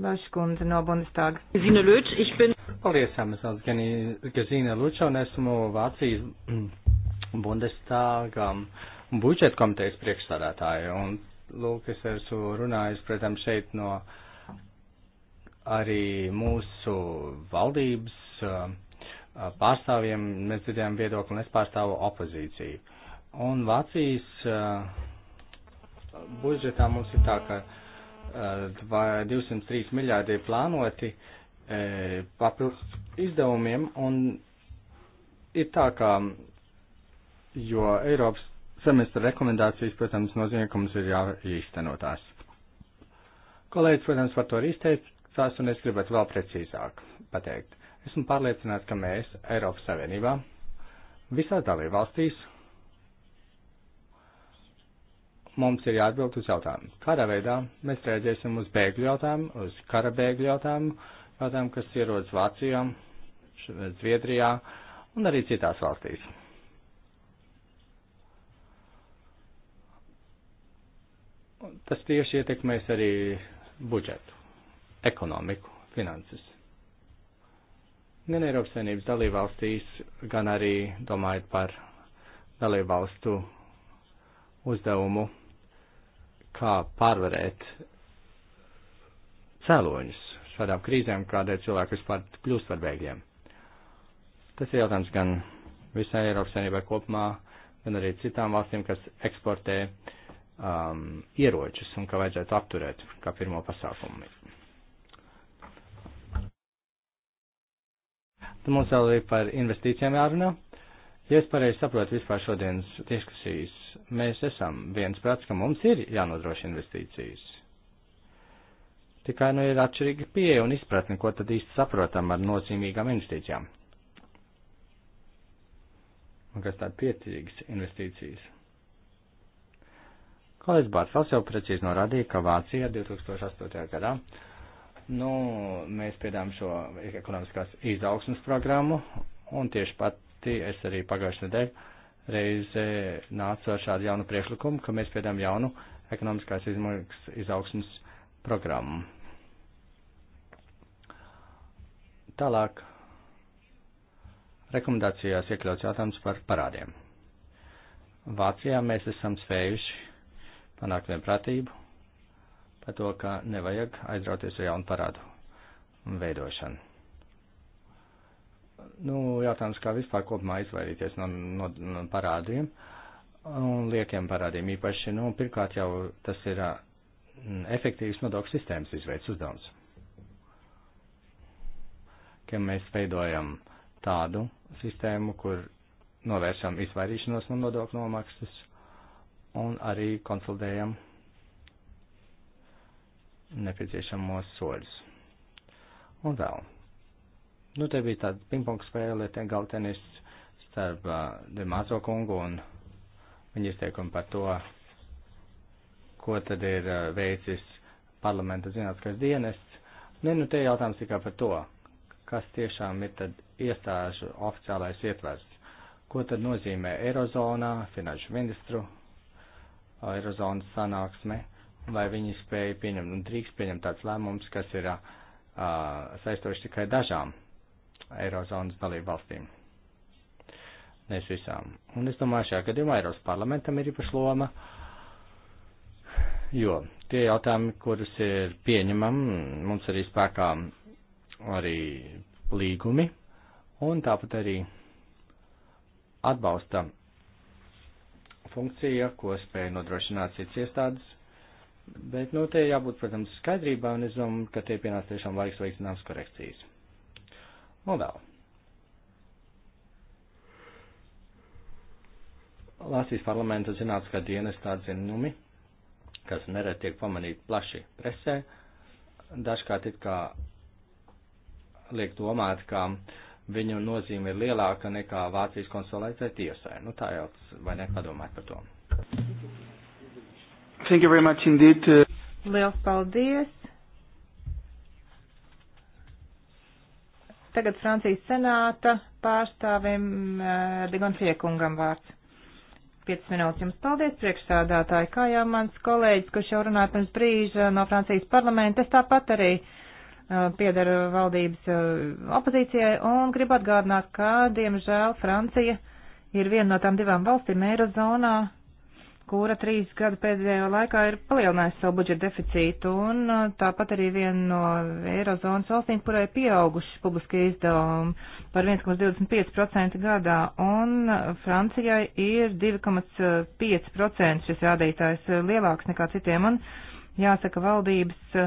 Vaškundze no Bundestāga. Zina Luč, ich bin. Paldies, Amazons, Gezina Luča, un esmu Vācijas Bundestāga budžeta komitejas priekšstādātāja. Un, lūk, es esmu runājis, protams, šeit no arī mūsu valdības pārstāvjiem. Mēs dzirdējām viedokli, un es pārstāvu opozīciju. Un Vācijas budžetā mums ir tā, ka vai 203 miljārdi ir plānoti e, papildus izdevumiem, un ir tā, ka, jo Eiropas semestra rekomendācijas, protams, nozīmē, ka mums ir jāīsteno tās. Kolēģis, protams, par to ir izteicās, un es gribētu vēl precīzāk pateikt. Esmu pārliecināts, ka mēs Eiropas Savienībā visās dalībvalstīs mums ir jāatbild uz jautājumu. Kādā veidā mēs rēģēsim uz bēgļu jautājumu, uz kara bēgļu jautājumu, jautājumu, kas ierodas Vācijā, Zviedrijā un arī citās valstīs. Tas tieši ietekmēs arī budžetu, ekonomiku, finanses. Gan Eiropas Savienības dalībvalstīs, gan arī domājot par dalībvalstu uzdevumu kā pārvarēt cēloņus šādām krīzēm, kādēļ cilvēki vispār kļūst par bēgļiem. Tas ir jautājums gan visai Eiropas Savienībai kopumā, gan arī citām valstīm, kas eksportē um, ieročus un ka vajadzētu apturēt kā pirmo pasākumu. Tad mums vēl ir par investīcijām jārunā. Ja es pareizi saprotu vispār šodienas diskusijas, mēs esam viens prāts, ka mums ir jānodrošina investīcijas. Tikai nu ir atšķirīga pieeja un izpratne, ko tad īsti saprotam ar nozīmīgām investīcijām. Un kas tāda pieticīgas investīcijas? Kolēģis Bārtsals jau precīzi norādīja, ka Vācija 2008. gadā, nu, mēs piedām šo ekonomiskās izaugsmas programmu, un tieši pat ļoti, es arī pagājušajā nedēļā reizē nācu ar šādu jaunu priekšlikumu, ka mēs piedām jaunu ekonomiskās izmaksas izaugsmas programmu. Tālāk rekomendācijās iekļauts jautājums par parādiem. Vācijā mēs esam spējuši panākt vienprātību par to, ka nevajag aizrauties ar jaunu parādu veidošanu. Nu, jautājums, kā vispār kopumā izvairīties no, no, no parādiem un liekiem parādiem īpaši. Nu, pirmkārt jau tas ir mm, efektīvs nodokļu sistēmas izveids uzdevums. Ka mēs veidojam tādu sistēmu, kur novēršam izvairīšanos no nodokļu nomaksas un arī konsolidējam nepieciešamos soļus. Un vēl Nu, te bija tāda pingpong spēle, te galtenis starp uh, Demāzo kungu un viņa izteikumu par to, ko tad ir uh, veicis parlamenta zinātniskais dienests. Ne, nu, nu, te jautājums tikai par to, kas tiešām ir tad iestāžu oficiālais ietvers. Ko tad nozīmē Eirozonā, finanšu ministru, Eirozonas sanāksme, vai viņi spēja pieņemt un drīkst pieņemt tāds lēmums, kas ir uh, saistoši tikai dažām Eirozonas dalību valstīm. Nevis visām. Un es domāju, šajā gadījumā Eiros parlamentam ir īpaša loma, jo tie jautājumi, kurus ir pieņemam, mums arī spēkā arī līgumi, un tāpat arī atbalsta funkcija, ko spēja nodrošināt cits iestādes. Bet, nu, te jābūt, protams, skaidrībā, un es domāju, ka te pienāca tiešām laiks veikt zināmas korekcijas. Moldāvu. Nu, Latvijas parlamenta zinātniskā dienesta atzinumi, kas nereti tiek pamanīti plaši presē, dažkārt it kā liek domāt, ka viņu nozīme ir lielāka nekā Vācijas konsolētai tiesai. Nu tā jau vai ne padomāt par to. Thank you very much indeed. Liels paldies. Tagad Francijas senāta pārstāvim uh, eh, Digon Fiekungam vārds. 5 minūtes jums paldies, priekšsādātāji, kā jau mans kolēģis, kurš jau runāja pirms brīža no Francijas parlamenta, es tāpat arī uh, piedaru valdības uh, opozīcijai un gribu atgādināt, ka, diemžēl, Francija ir viena no tām divām valstīm Eirozonā, kura trīs gadu pēdējo laikā ir palielinājusi savu budžeta deficītu, un uh, tāpat arī viena no Eirozonas valstīm, kurai pieauguši publiskie izdevumi par 1,25% gadā, un uh, Francijai ir 2,5% šis rādītājs uh, lielāks nekā citiem, un jāsaka valdības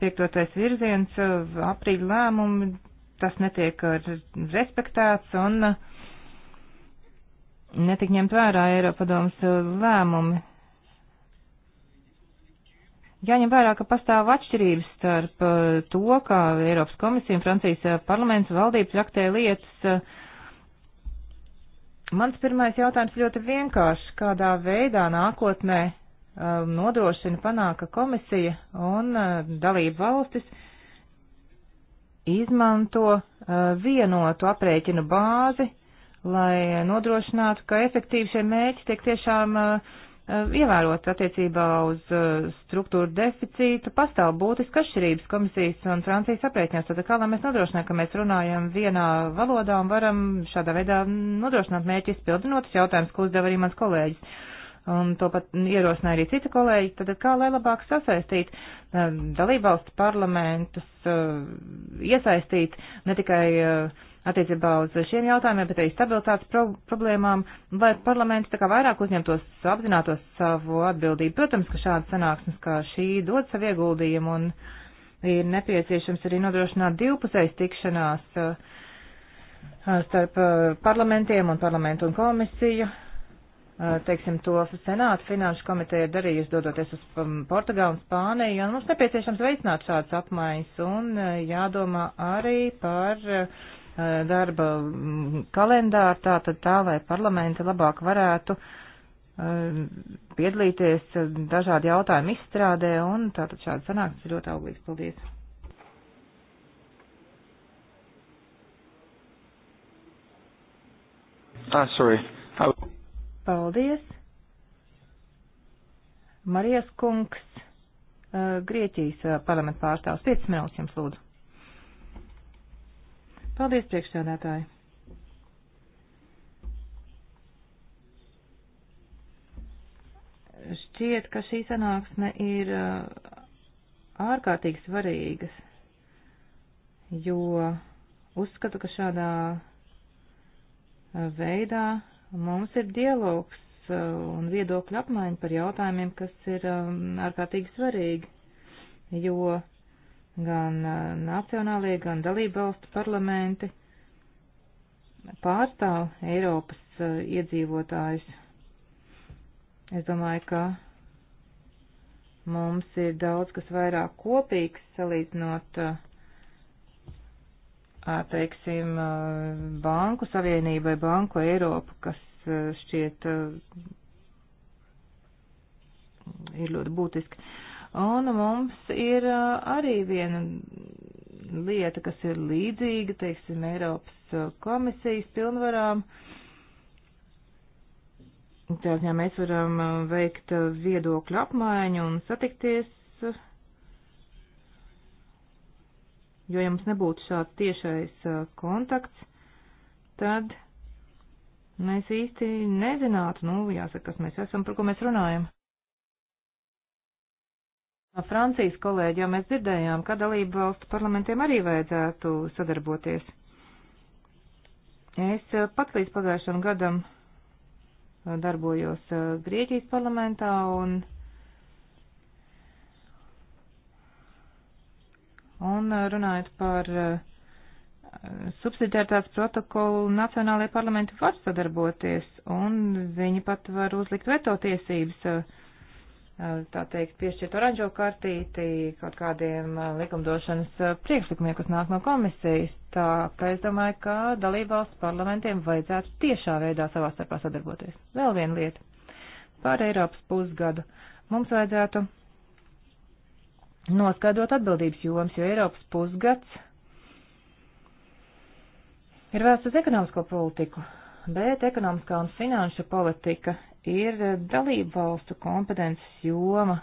piektotais virziens, aprīļa lēmumi, tas netiek respektēts, un uh, netik ņemt vērā Eiropadomas eh, lēmumi. Jāņem vērā, ka pastāv atšķirības starp eh, to, kā Eiropas komisija un Francijas eh, parlaments valdības traktē lietas. Mans pirmais jautājums ļoti vienkārši, kādā veidā nākotnē nodrošina panāk, ka komisija un dalība valstis izmanto vienotu aprēķinu bāzi lai nodrošinātu, ka efektīvi šie mērķi tiek tiešām uh, uh ievērot attiecībā uz uh, struktūru deficītu, pastāv būtiski atšķirības komisijas un Francijas aprēķinās. Tātad kā lai mēs nodrošinām, ka mēs runājam vienā valodā un varam šādā veidā nodrošināt mērķi izpildinot, tas jautājums, ko uzdeva arī mans kolēģis. Un to pat ierosināja arī citi kolēģi. Tad kā lai labāk sasaistīt um, dalībvalstu parlamentus, uh, iesaistīt ne tikai uh, attiecībā uz šiem jautājumiem, bet arī stabilitātes pro problēmām, lai parlaments tā kā vairāk uzņemtos, apzinātos savu atbildību. Protams, ka šāda sanāksmes kā šī dod savu ieguldījumu un ir nepieciešams arī nodrošināt divpusējas tikšanās uh, uh, starp uh, parlamentiem un parlamentu un komisiju teiksim, to senātu finanšu komiteja ir darījusi, dodoties uz um, Portugālu un Spāniju, un mums nepieciešams veicināt šādas apmaiņas, un jādomā arī par Eh, darba mm, kalendāru, tā tad tā, lai parlamenti labāk varētu eh, piedalīties eh, dažādu jautājumu izstrādē, un tātad šāda sanāksme ir ļoti auglīgs. Paldies! Ah, sorry. How... Paldies! Marijas kungs, Grieķijas parlamenta pārstāvs, 5 minūtes jums lūdzu. Paldies, priekšsēdētāji! Šķiet, ka šī sanāksme ir uh, ārkārtīgi svarīgas, jo uzskatu, ka šādā uh, veidā mums ir dialogs uh, un viedokļu apmaiņa par jautājumiem, kas ir um, ārkārtīgi svarīgi, jo gan eh, nacionālie, gan dalībvalstu parlamenti pārstāv Eiropas eh, iedzīvotājus. Es domāju, ka mums ir daudz kas vairāk kopīgs salīdzinot, eh, teiksim, Banku Savienībai, Banku Eiropu, kas šķiet ir ļoti būtiski. Un mums ir uh, arī viena lieta, kas ir līdzīga, teiksim, Eiropas uh, komisijas pilnvarām. Tātad, ja mēs varam uh, veikt viedokļu apmaiņu un satikties, jo ja mums nebūtu šāds tiešais kontakts, tad mēs īsti nezinātu, nu, jāsaka, kas mēs esam, par ko mēs runājam. No Francijas kolēģi jau mēs dzirdējām, ka dalību valstu parlamentiem arī vajadzētu sadarboties. Es eh, pats līdz pagājušam gadam eh, darbojos eh, Grieķijas parlamentā un, un runājot par subsidiaritātes protokolu nacionālajie parlamenti var sadarboties un viņi pat var uzlikt veto tiesības Eh, tā teikt, piešķirt oranžo kartīti kaut kādiem eh, likumdošanas eh, priekšlikumiem, kas nāk no komisijas. Tā ka es domāju, ka dalībvalsts parlamentiem vajadzētu tiešā veidā savā starpā sadarboties. Vēl viena lieta. Pār Eiropas pusgadu mums vajadzētu noskaidrot atbildības jomas, jo Eiropas pusgads ir vērsts uz ekonomisko politiku, bet ekonomiskā un finanšu politika ir dalību valstu kompetences joma.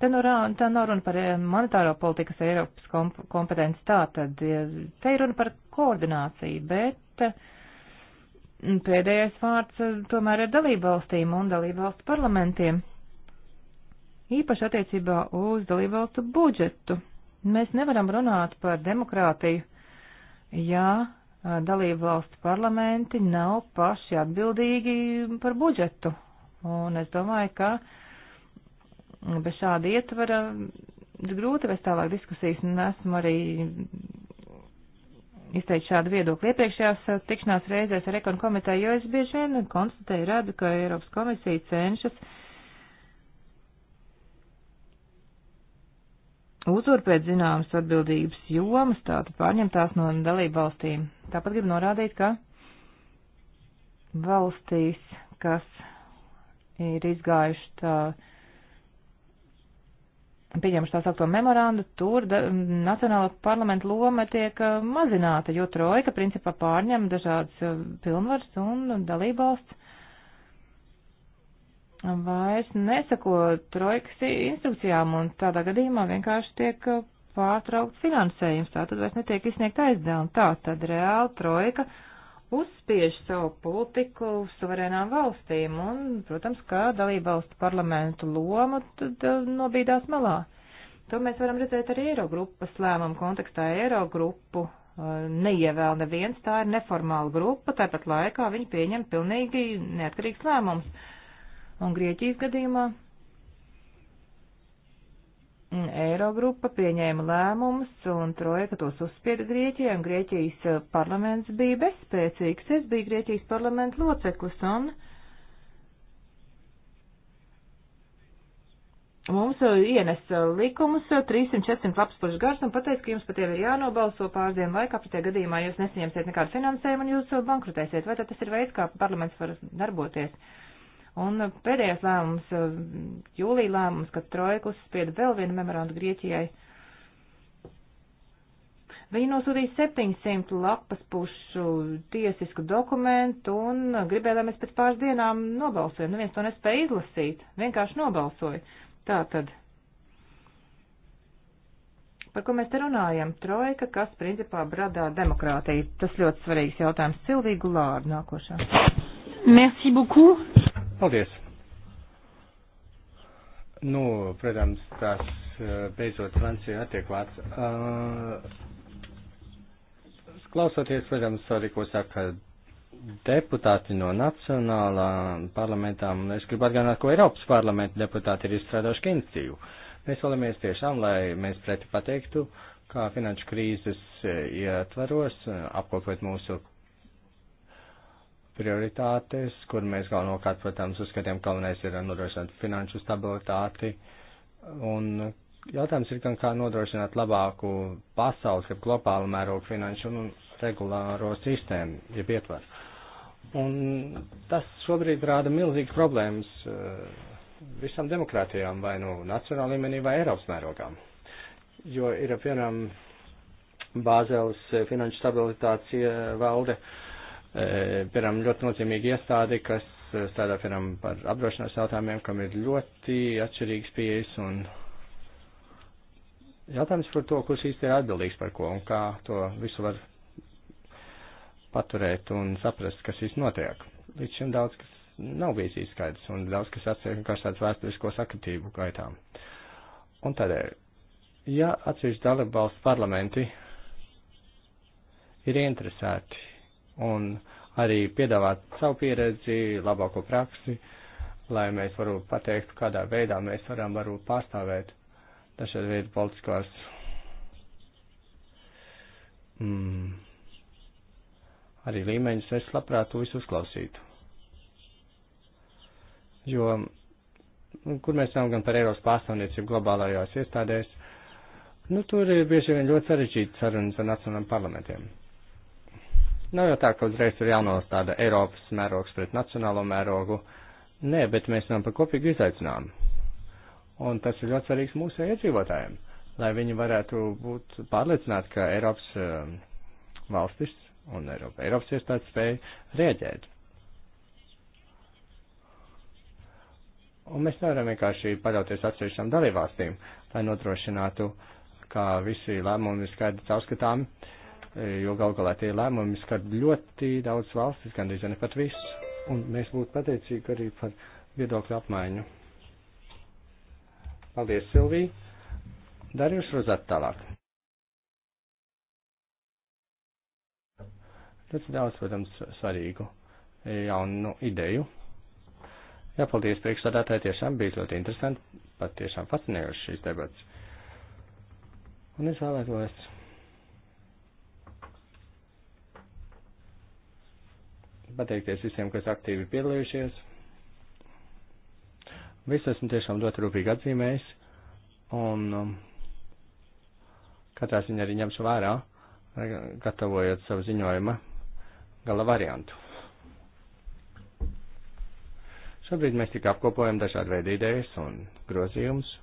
Te nu, tā nav runa par eh, monetāro politikas Eiropas kompetenci, tā tad te ir runa par koordināciju, bet eh, pēdējais vārds eh, tomēr ir dalību valstīm un dalību valstu parlamentiem. Īpaši attiecībā uz dalību valstu budžetu. Mēs nevaram runāt par demokrātiju, ja dalību valstu parlamenti nav paši atbildīgi par budžetu. Un es domāju, ka bez šāda ietvara grūti vēl tālāk diskusijas, un esmu arī izteikt šādu viedokli iepriekšējās tikšanās reizēs ar ekonu komiteju, jo es bieži vien konstatēju, redzu, ka Eiropas komisija cenšas uh, uzvar pēc zināmas atbildības jomas, tātad pārņemtās no dalību valstīm. Tāpat gribu norādīt, ka valstīs, kas ir izgājuši tā, pieņemšu tā saukto memorandu, tur da, nacionāla parlamenta loma tiek mazināta, jo trojka principā pārņem dažādas pilnvaras un dalībvalsts vairs nesako trojkas instrukcijām un tādā gadījumā vienkārši tiek uh, pārtraukt finansējums, tā tad vairs netiek izsniegt aizdevumi. Tā tad reāli trojka uzspiež savu politiku suverēnām valstīm un, protams, kā dalība valstu parlamentu loma tad uh, nobīdās malā. To mēs varam redzēt arī Eirogrupas lēmumu kontekstā. Eirogrupu uh, neievēl neviens, tā ir neformāla grupa, tāpat laikā viņi pieņem pilnīgi neatkarīgs lēmums. Un Grieķijas gadījumā Eirogrupa pieņēma lēmumus un trojka tos uzspieda Grieķijai, un Grieķijas eh, parlaments bija bezspēcīgs. Es biju Grieķijas parlamenta loceklis, un mums eh, ienes eh, likumus 300-400 lapas plašs gars un pateica, ka jums pat jau ir jānobalso pāris dienu laikā, pretējā gadījumā jūs nesaņemsiet nekādu finansējumu un jūs bankrutēsiet. Vai tad tas ir veids, kā parlaments var darboties? Uh, Un pēdējais lēmums, eh, jūlija lēmums, kad Trojka uzspieda vēl vienu memorandu Grieķijai, Viņi nosūtīja 700 lapas pušu tiesisku dokumentu un gribēja, lai mēs pēc pāris dienām nobalsojam. Neviens to nespēja izlasīt, vienkārši nobalsoja. Tā tad. Par ko mēs te runājam? Trojka, kas principā bradā demokrātiju. Tas ļoti svarīgs jautājums. Silvīgu lārdu nākošā. Merci beaucoup. Paldies! Nu, protams, tas eh, beidzot Francija attiek vārds. Eh, klausoties, protams, arī, ko saka deputāti no nacionālā parlamentām, es gribu atgādināt, ko Eiropas parlamenta deputāti ir izstrādājuši kinstīvu. Mēs vēlamies tiešām, lai mēs preti pateiktu, kā finanšu krīzes eh, ietvaros apkopot mūsu prioritātes, kur mēs galvenokārt, protams, uzskatām, ka galvenais ir nodrošināt finanšu stabilitāti. Un jautājums ir gan kā nodrošināt labāku pasaules, ja globālu mērogu finanšu un regulāro sistēmu, ja ietvaru. Un tas šobrīd rāda milzīgas problēmas eh, visām demokrātijām, vai nu nacionālā līmenī, vai Eiropas mērogām. Jo ir, piemēram, Bāzeles eh, finanšu stabilitācija eh, valde, uh, E, piemēram, ļoti nozīmīga iestāde, kas strādā, piemēram, par apdrošināšanas jautājumiem, kam ir ļoti atšķirīgs pieejas un jautājums par to, kurš īsti ir atbildīgs par ko un kā to visu var paturēt un saprast, kas īsti notiek. Līdz šim daudz kas nav bijis izskaidrs un daudz kas atsiek vienkārši tāds vēsturisko sakritību gaitām. Un tādēļ, ja atsevišķi dalībvalstu parlamenti ir interesēti un arī piedāvāt savu pieredzi, labāko praksi, lai mēs varu pateikt, kādā veidā mēs varam varbūt pārstāvēt dažādu veidu politiskās mm, arī līmeņus. Es labprāt to visu uzklausītu. Jo, nu, kur mēs esam gan par Eiropas pārstāvniecību globālajās iestādēs, nu tur ir bieži vien ļoti sarežģīti sarunas ar nacionālajiem parlamentiem. Nav nu, jau tā, ka uzreiz tur jānostāda Eiropas mērogs pret nacionālo mērogu. Nē, bet mēs runājam par kopīgu izaicinājumu. Un tas ir ļoti svarīgs mūsu iedzīvotājiem, lai viņi varētu būt pārliecināti, ka Eiropas um, valstis un Eiropa, Eiropas iestādes spēja rēģēt. Un mēs nevaram vienkārši paļauties atsevišķām dalībvalstīm, lai nodrošinātu, ka visi lēmumi ir skaidri caurskatāmi. Uh, jo gal galā tie lēmumi skar ļoti daudz valstis, gandrīz ne pat visus, un mēs būtu pateicīgi arī par viedokļu apmaiņu. Paldies, Silvija! Darījus rozāt tālāk. Ļoti daudz, protams, svarīgu jaunu ideju. Jā, paldies priekšstādātāji, tiešām bija ļoti interesanti, pat tiešām fascinējuši šīs debats. Un es vēlētos pateikties visiem, kas aktīvi piedalījušies. Visu esmu tiešām ļoti rūpīgi atzīmējis, un um, katrā ziņā arī ņemšu vērā, eh, gatavojot savu ziņojuma gala variantu. Šobrīd mēs tik apkopojam dažādu veidu idejas un grozījumus.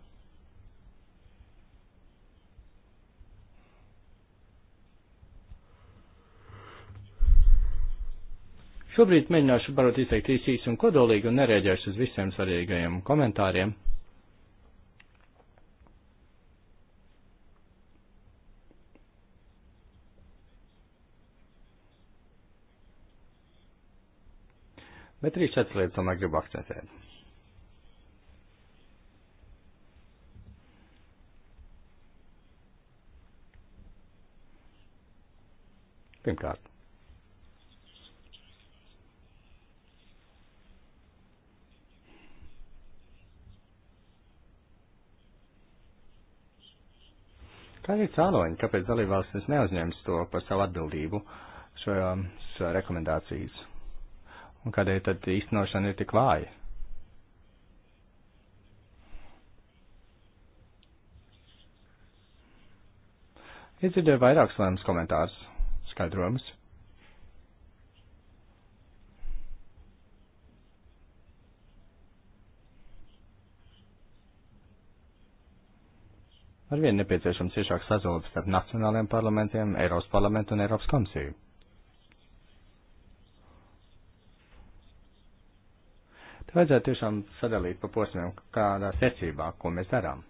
Šobrīd mēģināšu varot izteikt īsīs un kodolīgi un nereaģēšu uz visiem svarīgajiem komentāriem. Bet arī šāds lietas, domāju, gribu akcentēt. Pirmkārt, Tā ir cēloņi, kāpēc dalībvalstis neuzņems to par savu atbildību šajās rekomendācijas. Un kādēļ tad īstenošana ir tik vāja? Iedzirdēju vairākus lēmumus komentārus, skaidrojumus. Arvien nepieciešams ciešāk sazvaldes starp nacionālajiem parlamentiem, Eiropas parlamentu un Eiropas komisiju. Te vajadzētu tiešām sadalīt pa posmiem, kādā secībā, ko mēs darām.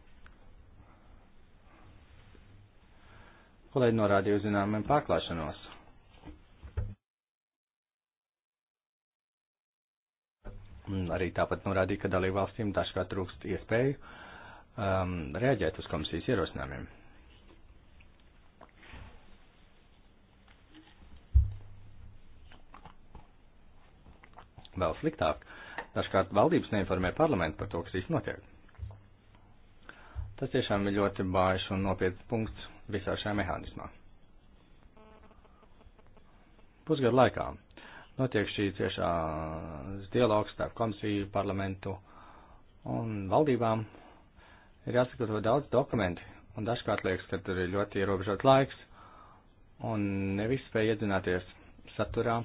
Kolēģi norādīja uz zināmiem pārklāšanos. Un arī tāpat norādīja, ka dalībvalstīm dažkārt trūkst iespēju uh, um, reaģēt uz komisijas ierosinājumiem. Vēl sliktāk, dažkārt valdības neinformē parlamentu par to, kas īsti notiek. Tas tiešām ir ļoti bāžs un nopietns punkts visā šajā mehānismā. Pusgadu laikā notiek šī ciešā dialogs starp komisiju, parlamentu un valdībām, ir jāsagatavo daudz dokumentu, un dažkārt liekas, ka tur ir ļoti ierobežot laiks, un nevis spēj iedzināties saturā.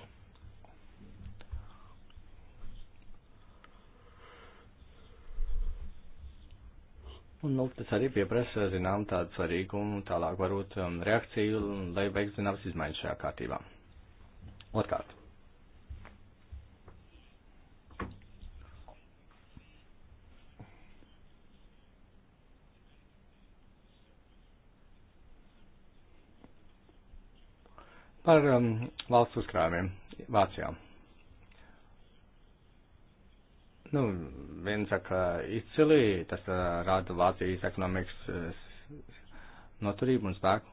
Un, nu, tas arī pieprasa, zinām, tādu svarīgumu, tālāk varbūt um, reakciju, lai veiktu zināmas izmaiņas šajā kārtībā. Otkārt. par um, valsts uzkrājumiem Vācijā. Nu, viens saka izcili, tas uh, rāda Vācijas ekonomikas uh, noturību un spēku.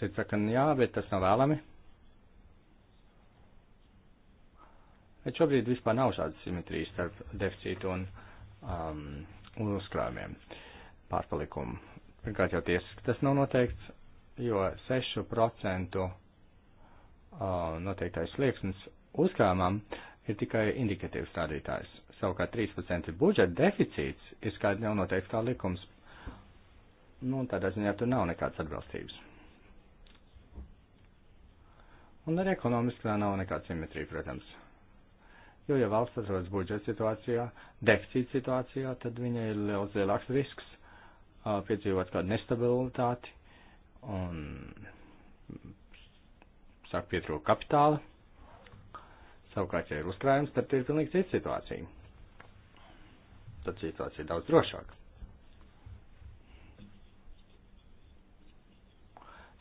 Cits saka, nu jā, bet tas nav vēlami. Bet šobrīd vispār nav šādas simetrijas starp deficītu un, um, un uzkrājumiem pārpalikumu. Pirmkārt jau tiesiski tas nav noteikts, jo 6% noteiktais slieksnis uzkrājumam ir tikai indikatīvs rādītājs. Savukārt 3% budžeta deficīts ir skaidri jau noteikts kā likums. Nu, tādā ziņā tur nav nekādas atbilstības. Un arī ekonomiski tā nav nekāda simetrija, protams. Jo, ja valsts atrodas budžeta situācijā, deficīta situācijā, tad viņai ir liels lielāks risks piedzīvot kādu nestabilitāti un sāk pietrūkt kapitāla. Savukārt, ja ir uzkrājums, tad ir pilnīgi cita situācija. Tad situācija ir daudz drošāka.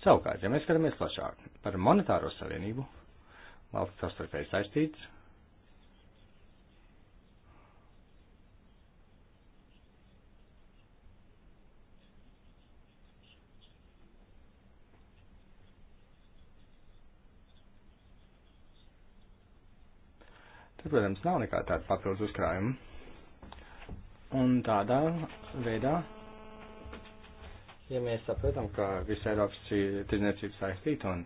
Savukārt, ja mēs skatāmies plašāk par monetāro savienību, valsts savstarpēji saistīts, Tur, protams, nav nekā tāda papildus uzkrājuma. Un tādā veidā, ja mēs saprotam, ka visa Eiropas tirdzniecība saistīta un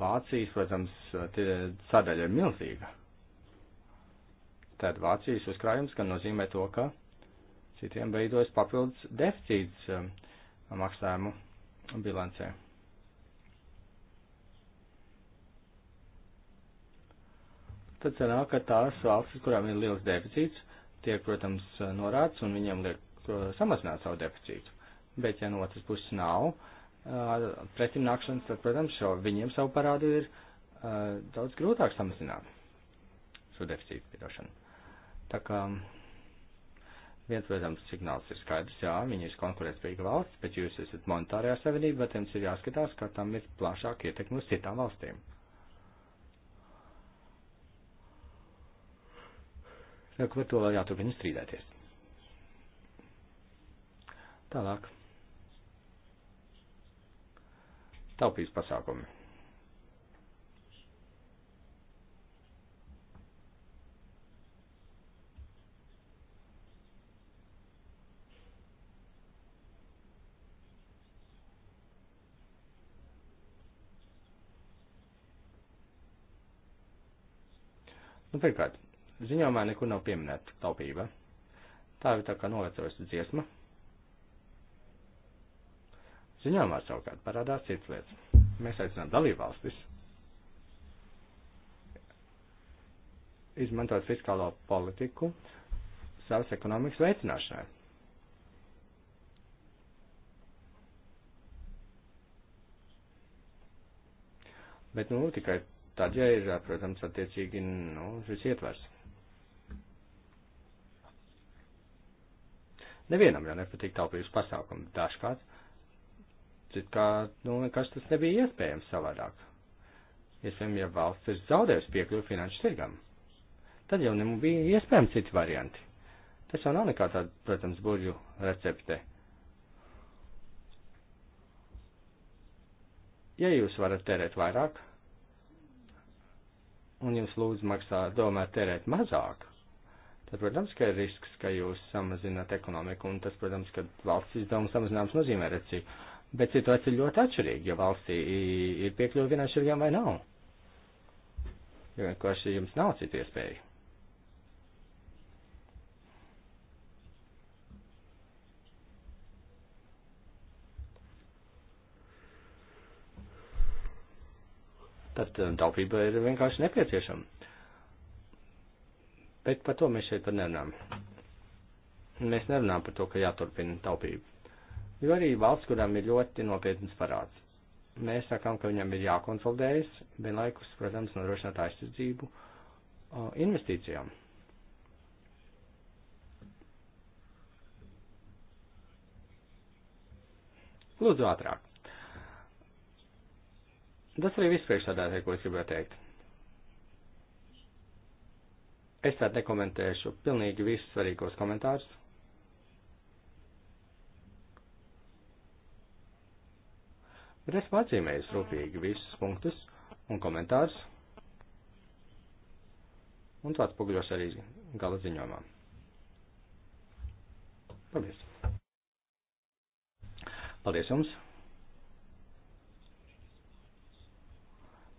Vācijas, protams, sadaļa ir milzīga, tad Vācijas uzkrājums gan nozīmē to, ka citiem veidojas papildus deficīts um, maksājumu bilancē. tad sanāk, ka tās valstis, kurām ir liels deficīts, tiek, protams, norāds un viņiem liek uh, samazināt savu deficītu. Bet, ja no otras puses nav uh, pretim nākšanas, tad, protams, šo, viņiem savu parādu ir uh, daudz grūtāk samazināt šo deficītu pidošanu. Tā kā viens, protams, signāls ir skaidrs, jā, viņi ir konkurētspējīga valsts, bet jūs esat monetārajā savienība, bet jums ir jāskatās, ka tam ir plašāk ietekmi uz citām valstīm. Lūk, par to vēl jāturpina strīdēties. Tālāk. Taupības pasākumi. Nu, pirmkārt, ziņojumā nekur nav pieminēta taupība. Tā ir tā kā novecojusi dziesma. Ziņojumā savukārt parādās citas lietas. Mēs aicinām dalībvalstis izmantot fiskālo politiku savas ekonomikas veicināšanai. Bet, nu, tikai tad, ja ir, protams, attiecīgi, nu, šis ietvers. Nevienam jau nepatīk taupības pasākumi. Dažkārt, kā, nu, nekas tas nebija iespējams savādāk. Iespējams, ja valsts ir zaudējusi piekļuvi finanšu tirgam, tad jau nebija iespējams citi varianti. Tas jau nav nekā tāda, protams, burju recepte. Ja jūs varat tērēt vairāk, un jums lūdzu maksā, domā tērēt mazāk, tad, protams, ka ir risks, ka jūs samazināt ekonomiku, un tas, protams, ka valsts izdevuma samazinājums nozīmē recību. Bet situācija ir ļoti atšķirīga, ja valstī ir piekļuva finanšiem vai nav. Jo vienkārši jums nav citu iespēju. Tad um, taupība ir vienkārši nepieciešama. Bet par to mēs šeit pat nerunājam. Mēs nerunājam par to, ka jāturpina taupība. Jo arī valsts, kurām ir ļoti nopietnas parāds. Mēs sakām, ka viņam ir jākonsolidējas, vienlaikus, protams, nodrošināt aizsardzību investīcijām. Lūdzu, ātrāk. Tas arī viss priekšstādātāji, ko es gribēju teikt. Es tad nekomentēšu pilnīgi visus svarīgos komentārus. Bet esmu atzīmējis rūpīgi visus punktus un komentārus, un to atspoguļošu arī gala ziņojumā. Paldies! Paldies jums!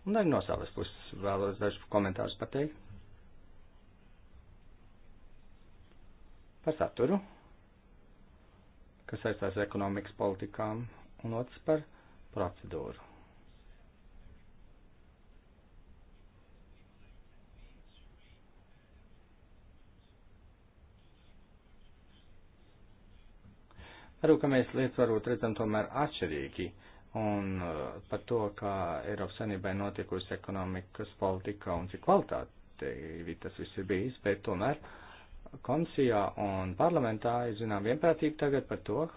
Un arī no savas puses vēlos dažus komentārus pateikt. par saturu, kas saistās ar ekonomikas politikām, un otrs par procedūru. Varbūt, ka mēs lietas varbūt redzam tomēr atšķirīgi, un uh, par to, kā Eiropas Sanībai notiekusi ekonomikas politika un cik kvalitātīvi tas viss ir bijis, bet tomēr uh, komisijā un parlamentā ir zinām vienprātība tagad par to,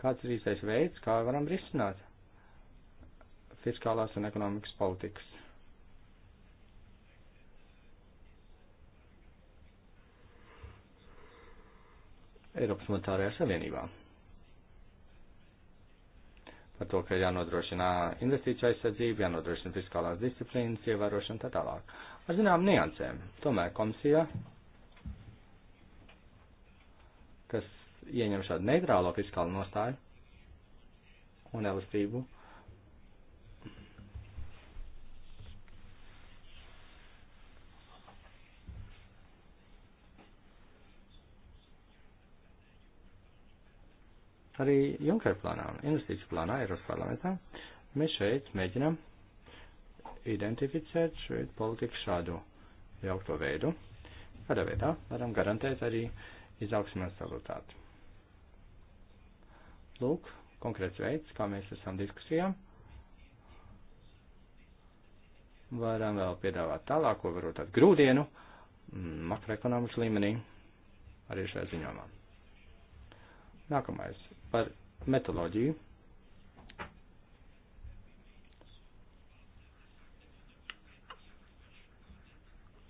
kāds ir īstais veids, kā varam risināt fiskālās un ekonomikas politikas. Eiropas monetārajā savienībā. Par to, ka jānodrošina investīcija aizsardzība, jānodrošina fiskālās disciplīnas ievērošana tā tālāk. Ar zinām niansēm. Tomēr komisija ieņem šādu neitrālo fiskālu nostāju un elastību. Arī Junker plānā un investīciju plānā Eiropas parlamentā mēs šeit mēģinām identificēt šeit politiku šādu jaukto veidu, kādā veidā varam garantēt arī izaugsmēs rezultātu. Lūk, konkrēts veids, kā mēs esam diskusijām. Varam vēl piedāvāt tālāko, varbūt tādu grūdienu mm, makroekonomikas līmenī arī šajā ziņojumā. Nākamais par metoloģiju.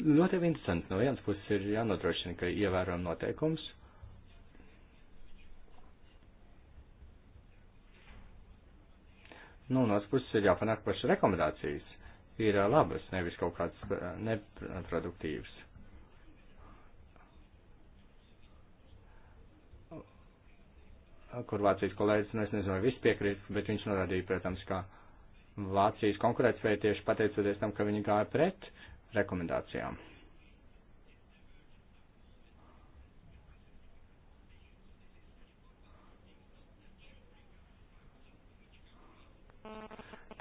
Ļoti interesanti. No vienas puses ir jānodrošina, ka ievērojam noteikums, Nu, no otras puses ir jāpanāk pašas rekomendācijas. Ir labas, nevis kaut kādas neproduktīvas. Kur Vācijas kolēģis, nu es nezinu, vai viss piekrīt, bet viņš norādīja, protams, ka Vācijas konkurētspēja tieši pateicoties tam, ka viņi gāja pret rekomendācijām.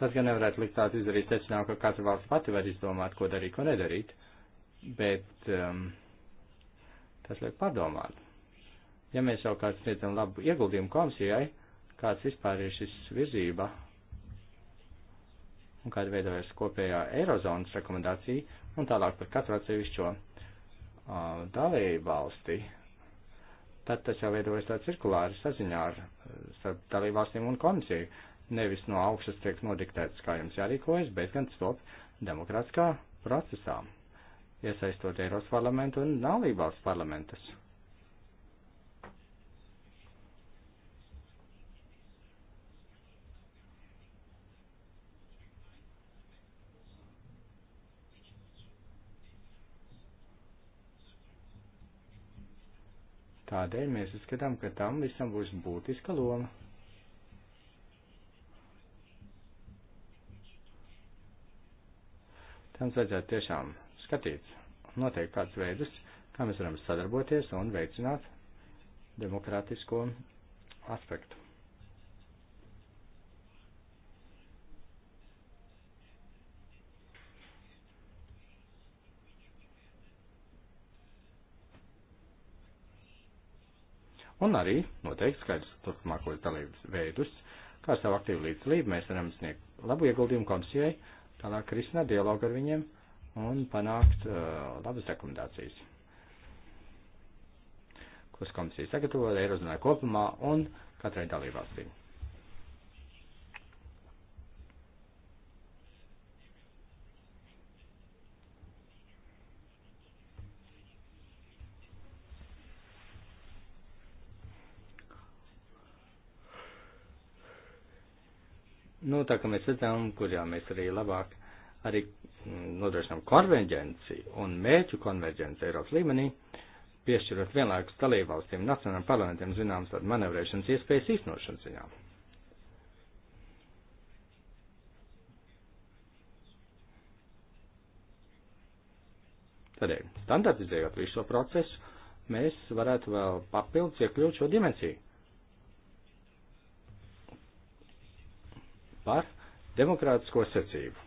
Tas gan nevarētu likt tādu izdarīt secinājumu, ka katra valsts pati var izdomāt, ko darīt, ko nedarīt, bet um, tas liek pārdomāt. Ja mēs savukārt sniedzam labu ieguldījumu komisijai, kāds vispār ir šis virzība un kāda veidojas kopējā Eirozonas rekomendācija un tālāk par katru atsevišķo uh, dalību valsti, tad tas jau veidojas tāds cirkulāri saziņā ar uh, starp dalību valstīm un komisiju nevis no augšas tiek nodiktēts, kā jums jārīkojas, bet gan stop demokrātiskā procesā, iesaistot Eiropas parlamentu un dalībās parlamentus. Tādēļ mēs uzskatām, ka tam visam būs būtiska loma. Tam vajadzētu tiešām skatīt noteikti kādus veidus, kā mēs varam sadarboties un veicināt demokrātisko aspektu. Un arī noteikti skaidrs turpmākos dalības veidus, kā savu aktīvu līdzdalību mēs varam sniegt labu ieguldījumu komisijai tālāk risināt dialogu ar viņiem un panākt uh, labas rekomendācijas, kuras komisija sagatavoja Eirozonai kopumā un katrai dalībvalstī. Nu, tā kā mēs redzam, kur jau mēs arī labāk arī mm, nodrošinām konverģenci un mērķu konverģenci Eiropas līmenī, piešķirot vienlaikus dalībvalstīm, nacionālajiem parlamentiem zināmas tādas manevrēšanas iespējas īstenošanas ziņā. Tādēļ, standartizējot visu šo procesu, mēs varētu vēl papildus iekļūt šo dimensiju par demokrātisko secību.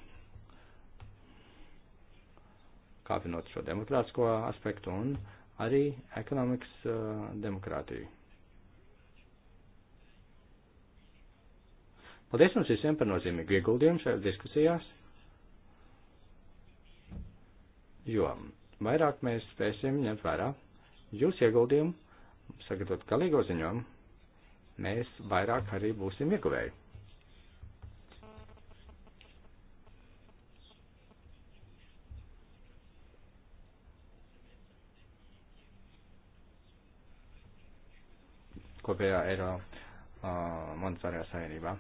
Kāpinot šo demokrātisko aspektu un arī ekonomikas uh, demokrātiju. Paldies jums visiem par nozīmīgu ieguldījumu šajās diskusijās, jo vairāk mēs spēsim ņemt vērā jūs ieguldījumu, sagatavot galīgo ziņojumu, mēs vairāk arī būsim ieguvēji. kopējā eiro uh, monetārajā savienībā.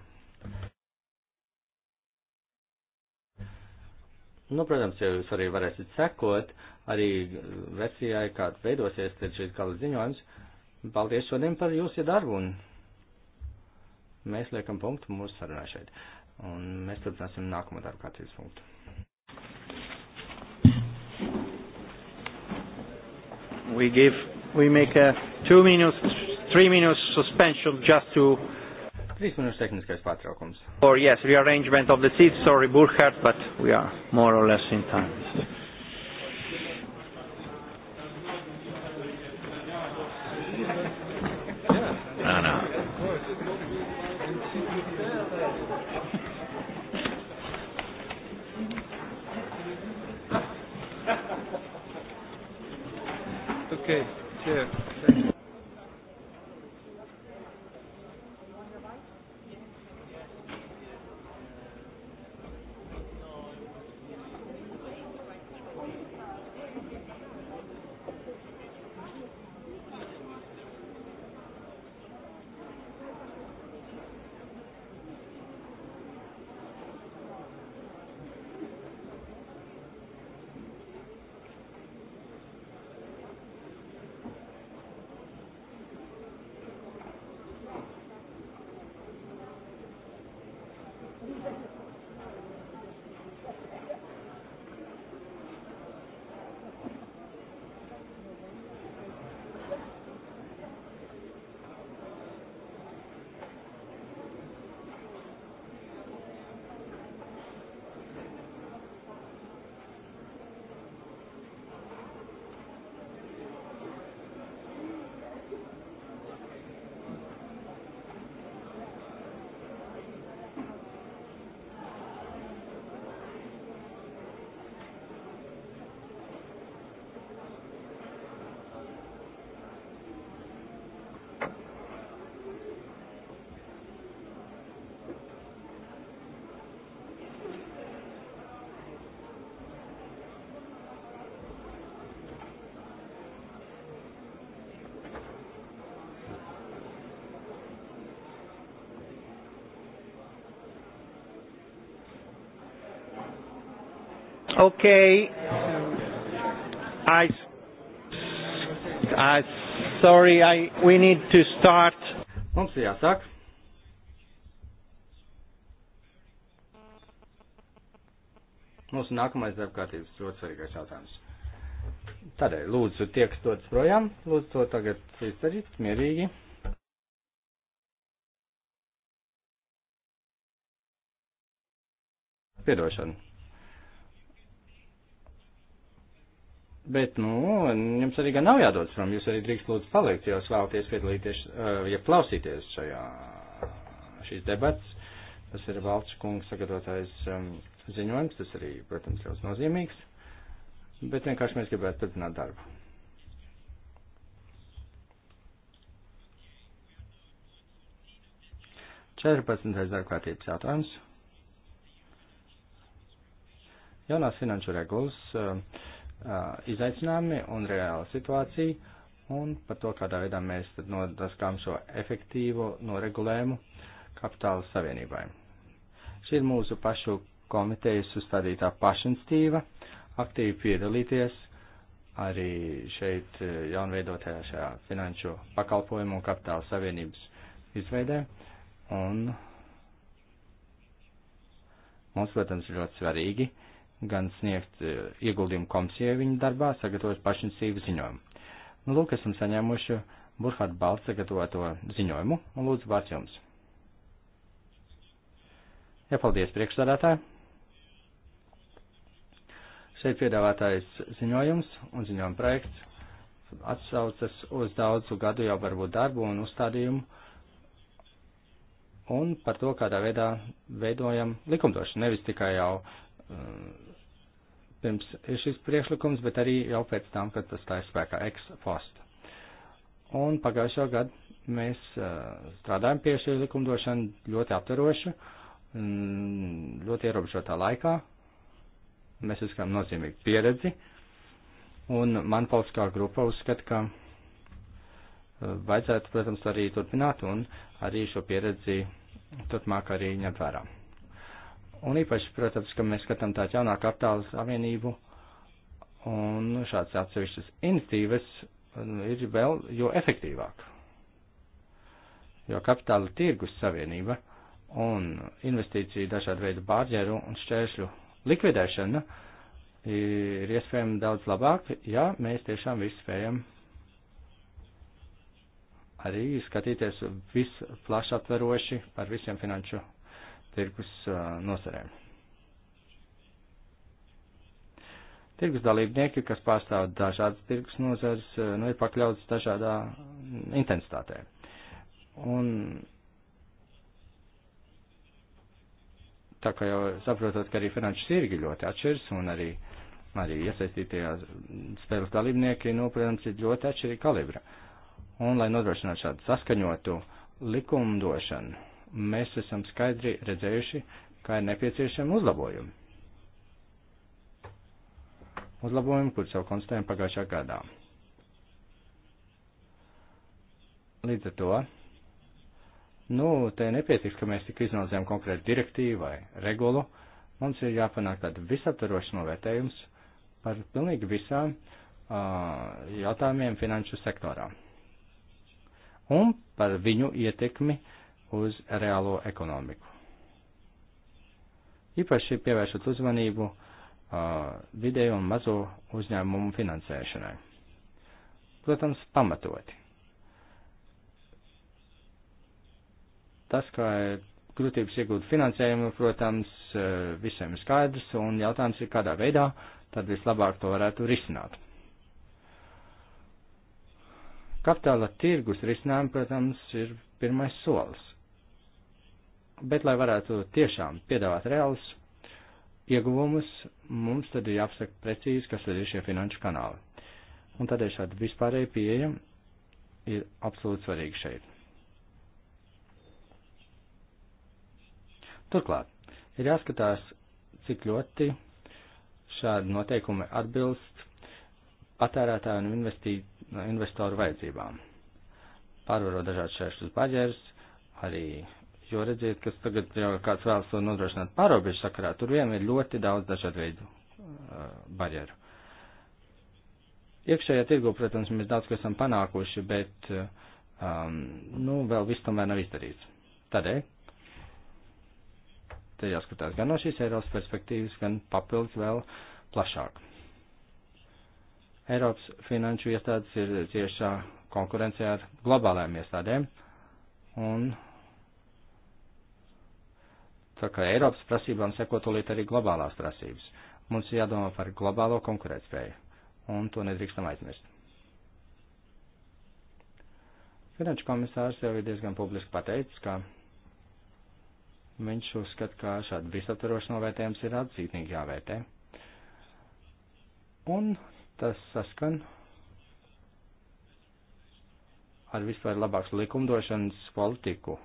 Nu, protams, ja jūs arī varēsiet sekot arī versijai, kāda veidosies, tad šis gala ziņojums. Paldies šodien par jūsu darbu un mēs liekam punktu mūsu sarunā šeit. Un mēs turpināsim nākamo darbu kārtības punktu. We give, we make a two minutes three minutes suspension just to. Trīs minūtes tehniskais pārtraukums. Or yes, rearrangement of the seats. Sorry, Burkhardt, but we are more or less in time. no, no. okay, cheers. Okay. I, I, sorry, I, we need to start. Mums ir jāsāk. Mūsu nākamais darbkārtības ļoti svarīgais jautājums. Tādēļ, lūdzu, tie, kas dodas projām, lūdzu to tagad izdarīt mierīgi. Piedošana. Bet, nu, jums arī gan nav jādodas prom, jūs arī drīkst lūdzu palikt, ja jūs vēlaties piedalīties, eh, ja klausīties šajā, šīs debats. Tas ir valsts kungs sagatavotājs um, ziņojums, tas arī, protams, ļoti nozīmīgs. Bet vienkārši mēs gribētu turpināt darbu. Četrpadsmitais darbkārtības jautājums. Jaunās finanšu regulas. Uh, izaicinājumi un reāla situācija, un par to, kādā veidā mēs tad nodaskām šo efektīvo noregulējumu kapitāla savienībai. Šī ir mūsu pašu komitejas uzstādītā pašinstīva, aktīvi piedalīties arī šeit jaunveidotajā šajā finanšu pakalpojumu un kapitāla savienības izveidē, un mums, protams, ir ļoti svarīgi, uh, gan sniegt e, ieguldījumu komisijai viņa darbā, sagatavot pašinicību ziņojumu. Nu, lūk, esam saņēmuši Burhard Balts sagatavoto ziņojumu, un lūdzu vārds jums. Jā, paldies priekšsādātāji. Šeit piedāvātais ziņojums un ziņojuma projekts atsaucas uz daudzu gadu jau varbūt darbu un uzstādījumu un par to, kādā veidā veidojam likumdošanu, nevis tikai jau um, pirms šis priekšlikums, bet arī jau pēc tam, kad tas tā ir spēkā ex post. Un pagājušo gadu mēs uh, strādājam pie šī likumdošana ļoti aptaroši, ļoti ierobežotā laikā. Mēs uzskatām nozīmīgu pieredzi, un man politiskā grupa uzskata, ka uh, vajadzētu, protams, arī turpināt un arī šo pieredzi turpmāk arī ņemt vērā. Un īpaši, protams, ka mēs skatām tādu jaunā kapitāla savienību un šāds atsevišķas inicitīvas um, ir vēl jo efektīvāk. Jo kapitāla tirgus savienība un investīcija dažādu veidu bārģeru un šķēršļu likvidēšana ir iespējama daudz labāk, ja mēs tiešām visu spējam arī skatīties visplašaptveroši par visiem finanšu tirgus nosarēm. Tirgus dalībnieki, kas pārstāv dažādas tirgus nozares, nu, ir pakļauts dažādā intensitātē. Un tā kā jau saprotat, ka arī finanšu sirgi ļoti atšķiras un arī, arī iesaistītajā spēles dalībnieki, nu, protams, ir ļoti atšķirīgi kalibra. Un, lai nodrošinātu šādu saskaņotu likumdošanu, mēs esam skaidri redzējuši, kā ir nepieciešami uzlabojumi. Uzlabojumi, kurus jau konstatējam pagājušā gadā. Līdz ar to, nu, te nepietiks, ka mēs tik iznaudzējam konkrētu direktīvu vai regulu. Mums ir jāpanāk tāds visaptvarošs novērtējums par pilnīgi visām uh, jautājumiem finanšu sektorā un par viņu ietekmi uh, uz reālo ekonomiku. Īpaši pievēršot uzmanību uh, vidēju un mazo uzņēmumu finansēšanai. Protams, pamatoti. Tas, kā ir grūtības iegūt finansējumu, protams, visiem ir skaidrs, un jautājums ir, kādā veidā tad vislabāk to varētu risināt. Kapitāla tirgus risinājumi, protams, ir pirmais solis. Bet, lai varētu tiešām piedāvāt reālus ieguvumus, mums tad ir jāapsaka precīzi, kas tad ir šie finanšu kanāli. Un tādēļ šāda vispārēja pieeja ir absolūti svarīga šeit. Turklāt, ir jāskatās, cik ļoti šādi noteikumi atbilst patērētāju un investī, investoru vajadzībām. Pārvarot dažādas šķēršļus barjeras, arī Jo redziet, kas tagad, ja kāds vēlas to nodrošināt pārobežu sakarā, tur vien ir ļoti daudz dažādu veidu uh, barjeru. Iekšējā tirgu, protams, mēs daudz ko esam panākuši, bet, um, nu, vēl viss tomēr nav izdarīts. Tādēļ, te jāskatās gan no šīs Eiropas perspektīvas, gan papildus vēl plašāk. Eiropas finanšu iestādes ir ciešā konkurencē ar globālajām iestādēm, un Tā kā Eiropas prasībām seko tolīt arī globālās prasības. Mums jādomā par globālo konkurētspēju, un to nedrīkstam aizmirst. Finanšu komisārs jau ir diezgan publiski pateicis, ka viņš uzskata, ka šāda visaptvaroša novērtējums ir atzītīgi jāvērtē. Un tas saskan ar vispār labāks likumdošanas politiku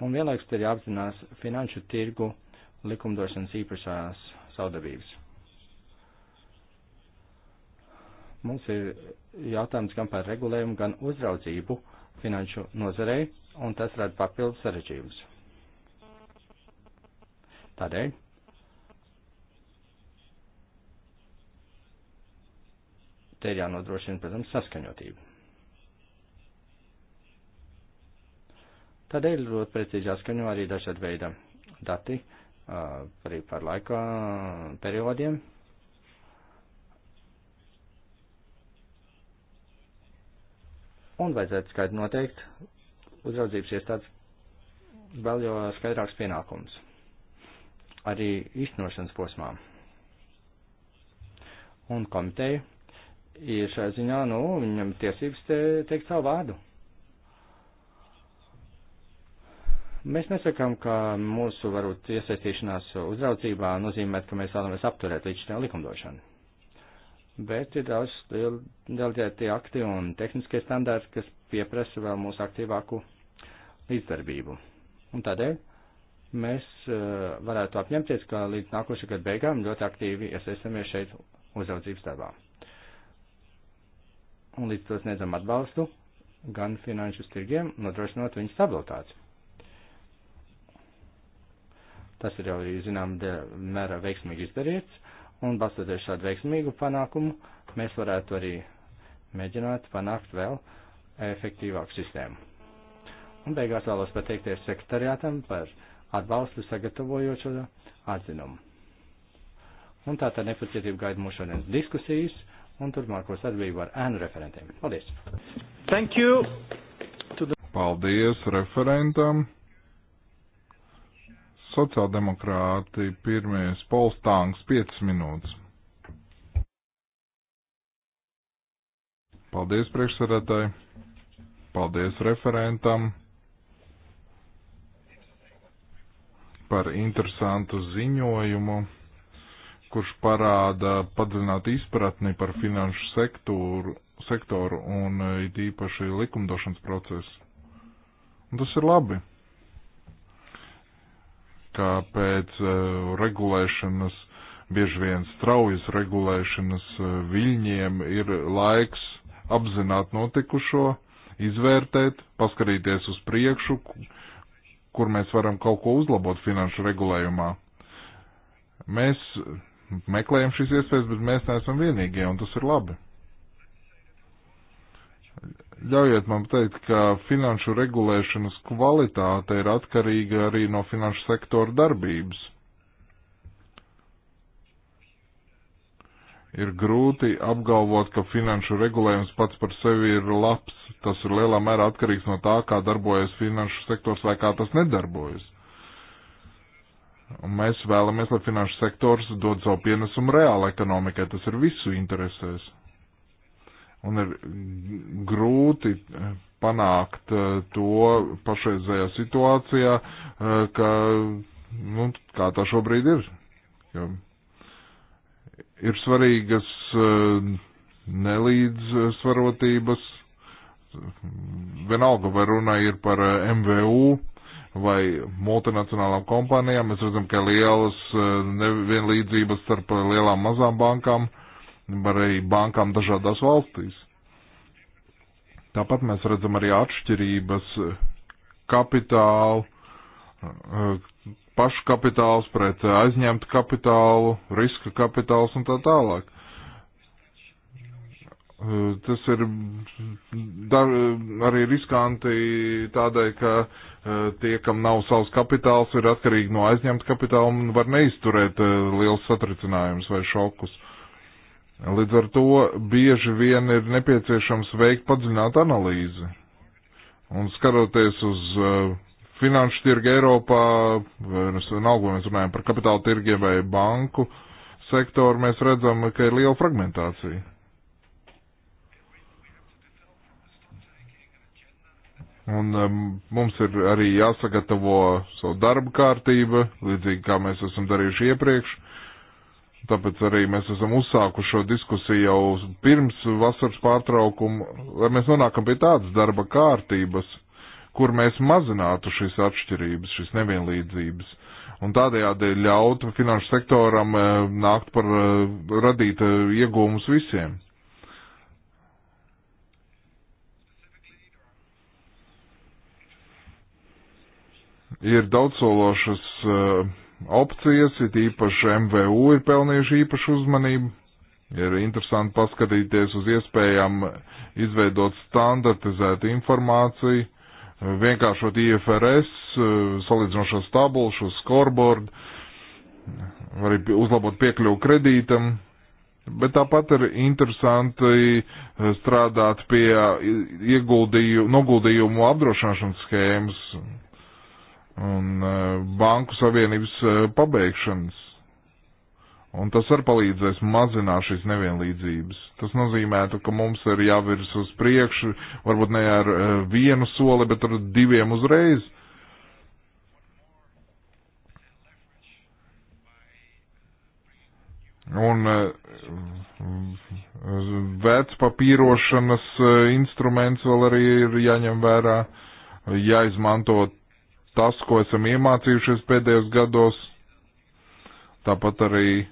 Un vienlaikus te ir jāapzinās finanšu tirgu likumdošanas īpašās saudabības. Mums ir jautājums gan par regulējumu, gan uzraudzību finanšu nozarei, un tas rada papildus sarežģījumus. Tādēļ te ir jānodrošina, protams, saskaņotība. Tādēļ ļoti precīzi jāskaņo arī dažādi veidi dati, arī par laika periodiem. Un vajadzētu skaidri noteikt uzraudzības iestādes vēl jau skaidrāks pienākums arī īstenošanas posmā. Un komiteja ir šajā ziņā, nu, viņam tiesības te, teikt savu vārdu. Mēs nesakām, ka mūsu varbūt iesaistīšanās uzraudzībā nozīmē, ka mēs vēlamies apturēt līdzšķinā likumdošanu. Bet ir daudz delģēti akti un tehniskie standarti, kas pieprasa vēl mūsu aktīvāku līdzdarbību. Un tādēļ mēs eh, varētu apņemties, ka līdz nākošā gada beigām ļoti aktīvi iesaistamies šeit uzraudzības darbā. Un līdz to sniedzam atbalstu gan finanšu tirgiem, nodrošinot viņu stabilitāti. Tas ir jau, zinām, mērā veiksmīgi izdarīts, un balstoties šādu veiksmīgu panākumu, mēs varētu arī mēģināt panākt vēl efektīvāku sistēmu. Un beigās vēlos pateikties sekretariātam par atbalstu sagatavojot šo atzinumu. Un tā tad nepacietība gaida mūsu šodienas diskusijas un turpmāko sadarbību ar ēnu referentiem. Paldies! Thank you! The... Paldies referentam! sociāldemokrāti pirmies polstāngs 5 minūtes. Paldies priekšsarētāji, paldies referentam par interesantu ziņojumu, kurš parāda padziļinātu izpratni par finanšu sektoru, sektoru un it īpaši likumdošanas procesu. Un tas ir labi ka pēc eh, regulēšanas, bieži vien straujas regulēšanas eh, viļņiem ir laiks apzināt notikušo, izvērtēt, paskarīties uz priekšu, kur mēs varam kaut ko uzlabot finanšu regulējumā. Mēs meklējam šīs iespējas, bet mēs neesam vienīgie, un tas ir labi. Ļaujiet man teikt, ka finanšu regulēšanas kvalitāte ir atkarīga arī no finanšu sektora darbības. Ir grūti apgalvot, ka finanšu regulējums pats par sevi ir labs. Tas ir lielā mērā atkarīgs no tā, kā darbojas finanšu sektors vai kā tas nedarbojas. Un mēs vēlamies, lai finanšu sektors dod savu pienesumu reāla ekonomikai. Tas ir visu interesēs un ir grūti eh, panākt eh, to pašreizējā situācijā, eh, ka, nu, kā tā šobrīd ir. Jo ir svarīgas nelīdzsvarotības, vienalga vai runa ir par MVU vai multinacionālām kompānijām, mēs redzam, ka lielas nevienlīdzības starp lielām mazām bankām, arī bankām dažādās valstīs. Tāpat mēs redzam arī atšķirības eh, kapitālu, eh, pašu kapitāls pret eh, aizņemtu kapitālu, riska kapitāls un tā tālāk. Tas ir dar, arī riskanti tādēļ, ka tie, kam nav savs kapitāls, ir atkarīgi no aizņemta kapitāla un var neizturēt liels satricinājumus vai šokus. Līdz ar to bieži vien ir nepieciešams veikt padziļinātu analīzi. Un skaroties uz uh, finanšu tirgu Eiropā, nu nav, ko mēs runājam par kapitāla tirgiem vai banku sektoru, mēs redzam, ka ir liela fragmentācija. Un um, mums ir arī jāsagatavo savu darbu kārtību, līdzīgi kā mēs esam darījuši iepriekš. Uh, tāpēc arī mēs esam uzsākuši šo diskusiju jau pirms vasaras pārtraukuma, lai mēs nonākam pie tādas darba kārtības, kur mēs mazinātu šīs atšķirības, šīs nevienlīdzības. Un tādējādi ļaut finanšu sektoram eh, nākt par eh, radīt eh, iegūmus visiem. Ir daudzsološas uh, opcijas, it īpaši MVU ir pelnījuši īpašu uzmanību. Ir interesanti paskatīties uz iespējām izveidot standartizētu informāciju, vienkāršot IFRS, salīdzinošos tabulus, šo scoreboard, var arī uzlabot piekļuvu kredītam, bet tāpat ir interesanti strādāt pie ieguldījumu, noguldījumu apdrošināšanas schēmas, un e, banku savienības e, pabeigšanas. Un tas var palīdzēs mazināt šīs nevienlīdzības. Tas nozīmētu, ka mums ir jāvirs uz priekšu, varbūt ne ar e, vienu soli, bet ar diviem uzreiz. Un vērts papīrošanas instruments vēl arī ir jāņem vērā, jāizmantot tas, ko esam iemācījušies pēdējos gados, tāpat arī e,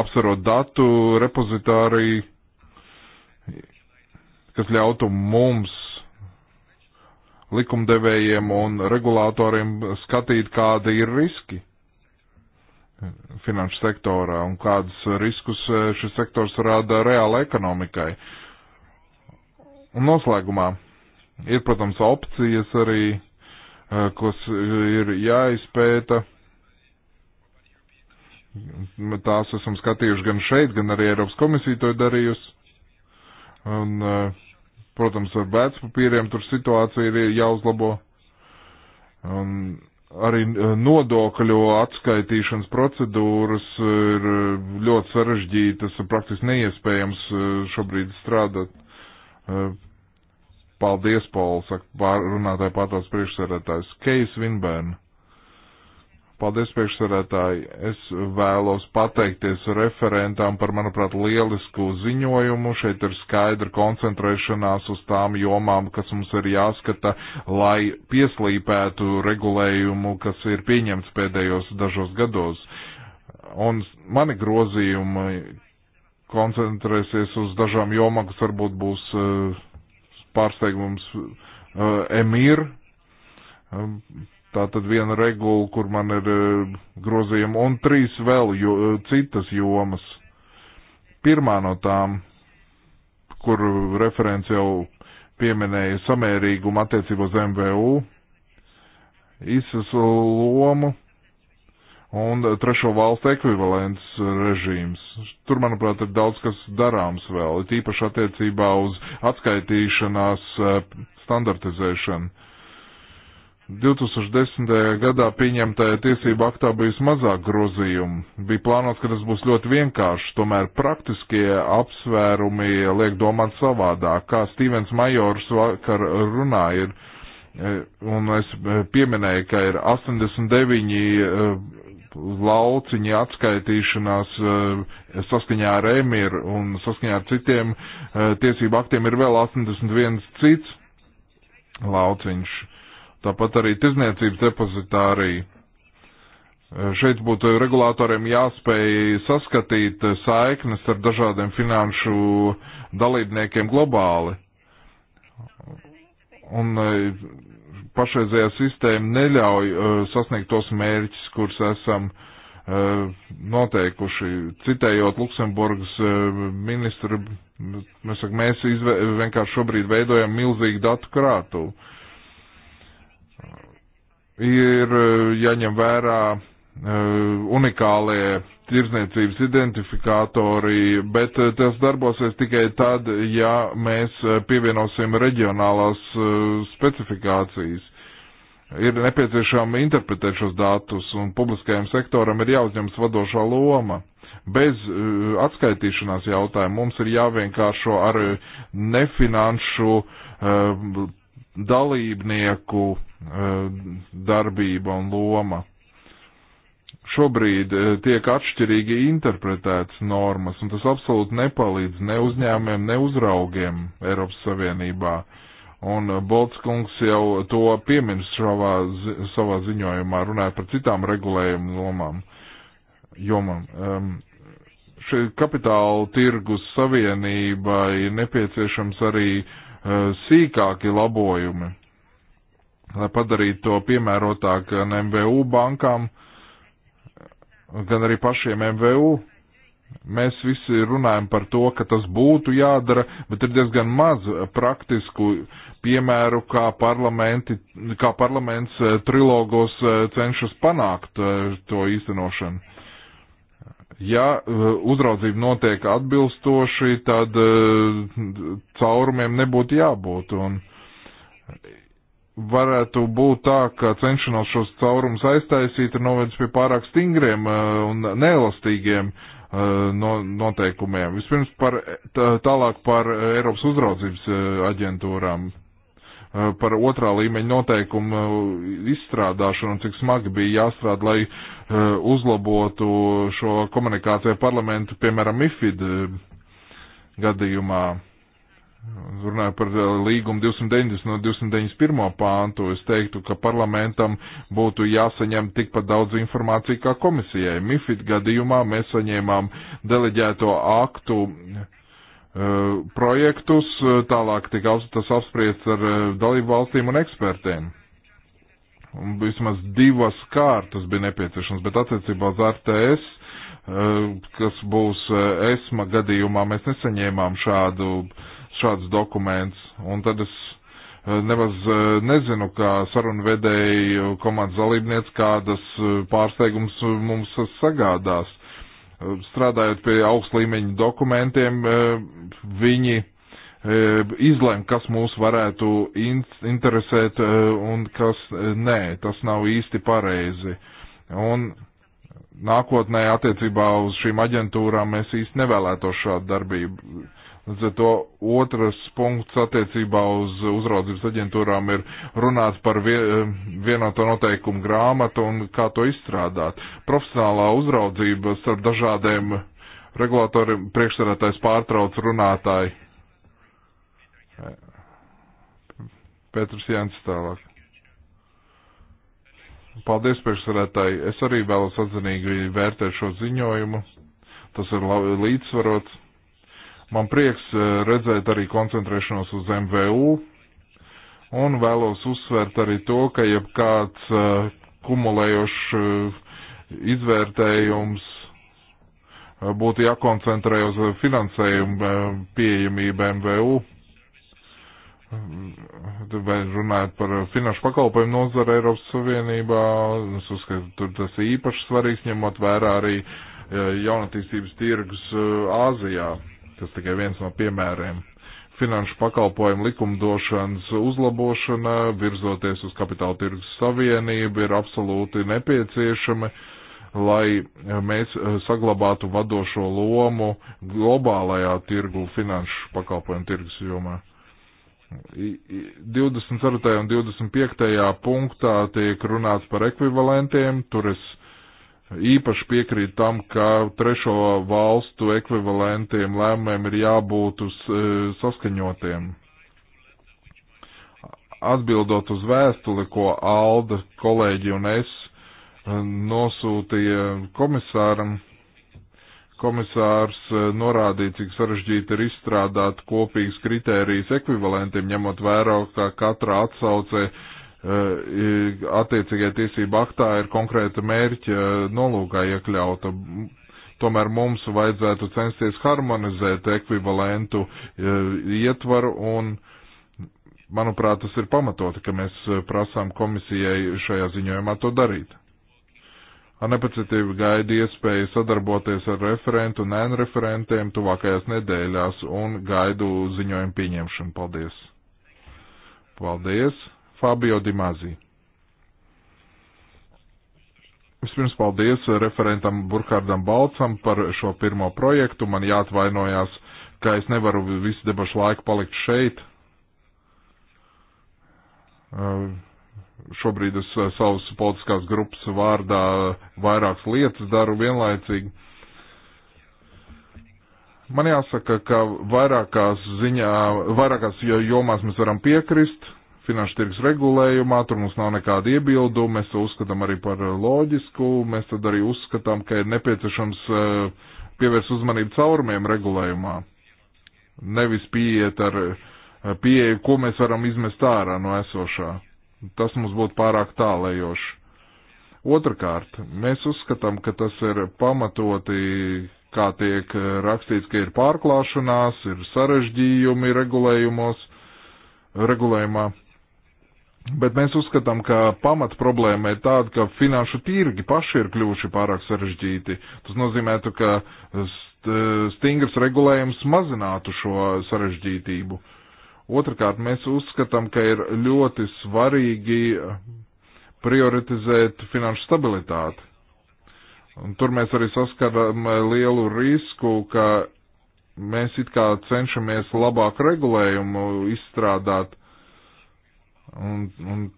apsverot datu repozitāriju, kas ļautu mums, likumdevējiem un regulātoriem, skatīt, kādi ir riski finanšu sektorā un kādus riskus e, šis sektors rada reāla ekonomikai. Un noslēgumā ir, protams, opcijas arī kas ir jāizpēta. Tās esam skatījuši gan šeit, gan arī Eiropas komisija to ir darījusi. Un, protams, ar vērtspapīriem tur situācija ir jāuzlabo. Un arī nodokļu atskaitīšanas procedūras ir ļoti sarežģītas un praktiski neiespējams šobrīd strādāt Paldies, Paul, saka runātāja pārtauc priekšsarētājs. Keis Vinbērn. Paldies, priekšsarētāji. Es vēlos pateikties referentām par, manuprāt, lielisku ziņojumu. Šeit ir skaidra koncentrēšanās uz tām jomām, kas mums ir jāskata, lai pieslīpētu regulējumu, kas ir pieņemts pēdējos dažos gados. Un mani grozījumi koncentrēsies uz dažām jomām, kas varbūt būs uh, pārsteigums eh, emīr. Ehm, tā tad viena regula, kur man ir eh, grozījumi, un trīs vēl jo, eh, citas jomas. Pirmā no tām, kur referents jau pieminēja samērīgumu attiecībos MVU, izsas lomu un trešo valstu ekvivalents režīms. Tur, manuprāt, ir daudz kas darāms vēl, it īpaši attiecībā uz atskaitīšanās eh, standartizēšanu. 2010. gadā pieņemtajā tiesību aktā bijis mazāk grozījumu. Bija plānots, ka tas būs ļoti vienkārši, tomēr praktiskie apsvērumi liek domāt savādāk. Kā Stīvens Majors vakar runāja, eh, un es eh, pieminēju, ka ir 89 lauciņa atskaitīšanās eh, saskaņā ar Emir un saskaņā ar citiem eh, tiesību aktiem ir vēl 81 cits lauciņš. Tāpat arī tirzniecības depozitārija. Eh, šeit būtu regulātoriem jāspēj saskatīt saiknes ar dažādiem finanšu dalībniekiem globāli. Un pašreizējā sistēma neļauj uh, sasniegt tos mērķus, kurus esam uh, noteikuši. Citējot Luksemburgas uh, ministru, mēs, nu, saka, mēs izve, vienkārši šobrīd veidojam milzīgu datu krātu. Ir uh, jāņem vērā Eh, unikālie tirzniecības identifikātori, bet eh, tas darbosies tikai tad, ja mēs eh, pievienosim reģionālās specifikācijas. Ir nepieciešama interpretēt šos datus, un publiskajam sektoram ir jāuzņemas vadošā loma. Bez atskaitīšanās jautājumu mums ir jāvienkāršo ar nefinanšu dalībnieku darbība un loma šobrīd eh, tiek atšķirīgi interpretētas normas, un tas absolūti nepalīdz ne uzņēmiem, ne uzraugiem Eiropas Savienībā. Un eh, Boltskungs jau to piemin savā, savā ziņojumā, runāja par citām regulējumu lomām, jomām. Um, šī kapitāla tirgus savienība ir nepieciešams arī uh, sīkāki labojumi, lai padarītu to piemērotāk MVU bankām, uh, gan arī pašiem MVU. Mēs visi runājam par to, ka tas būtu jādara, bet ir diezgan maz praktisku piemēru, kā, kā parlaments eh, trilogos eh, cenšas panākt eh, to īstenošanu. Ja uzraudzība notiek atbilstoši, tad caurumiem nebūtu jābūt. Un varētu būt tā, ka cenšanos šos caurumus aiztaisīt ir novedis pie pārāk stingriem eh, un neelastīgiem eh, noteikumiem. Vispirms par, tālāk par Eiropas uzraudzības eh, aģentūrām, par otrā līmeņa noteikumu izstrādāšanu un cik smagi bija jāstrādā, lai uzlabotu šo komunikāciju ar parlamentu, piemēram, MIFID gadījumā runāju par eh, līgumu 290 no 291. pāntu, es teiktu, ka parlamentam būtu jāsaņem tikpat daudz informāciju kā komisijai. MIFID gadījumā mēs saņēmām deleģēto aktu uh, projektus, tālāk tika tas apspriests ar uh, dalību valstīm un ekspertiem. Un vismaz divas kārtas bija nepieciešams, bet attiecībā uz RTS, uh, kas būs ESMA gadījumā, mēs nesaņēmām šādu uh, šāds dokuments, un tad es eh, nemaz eh, nezinu, kā sarunvedēju eh, komandas dalībniec, kādas pārsteigums mums sagādās. Strādājot pie augst līmeņa dokumentiem, viņi izlem, kas mūs varētu interesēt un kas nē, tas nav īsti pareizi. Un nākotnē attiecībā uz šīm aģentūrām mēs īsti nevēlētos šādu darbību Līdz ar to otrs punkts attiecībā uz uzraudzības aģentūrām ir runāt par vienoto noteikumu grāmatu un kā to izstrādāt. Profesionālā uzraudzība starp dažādiem regulatoriem priekšsarētais pārtrauc runātāji. Pēters Jānis tālāk. Paldies, priekšsarētāji. Es arī vēlos atzinīgi vērtēt šo ziņojumu. Tas ir labi līdzsvarots Man prieks eh, redzēt arī koncentrēšanos uz MVU un vēlos uzsvērt arī to, ka jebkāds eh, kumulējošs eh, izvērtējums būtu jākoncentrē uz finansējumu pieejamību MVU. Mm, vai runājot par finanšu pakalpojumu nozaru Eiropas Savienībā, es uzskatu, tur tas ir īpaši svarīgs, ņemot vērā arī jaunatīstības tirgus Āzijā. Uh, Tas tikai viens no piemēriem. Finanšu pakalpojumu likumdošanas uzlabošana, virzoties uz kapitāla tirgus savienību, ir absolūti nepieciešama, lai mēs saglabātu vadošo lomu globālajā tirgu finanšu pakalpojumu tirgus jomā. 24. un 25. punktā tiek runāts par ekvivalentiem, tur es īpaši piekrīt tam, ka trešo valstu ekvivalentiem lēmumiem ir jābūt uz, e, saskaņotiem. Atbildot uz vēstuli, ko Alda kolēģi un es e, nosūtīja komisāram, komisārs e, norādīja, cik sarežģīti ir izstrādāt kopīgas kritērijas ekvivalentiem, ņemot vērā, ka katra atsauce uh, Eh, attiecīgajā tiesība aktā ir konkrēta mērķa eh, nolūkā iekļauta. Tomēr mums vajadzētu censties harmonizēt ekvivalentu eh, ietvaru un, manuprāt, tas ir pamatoti, ka mēs prasām komisijai šajā ziņojumā to darīt. Ar nepacietību gaidu iespēju sadarboties ar referentu un ēnu referentiem tuvākajās nedēļās un gaidu ziņojumu pieņemšanu. Paldies! Paldies! Fabio Dimazī. Vispirms paldies referentam Burkhardam Balcam par šo pirmo projektu. Man jāatvainojās, ka es nevaru visu debašu laiku palikt šeit. Uh, šobrīd es uh, savas politiskās grupas vārdā vairākas lietas daru vienlaicīgi. Man jāsaka, ka vairākās ziņā, vairākās jomās mēs varam piekrist finanšu tirgus regulējumā, tur mums nav nekāda iebilduma, mēs to uzskatām arī par eh, loģisku, mēs tad arī uzskatām, ka ir nepieciešams eh, pievērst uzmanību caurumiem regulējumā. Nevis pieiet ar eh, pieeju, ko mēs varam izmest ārā no esošā. Tas mums būtu pārāk tālējoši. Otrakārt, mēs uzskatām, ka tas ir pamatoti, kā tiek rakstīts, ka ir pārklāšanās, ir sarežģījumi regulējumos, regulējumā. Bet mēs uzskatām, ka pamat problēma ir tāda, ka finanšu tirgi paši ir kļuvuši pārāk sarežģīti. Tas nozīmētu, ka stingrs regulējums mazinātu šo sarežģītību. Otrakārt, mēs uzskatām, ka ir ļoti svarīgi prioritizēt finanšu stabilitāti. Un tur mēs arī saskaram lielu risku, ka mēs it kā cenšamies labāku regulējumu izstrādāt, Un,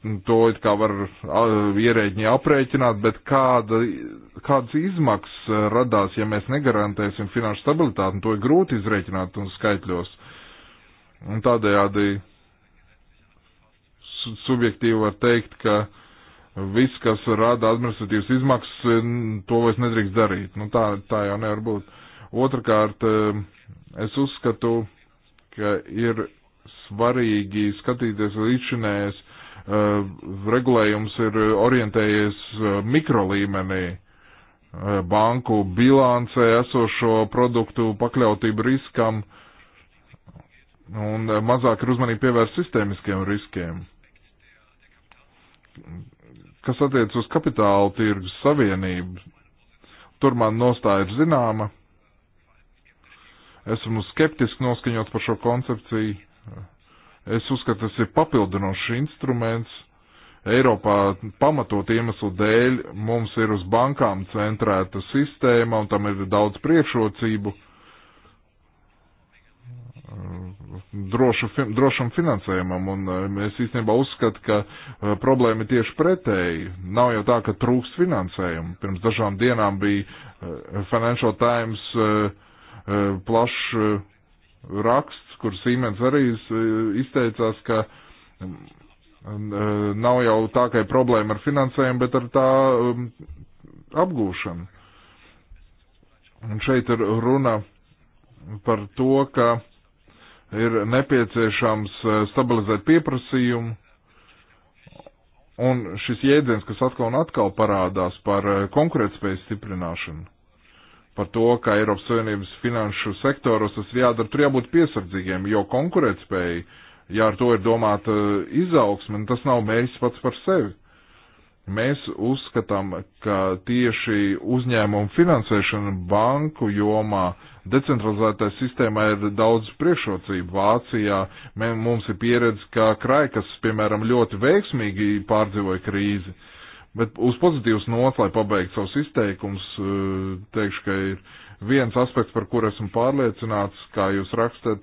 un to it kā var ierēģiņi aprēķināt, bet kāda, kādas izmaksas e, radās, ja mēs negarantēsim finanšu stabilitāti, un to ir grūti izrēķināt un skaitļos. Un tādējādi subjektīvi var teikt, ka viss, kas rada administratīvas izmaksas, e, to vairs nedrīkst darīt. Nu, tā, tā jau nevar būt. Otrakārt, e, es uzskatu, ka ir svarīgi skatīties līdzinējas uh, eh, regulējums ir orientējies uh, eh, mikrolīmenī uh, eh, banku bilancē esošo produktu pakļautību riskam un mazāk ir uzmanība pievērst sistēmiskiem riskiem. Kas attiec uz kapitāla tirgus savienību, tur man nostāja ir zināma esmu skeptiski noskaņots par šo koncepciju. Es uzskatu, tas ir papildinošs instruments. Eiropā pamatot iemeslu dēļ mums ir uz bankām centrēta sistēma un tam ir daudz priekšrocību drošu, drošam finansējumam, un es īstenībā uzskatu, ka e, problēma ir tieši pretēji. Nav jau tā, ka trūks finansējumu. Pirms dažām dienām bija e, Financial Times e, plašs raksts, kur Siemens arī izteicās, ka um, um, uh, nav jau tā, ka ir problēma ar finansējumu, bet ar tā um, apgūšanu. Un šeit ir runa par to, ka ir nepieciešams uh, stabilizēt pieprasījumu. Un šis jēdziens, kas atkal un atkal parādās par uh, konkurētspējas stiprināšanu, par to, ka Eiropas Savienības finanšu sektoros tas ir jādara, tur jābūt piesardzīgiem, jo konkurētspēja, ja ar to ir domāta eh, izaugsme, nu, tas nav mērķis pats par sevi. Mēs uzskatām, ka tieši uzņēmumu finansēšana banku jomā decentralizētā sistēmā ir daudz priekšrocību. Vācijā mums ir pieredze, ka Kraikas, piemēram, ļoti veiksmīgi pārdzīvoja krīzi. Uh, Bet uz pozitīvas nots, lai pabeigtu savus izteikumus, eh, teikšu, ka ir viens aspekts, par kur esmu pārliecināts, kā jūs rakstat,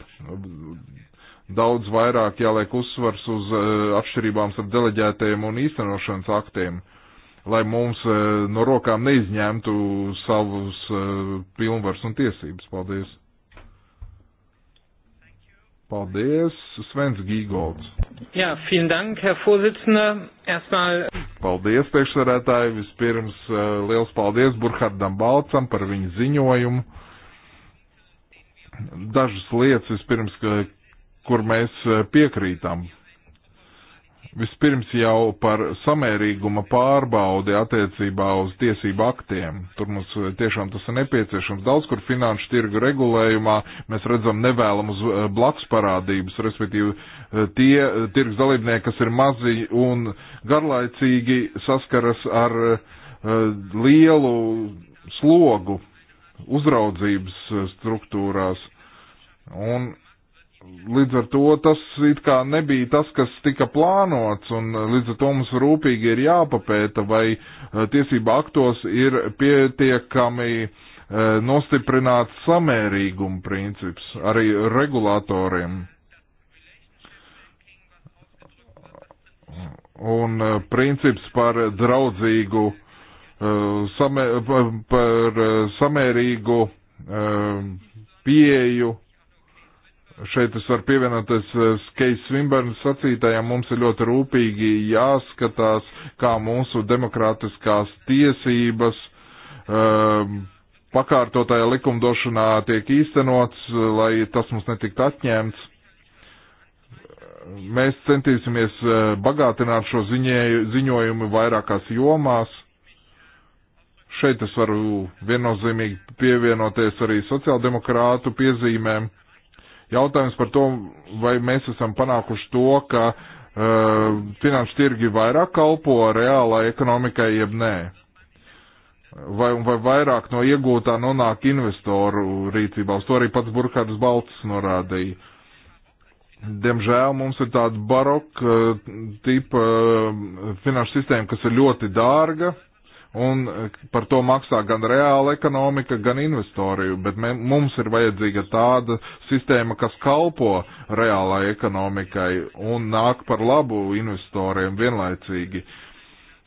daudz vairāk jāliek uzsvars uz eh, atšķirībām starp deleģētajiem un īstenošanas aktiem, lai mums eh, no rokām neizņemtu savus pilnvars un tiesības. Paldies! Paldies, Svens Gīgolds. Jā, ja, vielen Dank, Herr Vorsitzender. Erstmal. Paldies, priekšsarētāji. Vispirms eh, liels paldies Burkhardam Balcam par viņu ziņojumu. Dažas lietas vispirms, kur mēs eh, piekrītam. Vispirms jau par samērīguma pārbaudi attiecībā uz tiesību aktiem. Tur mums eh, tiešām tas ir nepieciešams. Daudz kur finanšu tirgu regulējumā mēs redzam nevēlamus eh, blakus parādības, respektīvi eh, tie tirgus dalībnieki, kas ir mazi un garlaicīgi saskaras ar lielu slogu uzraudzības struktūrās. Un Līdz ar to tas it kā nebija tas, kas tika plānots, un līdz ar to mums rūpīgi ir jāpapēta, vai eh, tiesība aktos ir pietiekami uh, nostiprināts samērīguma princips arī regulātoriem. Un eh, princips par draudzīgu, samē, par samērīgu pieeju šeit es varu pievienoties eh, Keis Svimbarnas sacītajam, mums ir ļoti rūpīgi jāskatās, kā mūsu demokrātiskās tiesības um, pakārtotajā likumdošanā tiek īstenots, lai tas mums netikt atņemts. Mēs centīsimies eh, bagātināt šo ziņēju, ziņojumu vairākās jomās. Šeit es varu viennozīmīgi pievienoties arī sociāldemokrātu piezīmēm Jautājums par to, vai mēs esam panākuši to, ka uh, finanšu tirgi vairāk kalpo reālai ekonomikai, jeb nē. Vai, vai vairāk no iegūtā nonāk investoru rīcībā. Uz to arī pats Burkhards Balts norādīja. Uh, Diemžēl mums ir tāda baroka eh, tipa eh, finanšu sistēma, kas ir ļoti dārga, un eh, par to maksā gan reāla ekonomika, gan investori, bet mē, mums ir vajadzīga tāda sistēma, kas kalpo reālai ekonomikai un nāk par labu investoriem vienlaicīgi.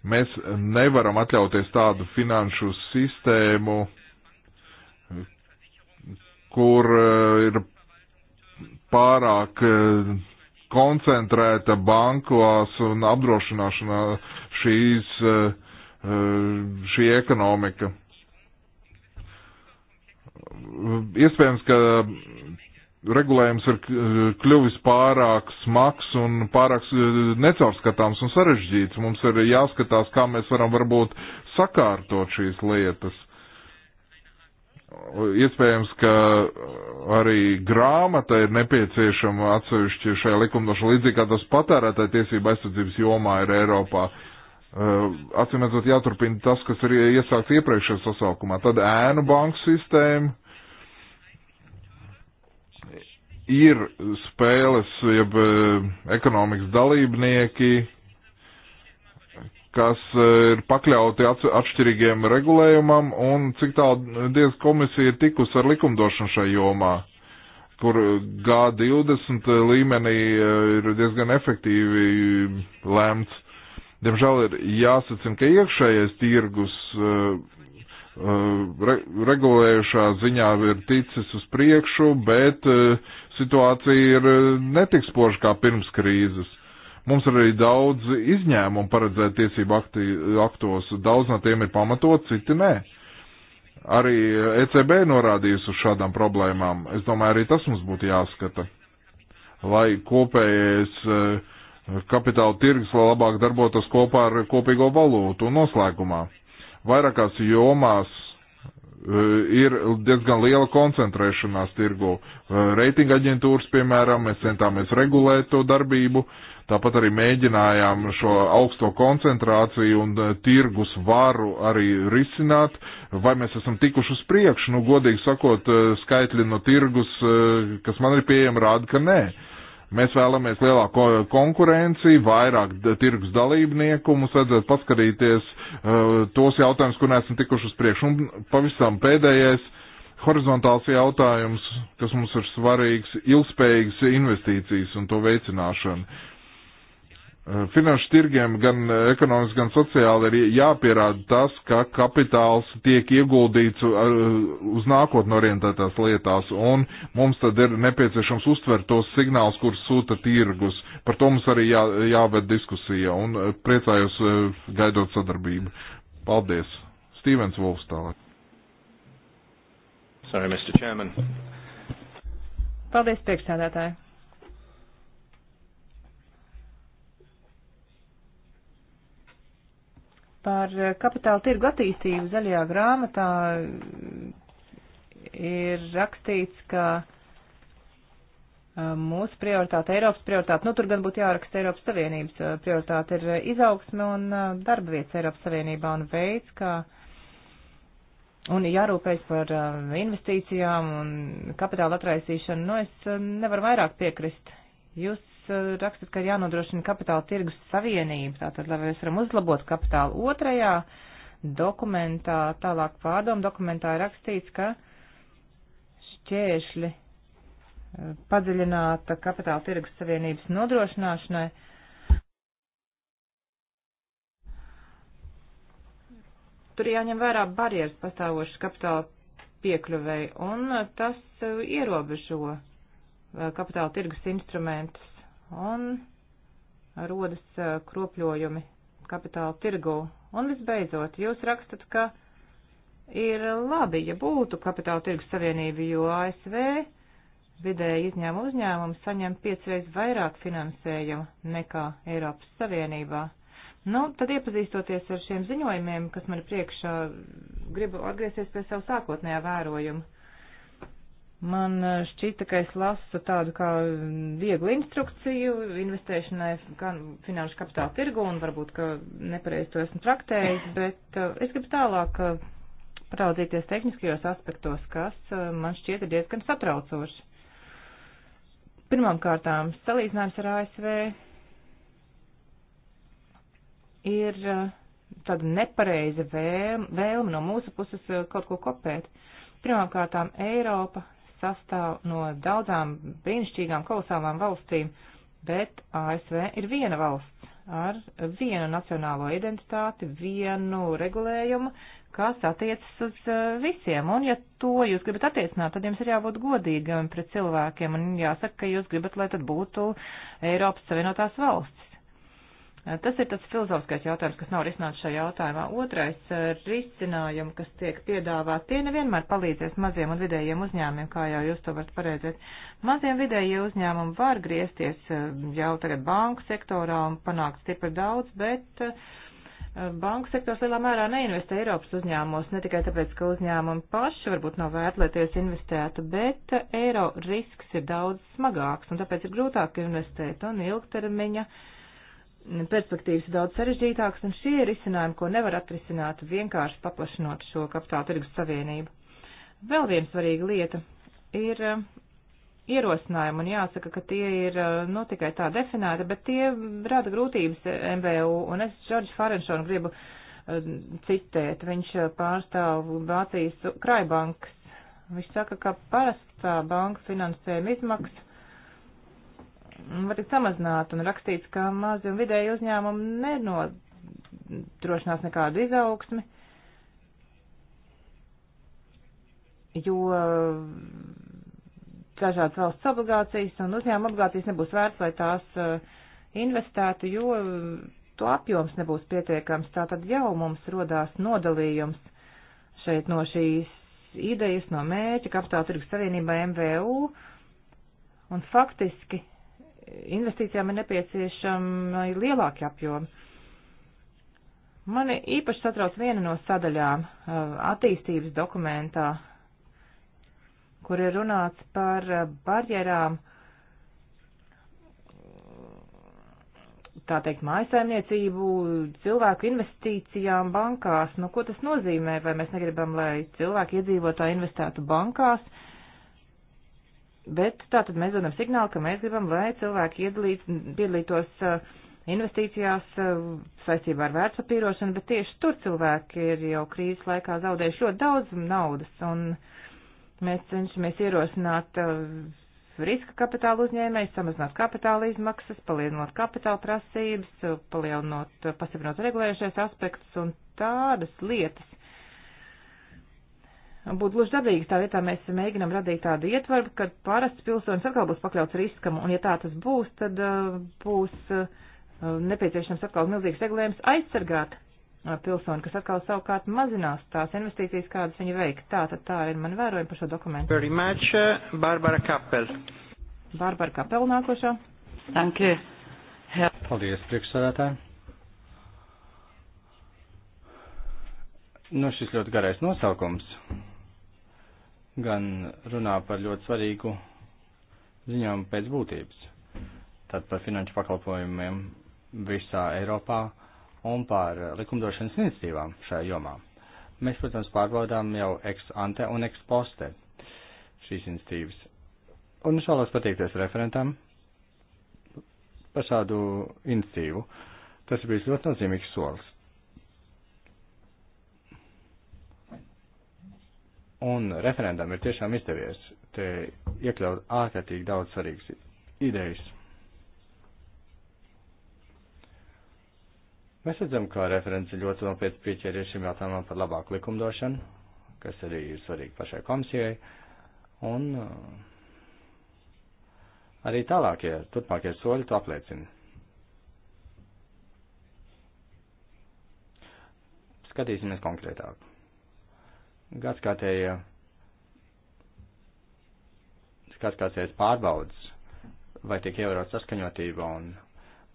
Mēs nevaram atļauties tādu finanšu sistēmu, kur eh, ir pārāk eh, koncentrēta bankās un apdrošināšanā šīs uh, Eh, šī ekonomika. Eh, iespējams, ka regulējums ir eh, kļuvis pārāk smags un pārāk necaurskatāms un sarežģīts. Mums ir jāskatās, kā mēs varam varbūt sakārtot šīs lietas. Iespējams, ka arī grāmata ir nepieciešama atsevišķi šajā likumdošanā, līdzīgi kā tas patērētāja tiesība aizsardzības jomā ir Eiropā. Uh, Eh, atcīmredzot, jāturpina tas, kas ir iesākts iepriekšējā sasaukumā. Tad ēnu banku sistēma ir spēles, jeb eh, ekonomikas dalībnieki, kas eh, ir pakļauti atšķirīgiem regulējumam, un cik tālu diez komisija ir tikus ar likumdošanu šai jomā, kur G20 līmenī ir diezgan efektīvi lēmts Diemžēl ir jāsacina, ka iekšējais tirgus eh, eh, re, regulējušā ziņā ir ticis uz priekšu, bet eh, situācija ir netikspoša kā pirms krīzes. Mums ir arī daudz izņēmumu paredzēt tiesību akti, aktos, daudz no tiem ir pamatot, citi nē. Arī ECB norādījusi uz šādām problēmām. Es domāju, arī tas mums būtu jāskata, lai kopējais uh, kapitāla tirgus, lai labāk darbotos kopā ar kopīgo valūtu un noslēgumā. Vairākās jomās e, ir diezgan liela koncentrēšanās tirgu. E, reitinga aģentūras, piemēram, mēs centāmies regulēt to darbību, tāpat arī mēģinājām šo augsto koncentrāciju un e, tirgus varu arī risināt. Vai mēs esam tikuši uz priekšu? Nu, godīgi sakot, skaitļi no tirgus, kas man ir pieejami, rāda, ka nē. Uh, Mēs vēlamies lielāko konkurenci, vairāk tirgus dalībnieku, mums vajadzētu paskatīties uh, tos jautājumus, kur neesam tikuši uz priekšu. Un pavisam pēdējais horizontāls jautājums, kas mums ir svarīgs, ilgspējīgas investīcijas un to veicināšana. Eh, finanšu tirgiem gan eh, ekonomiski, gan sociāli ir jāpierāda tas, ka kapitāls tiek ieguldīts eh, uz nākotnē orientētās lietās, un mums tad ir nepieciešams uztvert tos signālus, kurus sūta tirgus. Par to mums arī jā, jāved diskusija, un priecājos gaidot sadarbību. Paldies! Stīvens Volfs tālāk. Sorry, Mr. Chairman. Paldies, priekšsēdētāji. Par eh, kapitāla tirgu attīstību zaļajā grāmatā ir rakstīts, ka eh, mūsu prioritāte, Eiropas prioritāte, nu tur gan būtu jāraksta Eiropas Savienības eh, prioritāte, ir izaugsme un darba vietas Eiropas Savienībā un veids, kā un jārūpējas par investīcijām un kapitāla atraisīšanu. Nu, es nevaru vairāk piekrist. Jūs Uh, rakstat, ka ir jānodrošina kapitāla tirgus savienība, tātad, lai mēs varam uzlabot kapitālu. Otrajā dokumentā, tālāk pārdomu dokumentā ir rakstīts, ka šķēršļi uh, padziļināta kapitāla tirgus savienības nodrošināšanai. Tur jāņem vērā barjeras pastāvošas kapitāla piekļuvēji, un tas uh, ierobežo kapitāla tirgus instrumentus un rodas kropļojumi kapitāla tirgu. Un visbeidzot, jūs rakstat, ka ir labi, ja būtu kapitāla tirgus savienība, jo ASV vidēji izņēmu uzņēmumu saņem piecreiz vairāk finansējumu nekā Eiropas Savienībā. Nu, tad iepazīstoties ar šiem ziņojumiem, kas man ir priekšā, gribu atgriezties pie savu sākotnējā vērojumu. Man eh, šķita, ka es lasu tādu kā vieglu instrukciju investēšanai gan finanšu kapitāla tirgu un varbūt, ka nepareiz to esmu traktējis, bet eh, es gribu tālāk eh, paraudzīties tehniskajos aspektos, kas man šķiet ir diezgan satraucoši. Pirmām kārtām, salīdzinājums ar ASV ir tāda nepareiza vēlme no mūsu puses kaut ko kopēt. Pirmām kārtām, Eiropa sastāv no daudzām brīnišķīgām kolosālām valstīm, bet ASV ir viena valsts ar vienu nacionālo identitāti, vienu regulējumu, kas attiecas uz eh, visiem. Un, ja to jūs gribat attiecināt, tad jums ir jābūt godīgam pret cilvēkiem un jāsaka, ka jūs gribat, lai tad būtu Eiropas Savienotās valsts. Tas ir tas filozofiskais jautājums, kas nav risināts šajā jautājumā. Otrais risinājums, kas tiek piedāvāt, tie nevienmēr palīdzēs maziem un vidējiem uzņēmumiem, kā jau jūs to varat paredzēt. Maziem vidējie uzņēmumi var griezties jau tagad banku sektorā un panākt stipri daudz, bet banku sektors lielā mērā neinvestē Eiropas uzņēmumos, ne tikai tāpēc, ka uzņēmumi paši varbūt nav vērti, lai ties investētu, bet eiro risks ir daudz smagāks un tāpēc ir grūtāk investēt un ilgtermiņa. Uh, perspektīvas daudz sarežģītākas, un šie ir izcinājumi, ko nevar atrisināt vienkārši paplašinot šo kapitāla tirgus savienību. Vēl viena svarīga lieta ir eh, ierosinājumi, un jāsaka, ka tie ir eh, nu, tikai tā definēti, bet tie rada grūtības MVU, un es Džordžu Farenšonu gribu eh, citēt. Viņš pārstāv Vācijas Kraibankas. Viņš saka, ka parastā banka finansējuma izmaksas var tikt samazināt un rakstīts, ka mazi un vidēji uzņēmumi nenodrošinās nekādu izaugsmi, jo dažādas valsts obligācijas un uzņēmuma obligācijas nebūs vērts, lai tās eh, investētu, jo to apjoms nebūs pietiekams. Tātad jau mums rodās nodalījums šeit no šīs idejas, no mērķa kapitāla tirgus savienībai MVU, un faktiski investīcijām ir nepieciešama lielāka apjoma. Mani īpaši satrauc viena no sadaļām uh, attīstības dokumentā, kur ir runāts par uh, barjerām, tā teikt, mājasēmniecību, cilvēku investīcijām bankās. Nu, ko tas nozīmē? Vai mēs negribam, lai cilvēki iedzīvotāji investētu bankās? Uh, Bet tātad mēs dodam signālu, ka mēs gribam, lai cilvēki iedalīt, piedalītos uh, investīcijās uh, saistībā ar vērtspapīrošanu, bet tieši tur cilvēki ir jau krīzes laikā zaudējuši ļoti daudz naudas, un mēs cenšamies ierosināt uh, riska kapitāla uzņēmējs, samazināt kapitāla izmaksas, palielinot kapitāla prasības, palielinot, pastiprinot regulējušais aspekts un tādas lietas, būt gluži dabīgi. Tā vietā mēs mēģinam radīt tādu ietvaru, ka parasts pilsonis atkal būs pakļauts riskam, un ja tā tas būs, tad uh, būs uh, nepieciešams atkal milzīgs regulējums aizsargāt uh, pilsoni, kas atkal savukārt mazinās tās investīcijas, kādas viņi veik. Tā tad tā ir man vērojumi par šo dokumentu. Very much, Barbara Kapel. Barbara Kapel nākošā. Thank you. Yeah. Paldies, priekšsādātāji. Nu, šis ļoti garais nosaukums gan runā par ļoti svarīgu ziņām pēc būtības, tad par finanšu pakalpojumiem visā Eiropā un par likumdošanas iniciatīvām šajā jomā. Mēs, protams, pārbaudām jau ex ante un ex poste šīs iniciatīvas. Un es vēlos pateikties referentam par šādu iniciatīvu. Tas ir bijis ļoti nozīmīgs solis. Un referendam ir tiešām izdevies te iekļaut ārkārtīgi daudz svarīgas idejas. Mēs redzam, ka referents ir ļoti nopietni pieķēries šim jautājumam par labāku likumdošanu, kas arī ir svarīgi pašai komisijai, un uh, arī tālākie, turpmākie soļi to apliecina. Skatīsimies konkrētāk gadskārtējie, gadskārtējais pārbaudas, vai tiek ievērot saskaņotība un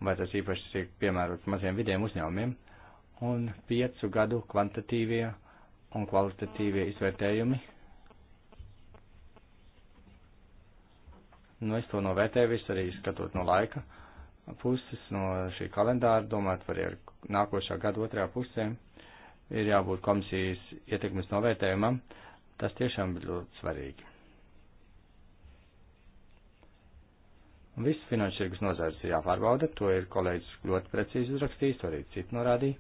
vai tas īpaši tiek piemērots maziem vidiem uzņēmumiem, un piecu gadu kvantitīvie un kvalitatīvie izvērtējumi. Nu, es to novērtēju visu arī skatot no laika puses, no šī kalendāra, domāt par nākošā gada otrajā pusē ir jābūt komisijas ietekmes novērtējumam, tas tiešām ir ļoti svarīgi. Viss finanšu tirgus nozars ir jāpārbauda, to ir kolēģis ļoti precīzi uzrakstījis, to arī citi norādīja.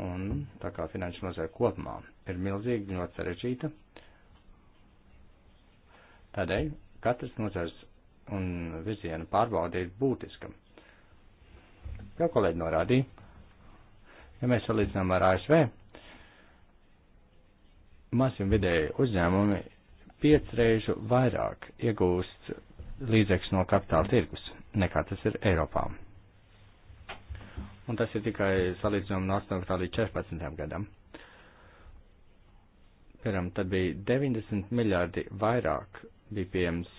Un tā kā finanšu nozara kopumā ir milzīgi ļoti sarežģīta, tādēļ katrs nozars un virziena pārbaude ir būtiska. Kā kolēģi norādīja, Ja mēs salīdzinām ar ASV, mazie vidēji uzņēmumi piecreizu vairāk iegūst līdzekļus no kapitāla tirgus nekā tas ir Eiropā. Un tas ir tikai salīdzinām no 8. līdz 14. gadam. Piemēram, tad bija 90 miljārdi vairāk bija pieejams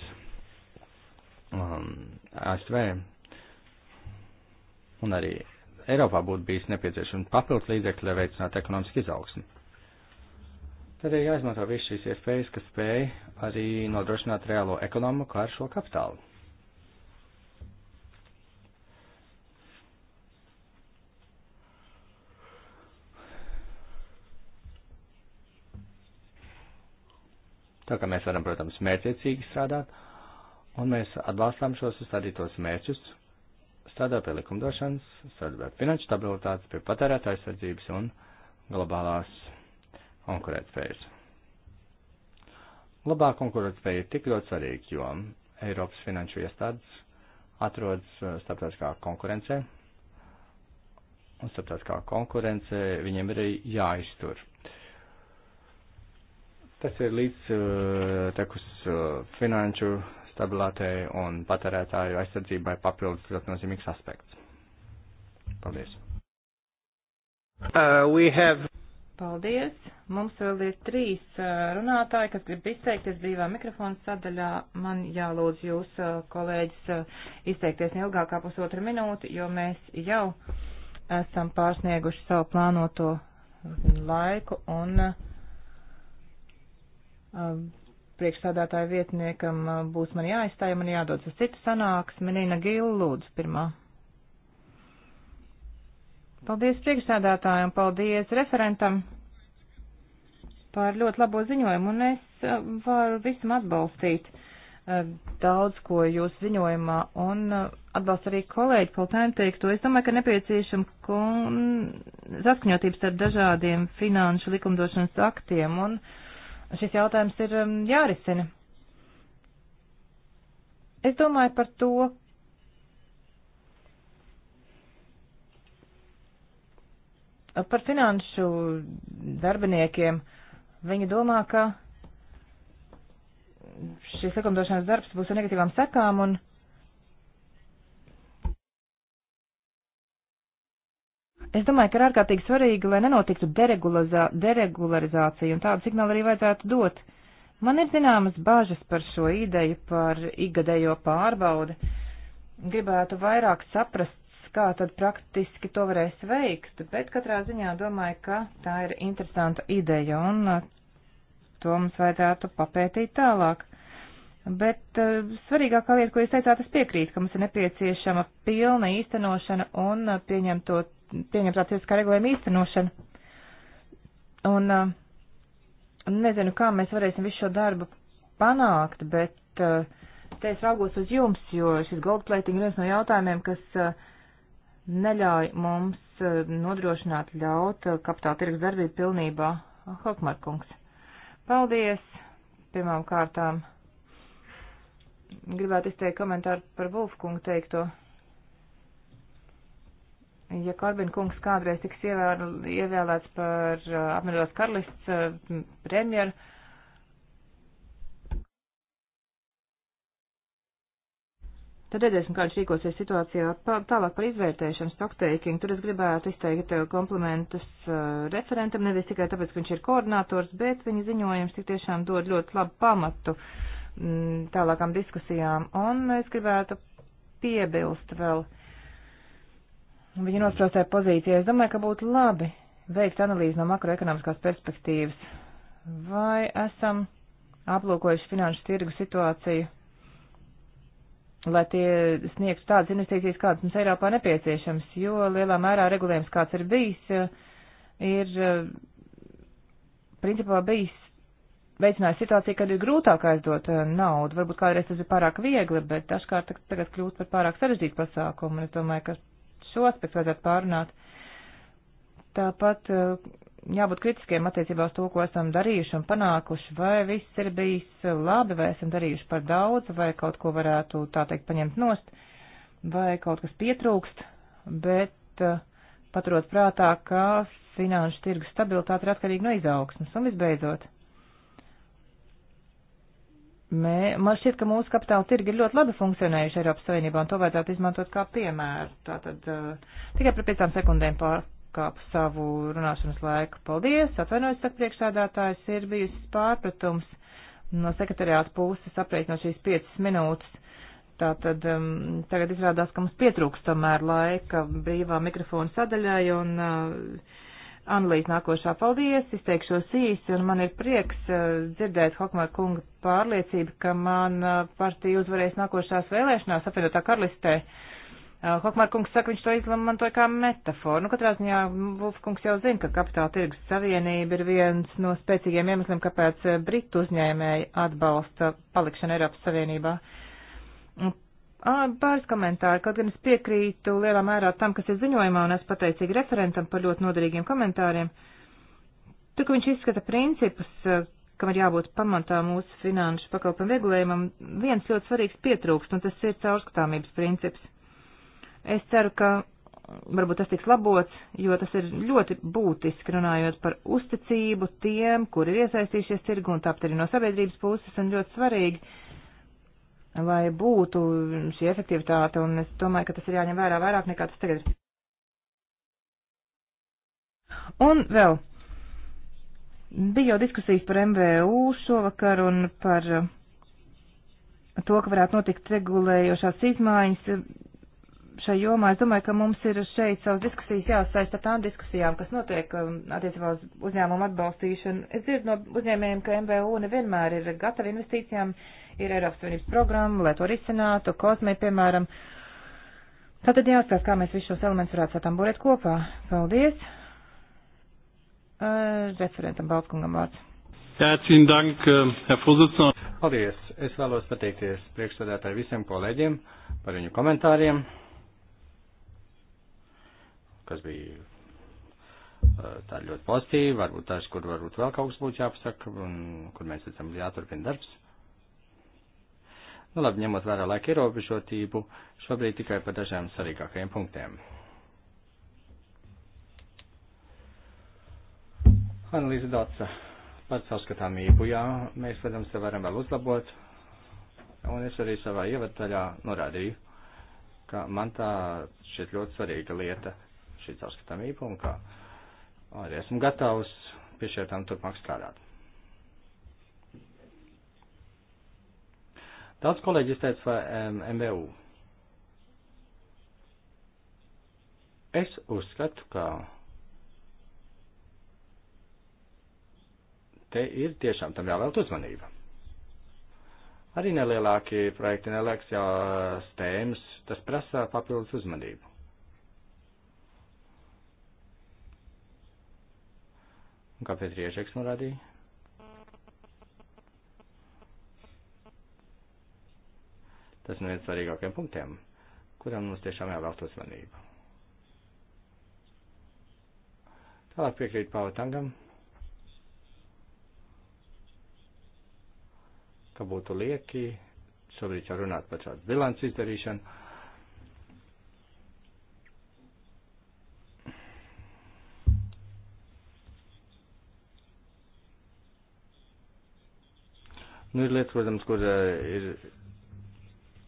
um, ASV un arī Eiropā būtu bijis nepieciešama papildus līdzekļi, lai veicinātu ekonomisku izaugsmu. Tad ir jāizmanto viss šīs iespējas, kas spēj arī nodrošināt reālo ekonomiku ar šo kapitālu. Tā kā mēs varam, protams, mērķiecīgi strādāt, un mēs atbalstām šos uzstādītos mērķus, strādā pie likumdošanas, strādā pie finanšu stabilitātes, pie patērētāju aizsardzības un globālās konkurētspējas. Labā konkurētspēja ir tik ļoti svarīga, jo Eiropas finanšu iestādes atrodas uh, starptautiskā konkurencē, un starptautiskā konkurence viņiem ir jāiztur. Tas ir līdz tekus uh, finanšu stabilitātei un patērētāju aizsardzībai papildus ļoti nozīmīgs aspekts. Paldies. Uh, have... Paldies. Mums vēl ir trīs uh, runātāji, kas grib izteikties brīvā mikrofona sadaļā. Man jālūdz jūs, uh, kolēģis, uh, izteikties neilgākā pusotra minūte, jo mēs jau esam pārsnieguši savu plānoto laiku un um, priekšsādātāja vietniekam uh, būs man jāizstāja, man jādodas uz citu sanāksmi. Nina Gīla, lūdzu, pirmā. Paldies priekšsādātājiem, paldies referentam par ļoti labo ziņojumu, un es uh, varu visam atbalstīt uh, daudz ko jūs ziņojumā, un atbalstu arī kolēģi Poltēnu teikto. Es domāju, ka nepieciešama kon... saskaņotības ar dažādiem finanšu likumdošanas aktiem, un uh, šis jautājums ir um, jārisina. Es domāju par to, par finanšu darbiniekiem. Viņi domā, ka šis likumdošanas darbs būs ar negatīvām sekām un Es domāju, ka ir ārkārtīgi svarīgi, lai nenotiktu deregularizācija, un tādu signālu arī vajadzētu dot. Man ir zināmas bāžas par šo ideju, par ikgadējo pārbaudi. Gribētu vairāk saprast, kā tad praktiski to varēs veikt, bet katrā ziņā domāju, ka tā ir interesanta ideja, un uh, to mums vajadzētu papētīt tālāk. Bet uh, svarīgākā lieta, ko jūs teicāt, es piekrītu, ka mums ir nepieciešama pilna īstenošana un uh, pieņemto pieņemtā tiesiskā regulējuma īstenošana. Un uh, nezinu, kā mēs varēsim visu šo darbu panākt, bet uh, te es raugos uz jums, jo šis goldplating ir viens no jautājumiem, kas uh, neļauj mums uh, nodrošināt ļaut uh, kapitāla tirgus darbību pilnībā. Hokmarkungs. Paldies! Pirmām kārtām gribētu izteikt komentāru par Vulfkungu teikto ja Korbina kungs kādreiz tiks ievēlēts par uh, apvienotās karalists uh, premjeru, tad redzēsim, kā viņš rīkosies situācijā. Pa, tālāk par izvērtēšanu stocktaking. Tur es gribētu izteikt komplementus uh, referentam, nevis tikai tāpēc, ka viņš ir koordinators, bet viņa ziņojums tik tiešām dod ļoti labu pamatu mm, tālākām diskusijām. Un es gribētu piebilst vēl. Uh, Viņa nosprostē pozīciju. Es domāju, ka būtu labi veikt analīzi no makroekonomiskās perspektīvas. Vai esam aplūkojuši finanšu tirgu situāciju, lai tie sniegtu tādas investīcijas, kādas mums Eiropā nepieciešams, jo lielā mērā regulējums, kāds ir bijis, ir principā bijis veicinājis situāciju, kad ir grūtāk aizdot eh, naudu. Varbūt kādreiz tas ir pārāk viegli, bet dažkārt tagad kļūst par pārāk sarežģītu pasākumu. Es domāju, ka šo aspektu vajadzētu pārunāt. Tāpat eh, jābūt kritiskiem attiecībā uz to, ko esam darījuši un panākuši, vai viss ir bijis labi, vai esam darījuši par daudz, vai kaut ko varētu, tā teikt, paņemt nost, vai kaut kas pietrūkst, bet eh, paturot prātā, ka finanšu tirgus stabilitāte ir atkarīga no izaugsmas un visbeidzot. Mē, man šķiet, ka mūsu kapitāla tirgi ir ļoti labi funkcionējuši Eiropas Savienībā, un to vajadzētu izmantot kā piemēru. Tātad uh, tikai par piecām sekundēm pārkāpu savu runāšanas laiku. Paldies, atvainojos, saka priekšsādātājs, ir bijis pārpratums no sekretariāta puses aprēķinot šīs piecas minūtes. Tātad um, tagad izrādās, ka mums pietrūks tomēr laika brīvā mikrofona sadaļai, un uh, analīze nākošā. Paldies, izteikšos īsi, un man ir prieks eh, dzirdēt Hokmāra kunga pārliecību, ka man eh, partija uzvarēs nākošās vēlēšanās apvienotā karalistē. Eh, Hokmāra kungs saka, viņš to izmantoja kā metaforu. Nu, katrā ziņā mm, Vulf kungs jau zina, ka kapitāla tirgus savienība ir viens no spēcīgiem iemesliem, kāpēc Britu uzņēmēji atbalsta palikšanu Eiropas Savienībā. Pāris komentāri, kaut gan es piekrītu lielā mērā tam, kas ir ziņojumā, un es pateicīgi referentam par ļoti noderīgiem komentāriem. Tur, ka viņš izskata principus, kam ir jābūt pamatā mūsu finanšu pakalpojumu regulējumam, viens ļoti svarīgs pietrūkst, un tas ir caurskatāmības princips. Es ceru, ka varbūt tas tiks labots, jo tas ir ļoti būtiski runājot par uzticību tiem, kuri ir iesaistījušies tirgu un tāpat arī no sabiedrības puses, un ļoti svarīgi lai būtu šī efektivitāte, un es domāju, ka tas ir jāņem vērā vairāk nekā tas tagad ir. Un vēl bija jau diskusijas par MVU šovakar un par uh, to, ka varētu notikt regulējošās izmaiņas uh, šai jomā. Es domāju, ka mums ir šeit savas diskusijas jāsaista tām diskusijām, kas notiek um, attiecībā uz uzņēmumu atbalstīšanu. Es dzirdu no uzņēmējiem, ka MVU nevienmēr ir gatavi investīcijām. Uh, ir Eiropas Savienības programma, lai to risinātu, kosmē, piemēram. Tātad jāskatās, kā mēs visus šos elementus varētu satamburēt kopā. Paldies. Uh, referentam Balskungam vārds. Herzlichen Dank, Herr Vorsitzender. Paldies. Es vēlos pateikties priekšstādātāju visiem kolēģiem par viņu komentāriem, kas bija tā ļoti pozitīvi, varbūt tās, kur varbūt vēl kaut kas būtu jāpasaka, un kur mēs esam jāturpina darbs. Nu, labi, ņemot vērā laika ierobežotību, šobrīd tikai par dažiem svarīgākajiem punktiem. Analīze dāca par savskatāmību, jā, mēs, protams, te varam vēl uzlabot, un es arī savā ievadaļā norādīju, ka man tā šķiet ļoti svarīga lieta, šī savskatāmība, un ka arī esmu gatavs pie šiem turpmāk strādāt. Daudz kolēģis teica par um, MVU. Es uzskatu, ka te ir tiešām tam jāvēlt uzmanība. Arī nelielākie projekti, nelielākas jau tēmas, tas prasa papildus uzmanību. Un kāpēc Riežeks norādīja? Tas ir viens svarīgākiem punktiem, kurām mums tiešām jāvēlta uzmanība. Tālāk piekrīt Pāvatangam, ka būtu lieki šobrīd jau runāt par šādu bilanci izdarīšanu. Nu, ir lietas, protams, kur uh, ir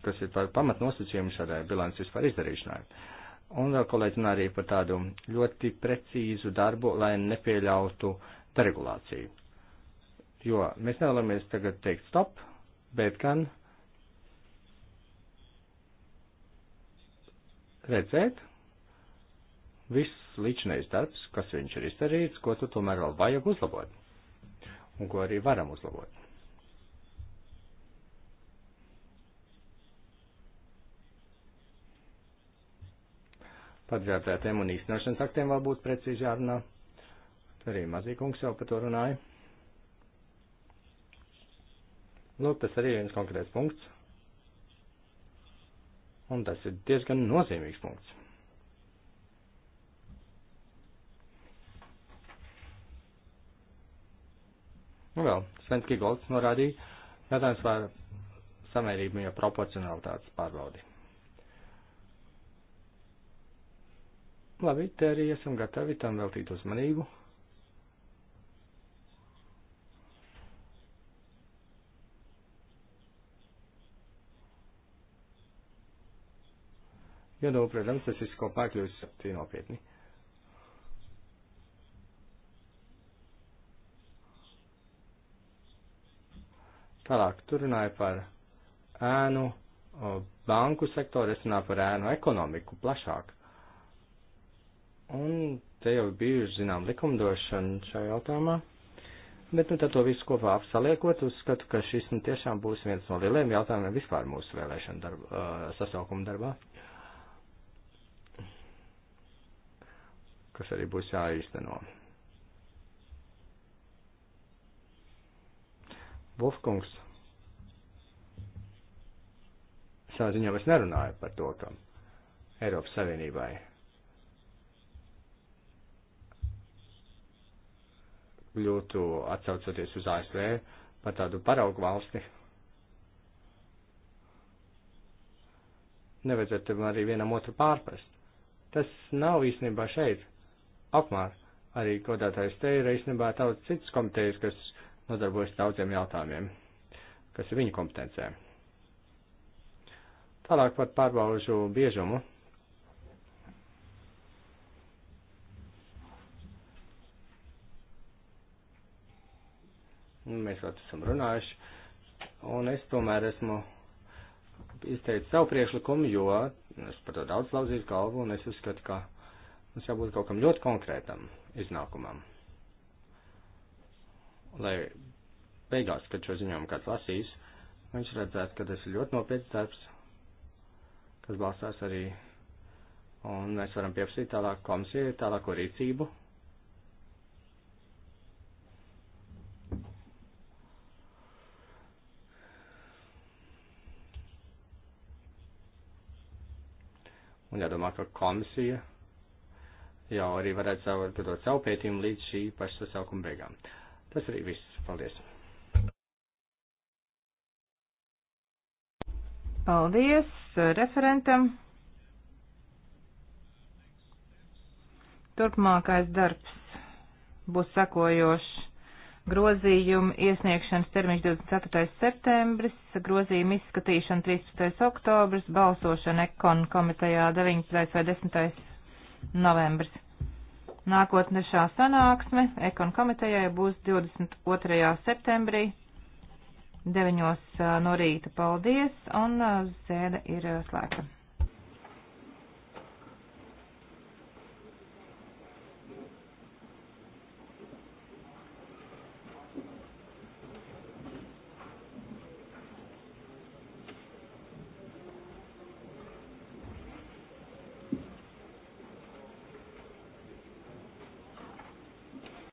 kas ir par pamatnosacījumu šādai bilances vispār izdarīšanai. Un vēl kolēģi runā arī par tādu ļoti precīzu darbu, lai nepieļautu deregulāciju. Jo mēs nevēlamies tagad teikt stop, bet gan redzēt viss līdzinējs darbs, kas viņš ir izdarīts, ko tu tomēr vēl vajag uzlabot un ko arī varam uzlabot. patvērtētiem un īstenošanas aktiem vēl būtu precīzi jārunā. Arī mazīkungs jau par to runāja. Lūk, tas arī viens konkrēts punkts. Un tas ir diezgan nozīmīgs punkts. Nu vēl, Svenskī Golds norādīja jautājums par samērību ja proporcionalitātes pārbaudi. Labi, te arī esam gatavi tam veltīt uzmanību. Jo, nu, protams, tas viss kopā kļūst nopietni. Tālāk, tur runāja par ēnu banku sektoru, es runāju par ēnu ekonomiku plašāk. Un te jau bija, zinām, likumdošana šajā jautājumā. Bet, nu, tad to visu kopā apsaliekot, uzskatu, ka šis nu, tiešām būs viens no lielajiem jautājumiem vispār mūsu vēlēšana darba, uh, sasaukuma darbā. Kas arī būs jāīsteno. Wolfkungs. Šā ziņā es nerunāju par to, ka Eiropas Savienībai kļūtu atcaucoties uz ASV par tādu paraugu valsti. Nevajadzētu arī vienam otru pārprast. Tas nav īstenībā šeit apmēr. Arī godātais te ir īstenībā daudz cits komitejas, kas nodarbojas daudziem jautājumiem, kas ir viņu kompetencē. Tālāk par pārbaužu biežumu. mēs vēl esam runājuši, un es tomēr esmu izteicis savu priekšlikumu, jo es par to daudz lauzīju galvu, un es uzskatu, ka mums jābūt kaut kam ļoti konkrētam iznākumam. Lai beigās, kad šo ziņojumu kāds lasīs, viņš redzētu, ka tas ir ļoti nopietns darbs, kas balstās arī, un mēs varam pieprasīt tālāk komisiju, tālāko rīcību. Un jādomā, ka komisija jau arī varētu sagatavot savu pētījumu līdz šī paša sasaukuma beigām. Tas arī viss. Paldies! Paldies uh, referentam. Turpmākais darbs būs sekojošs. Grozījuma iesniegšanas termiņš 24. septembris, grozījuma izskatīšana 13. oktobris, balsošana ekon komitejā 19. vai 10. novembris. Nākotne šā sanāksme ekon komitejai būs 22. septembrī 9. no rīta. Paldies, un sēde ir slēgta.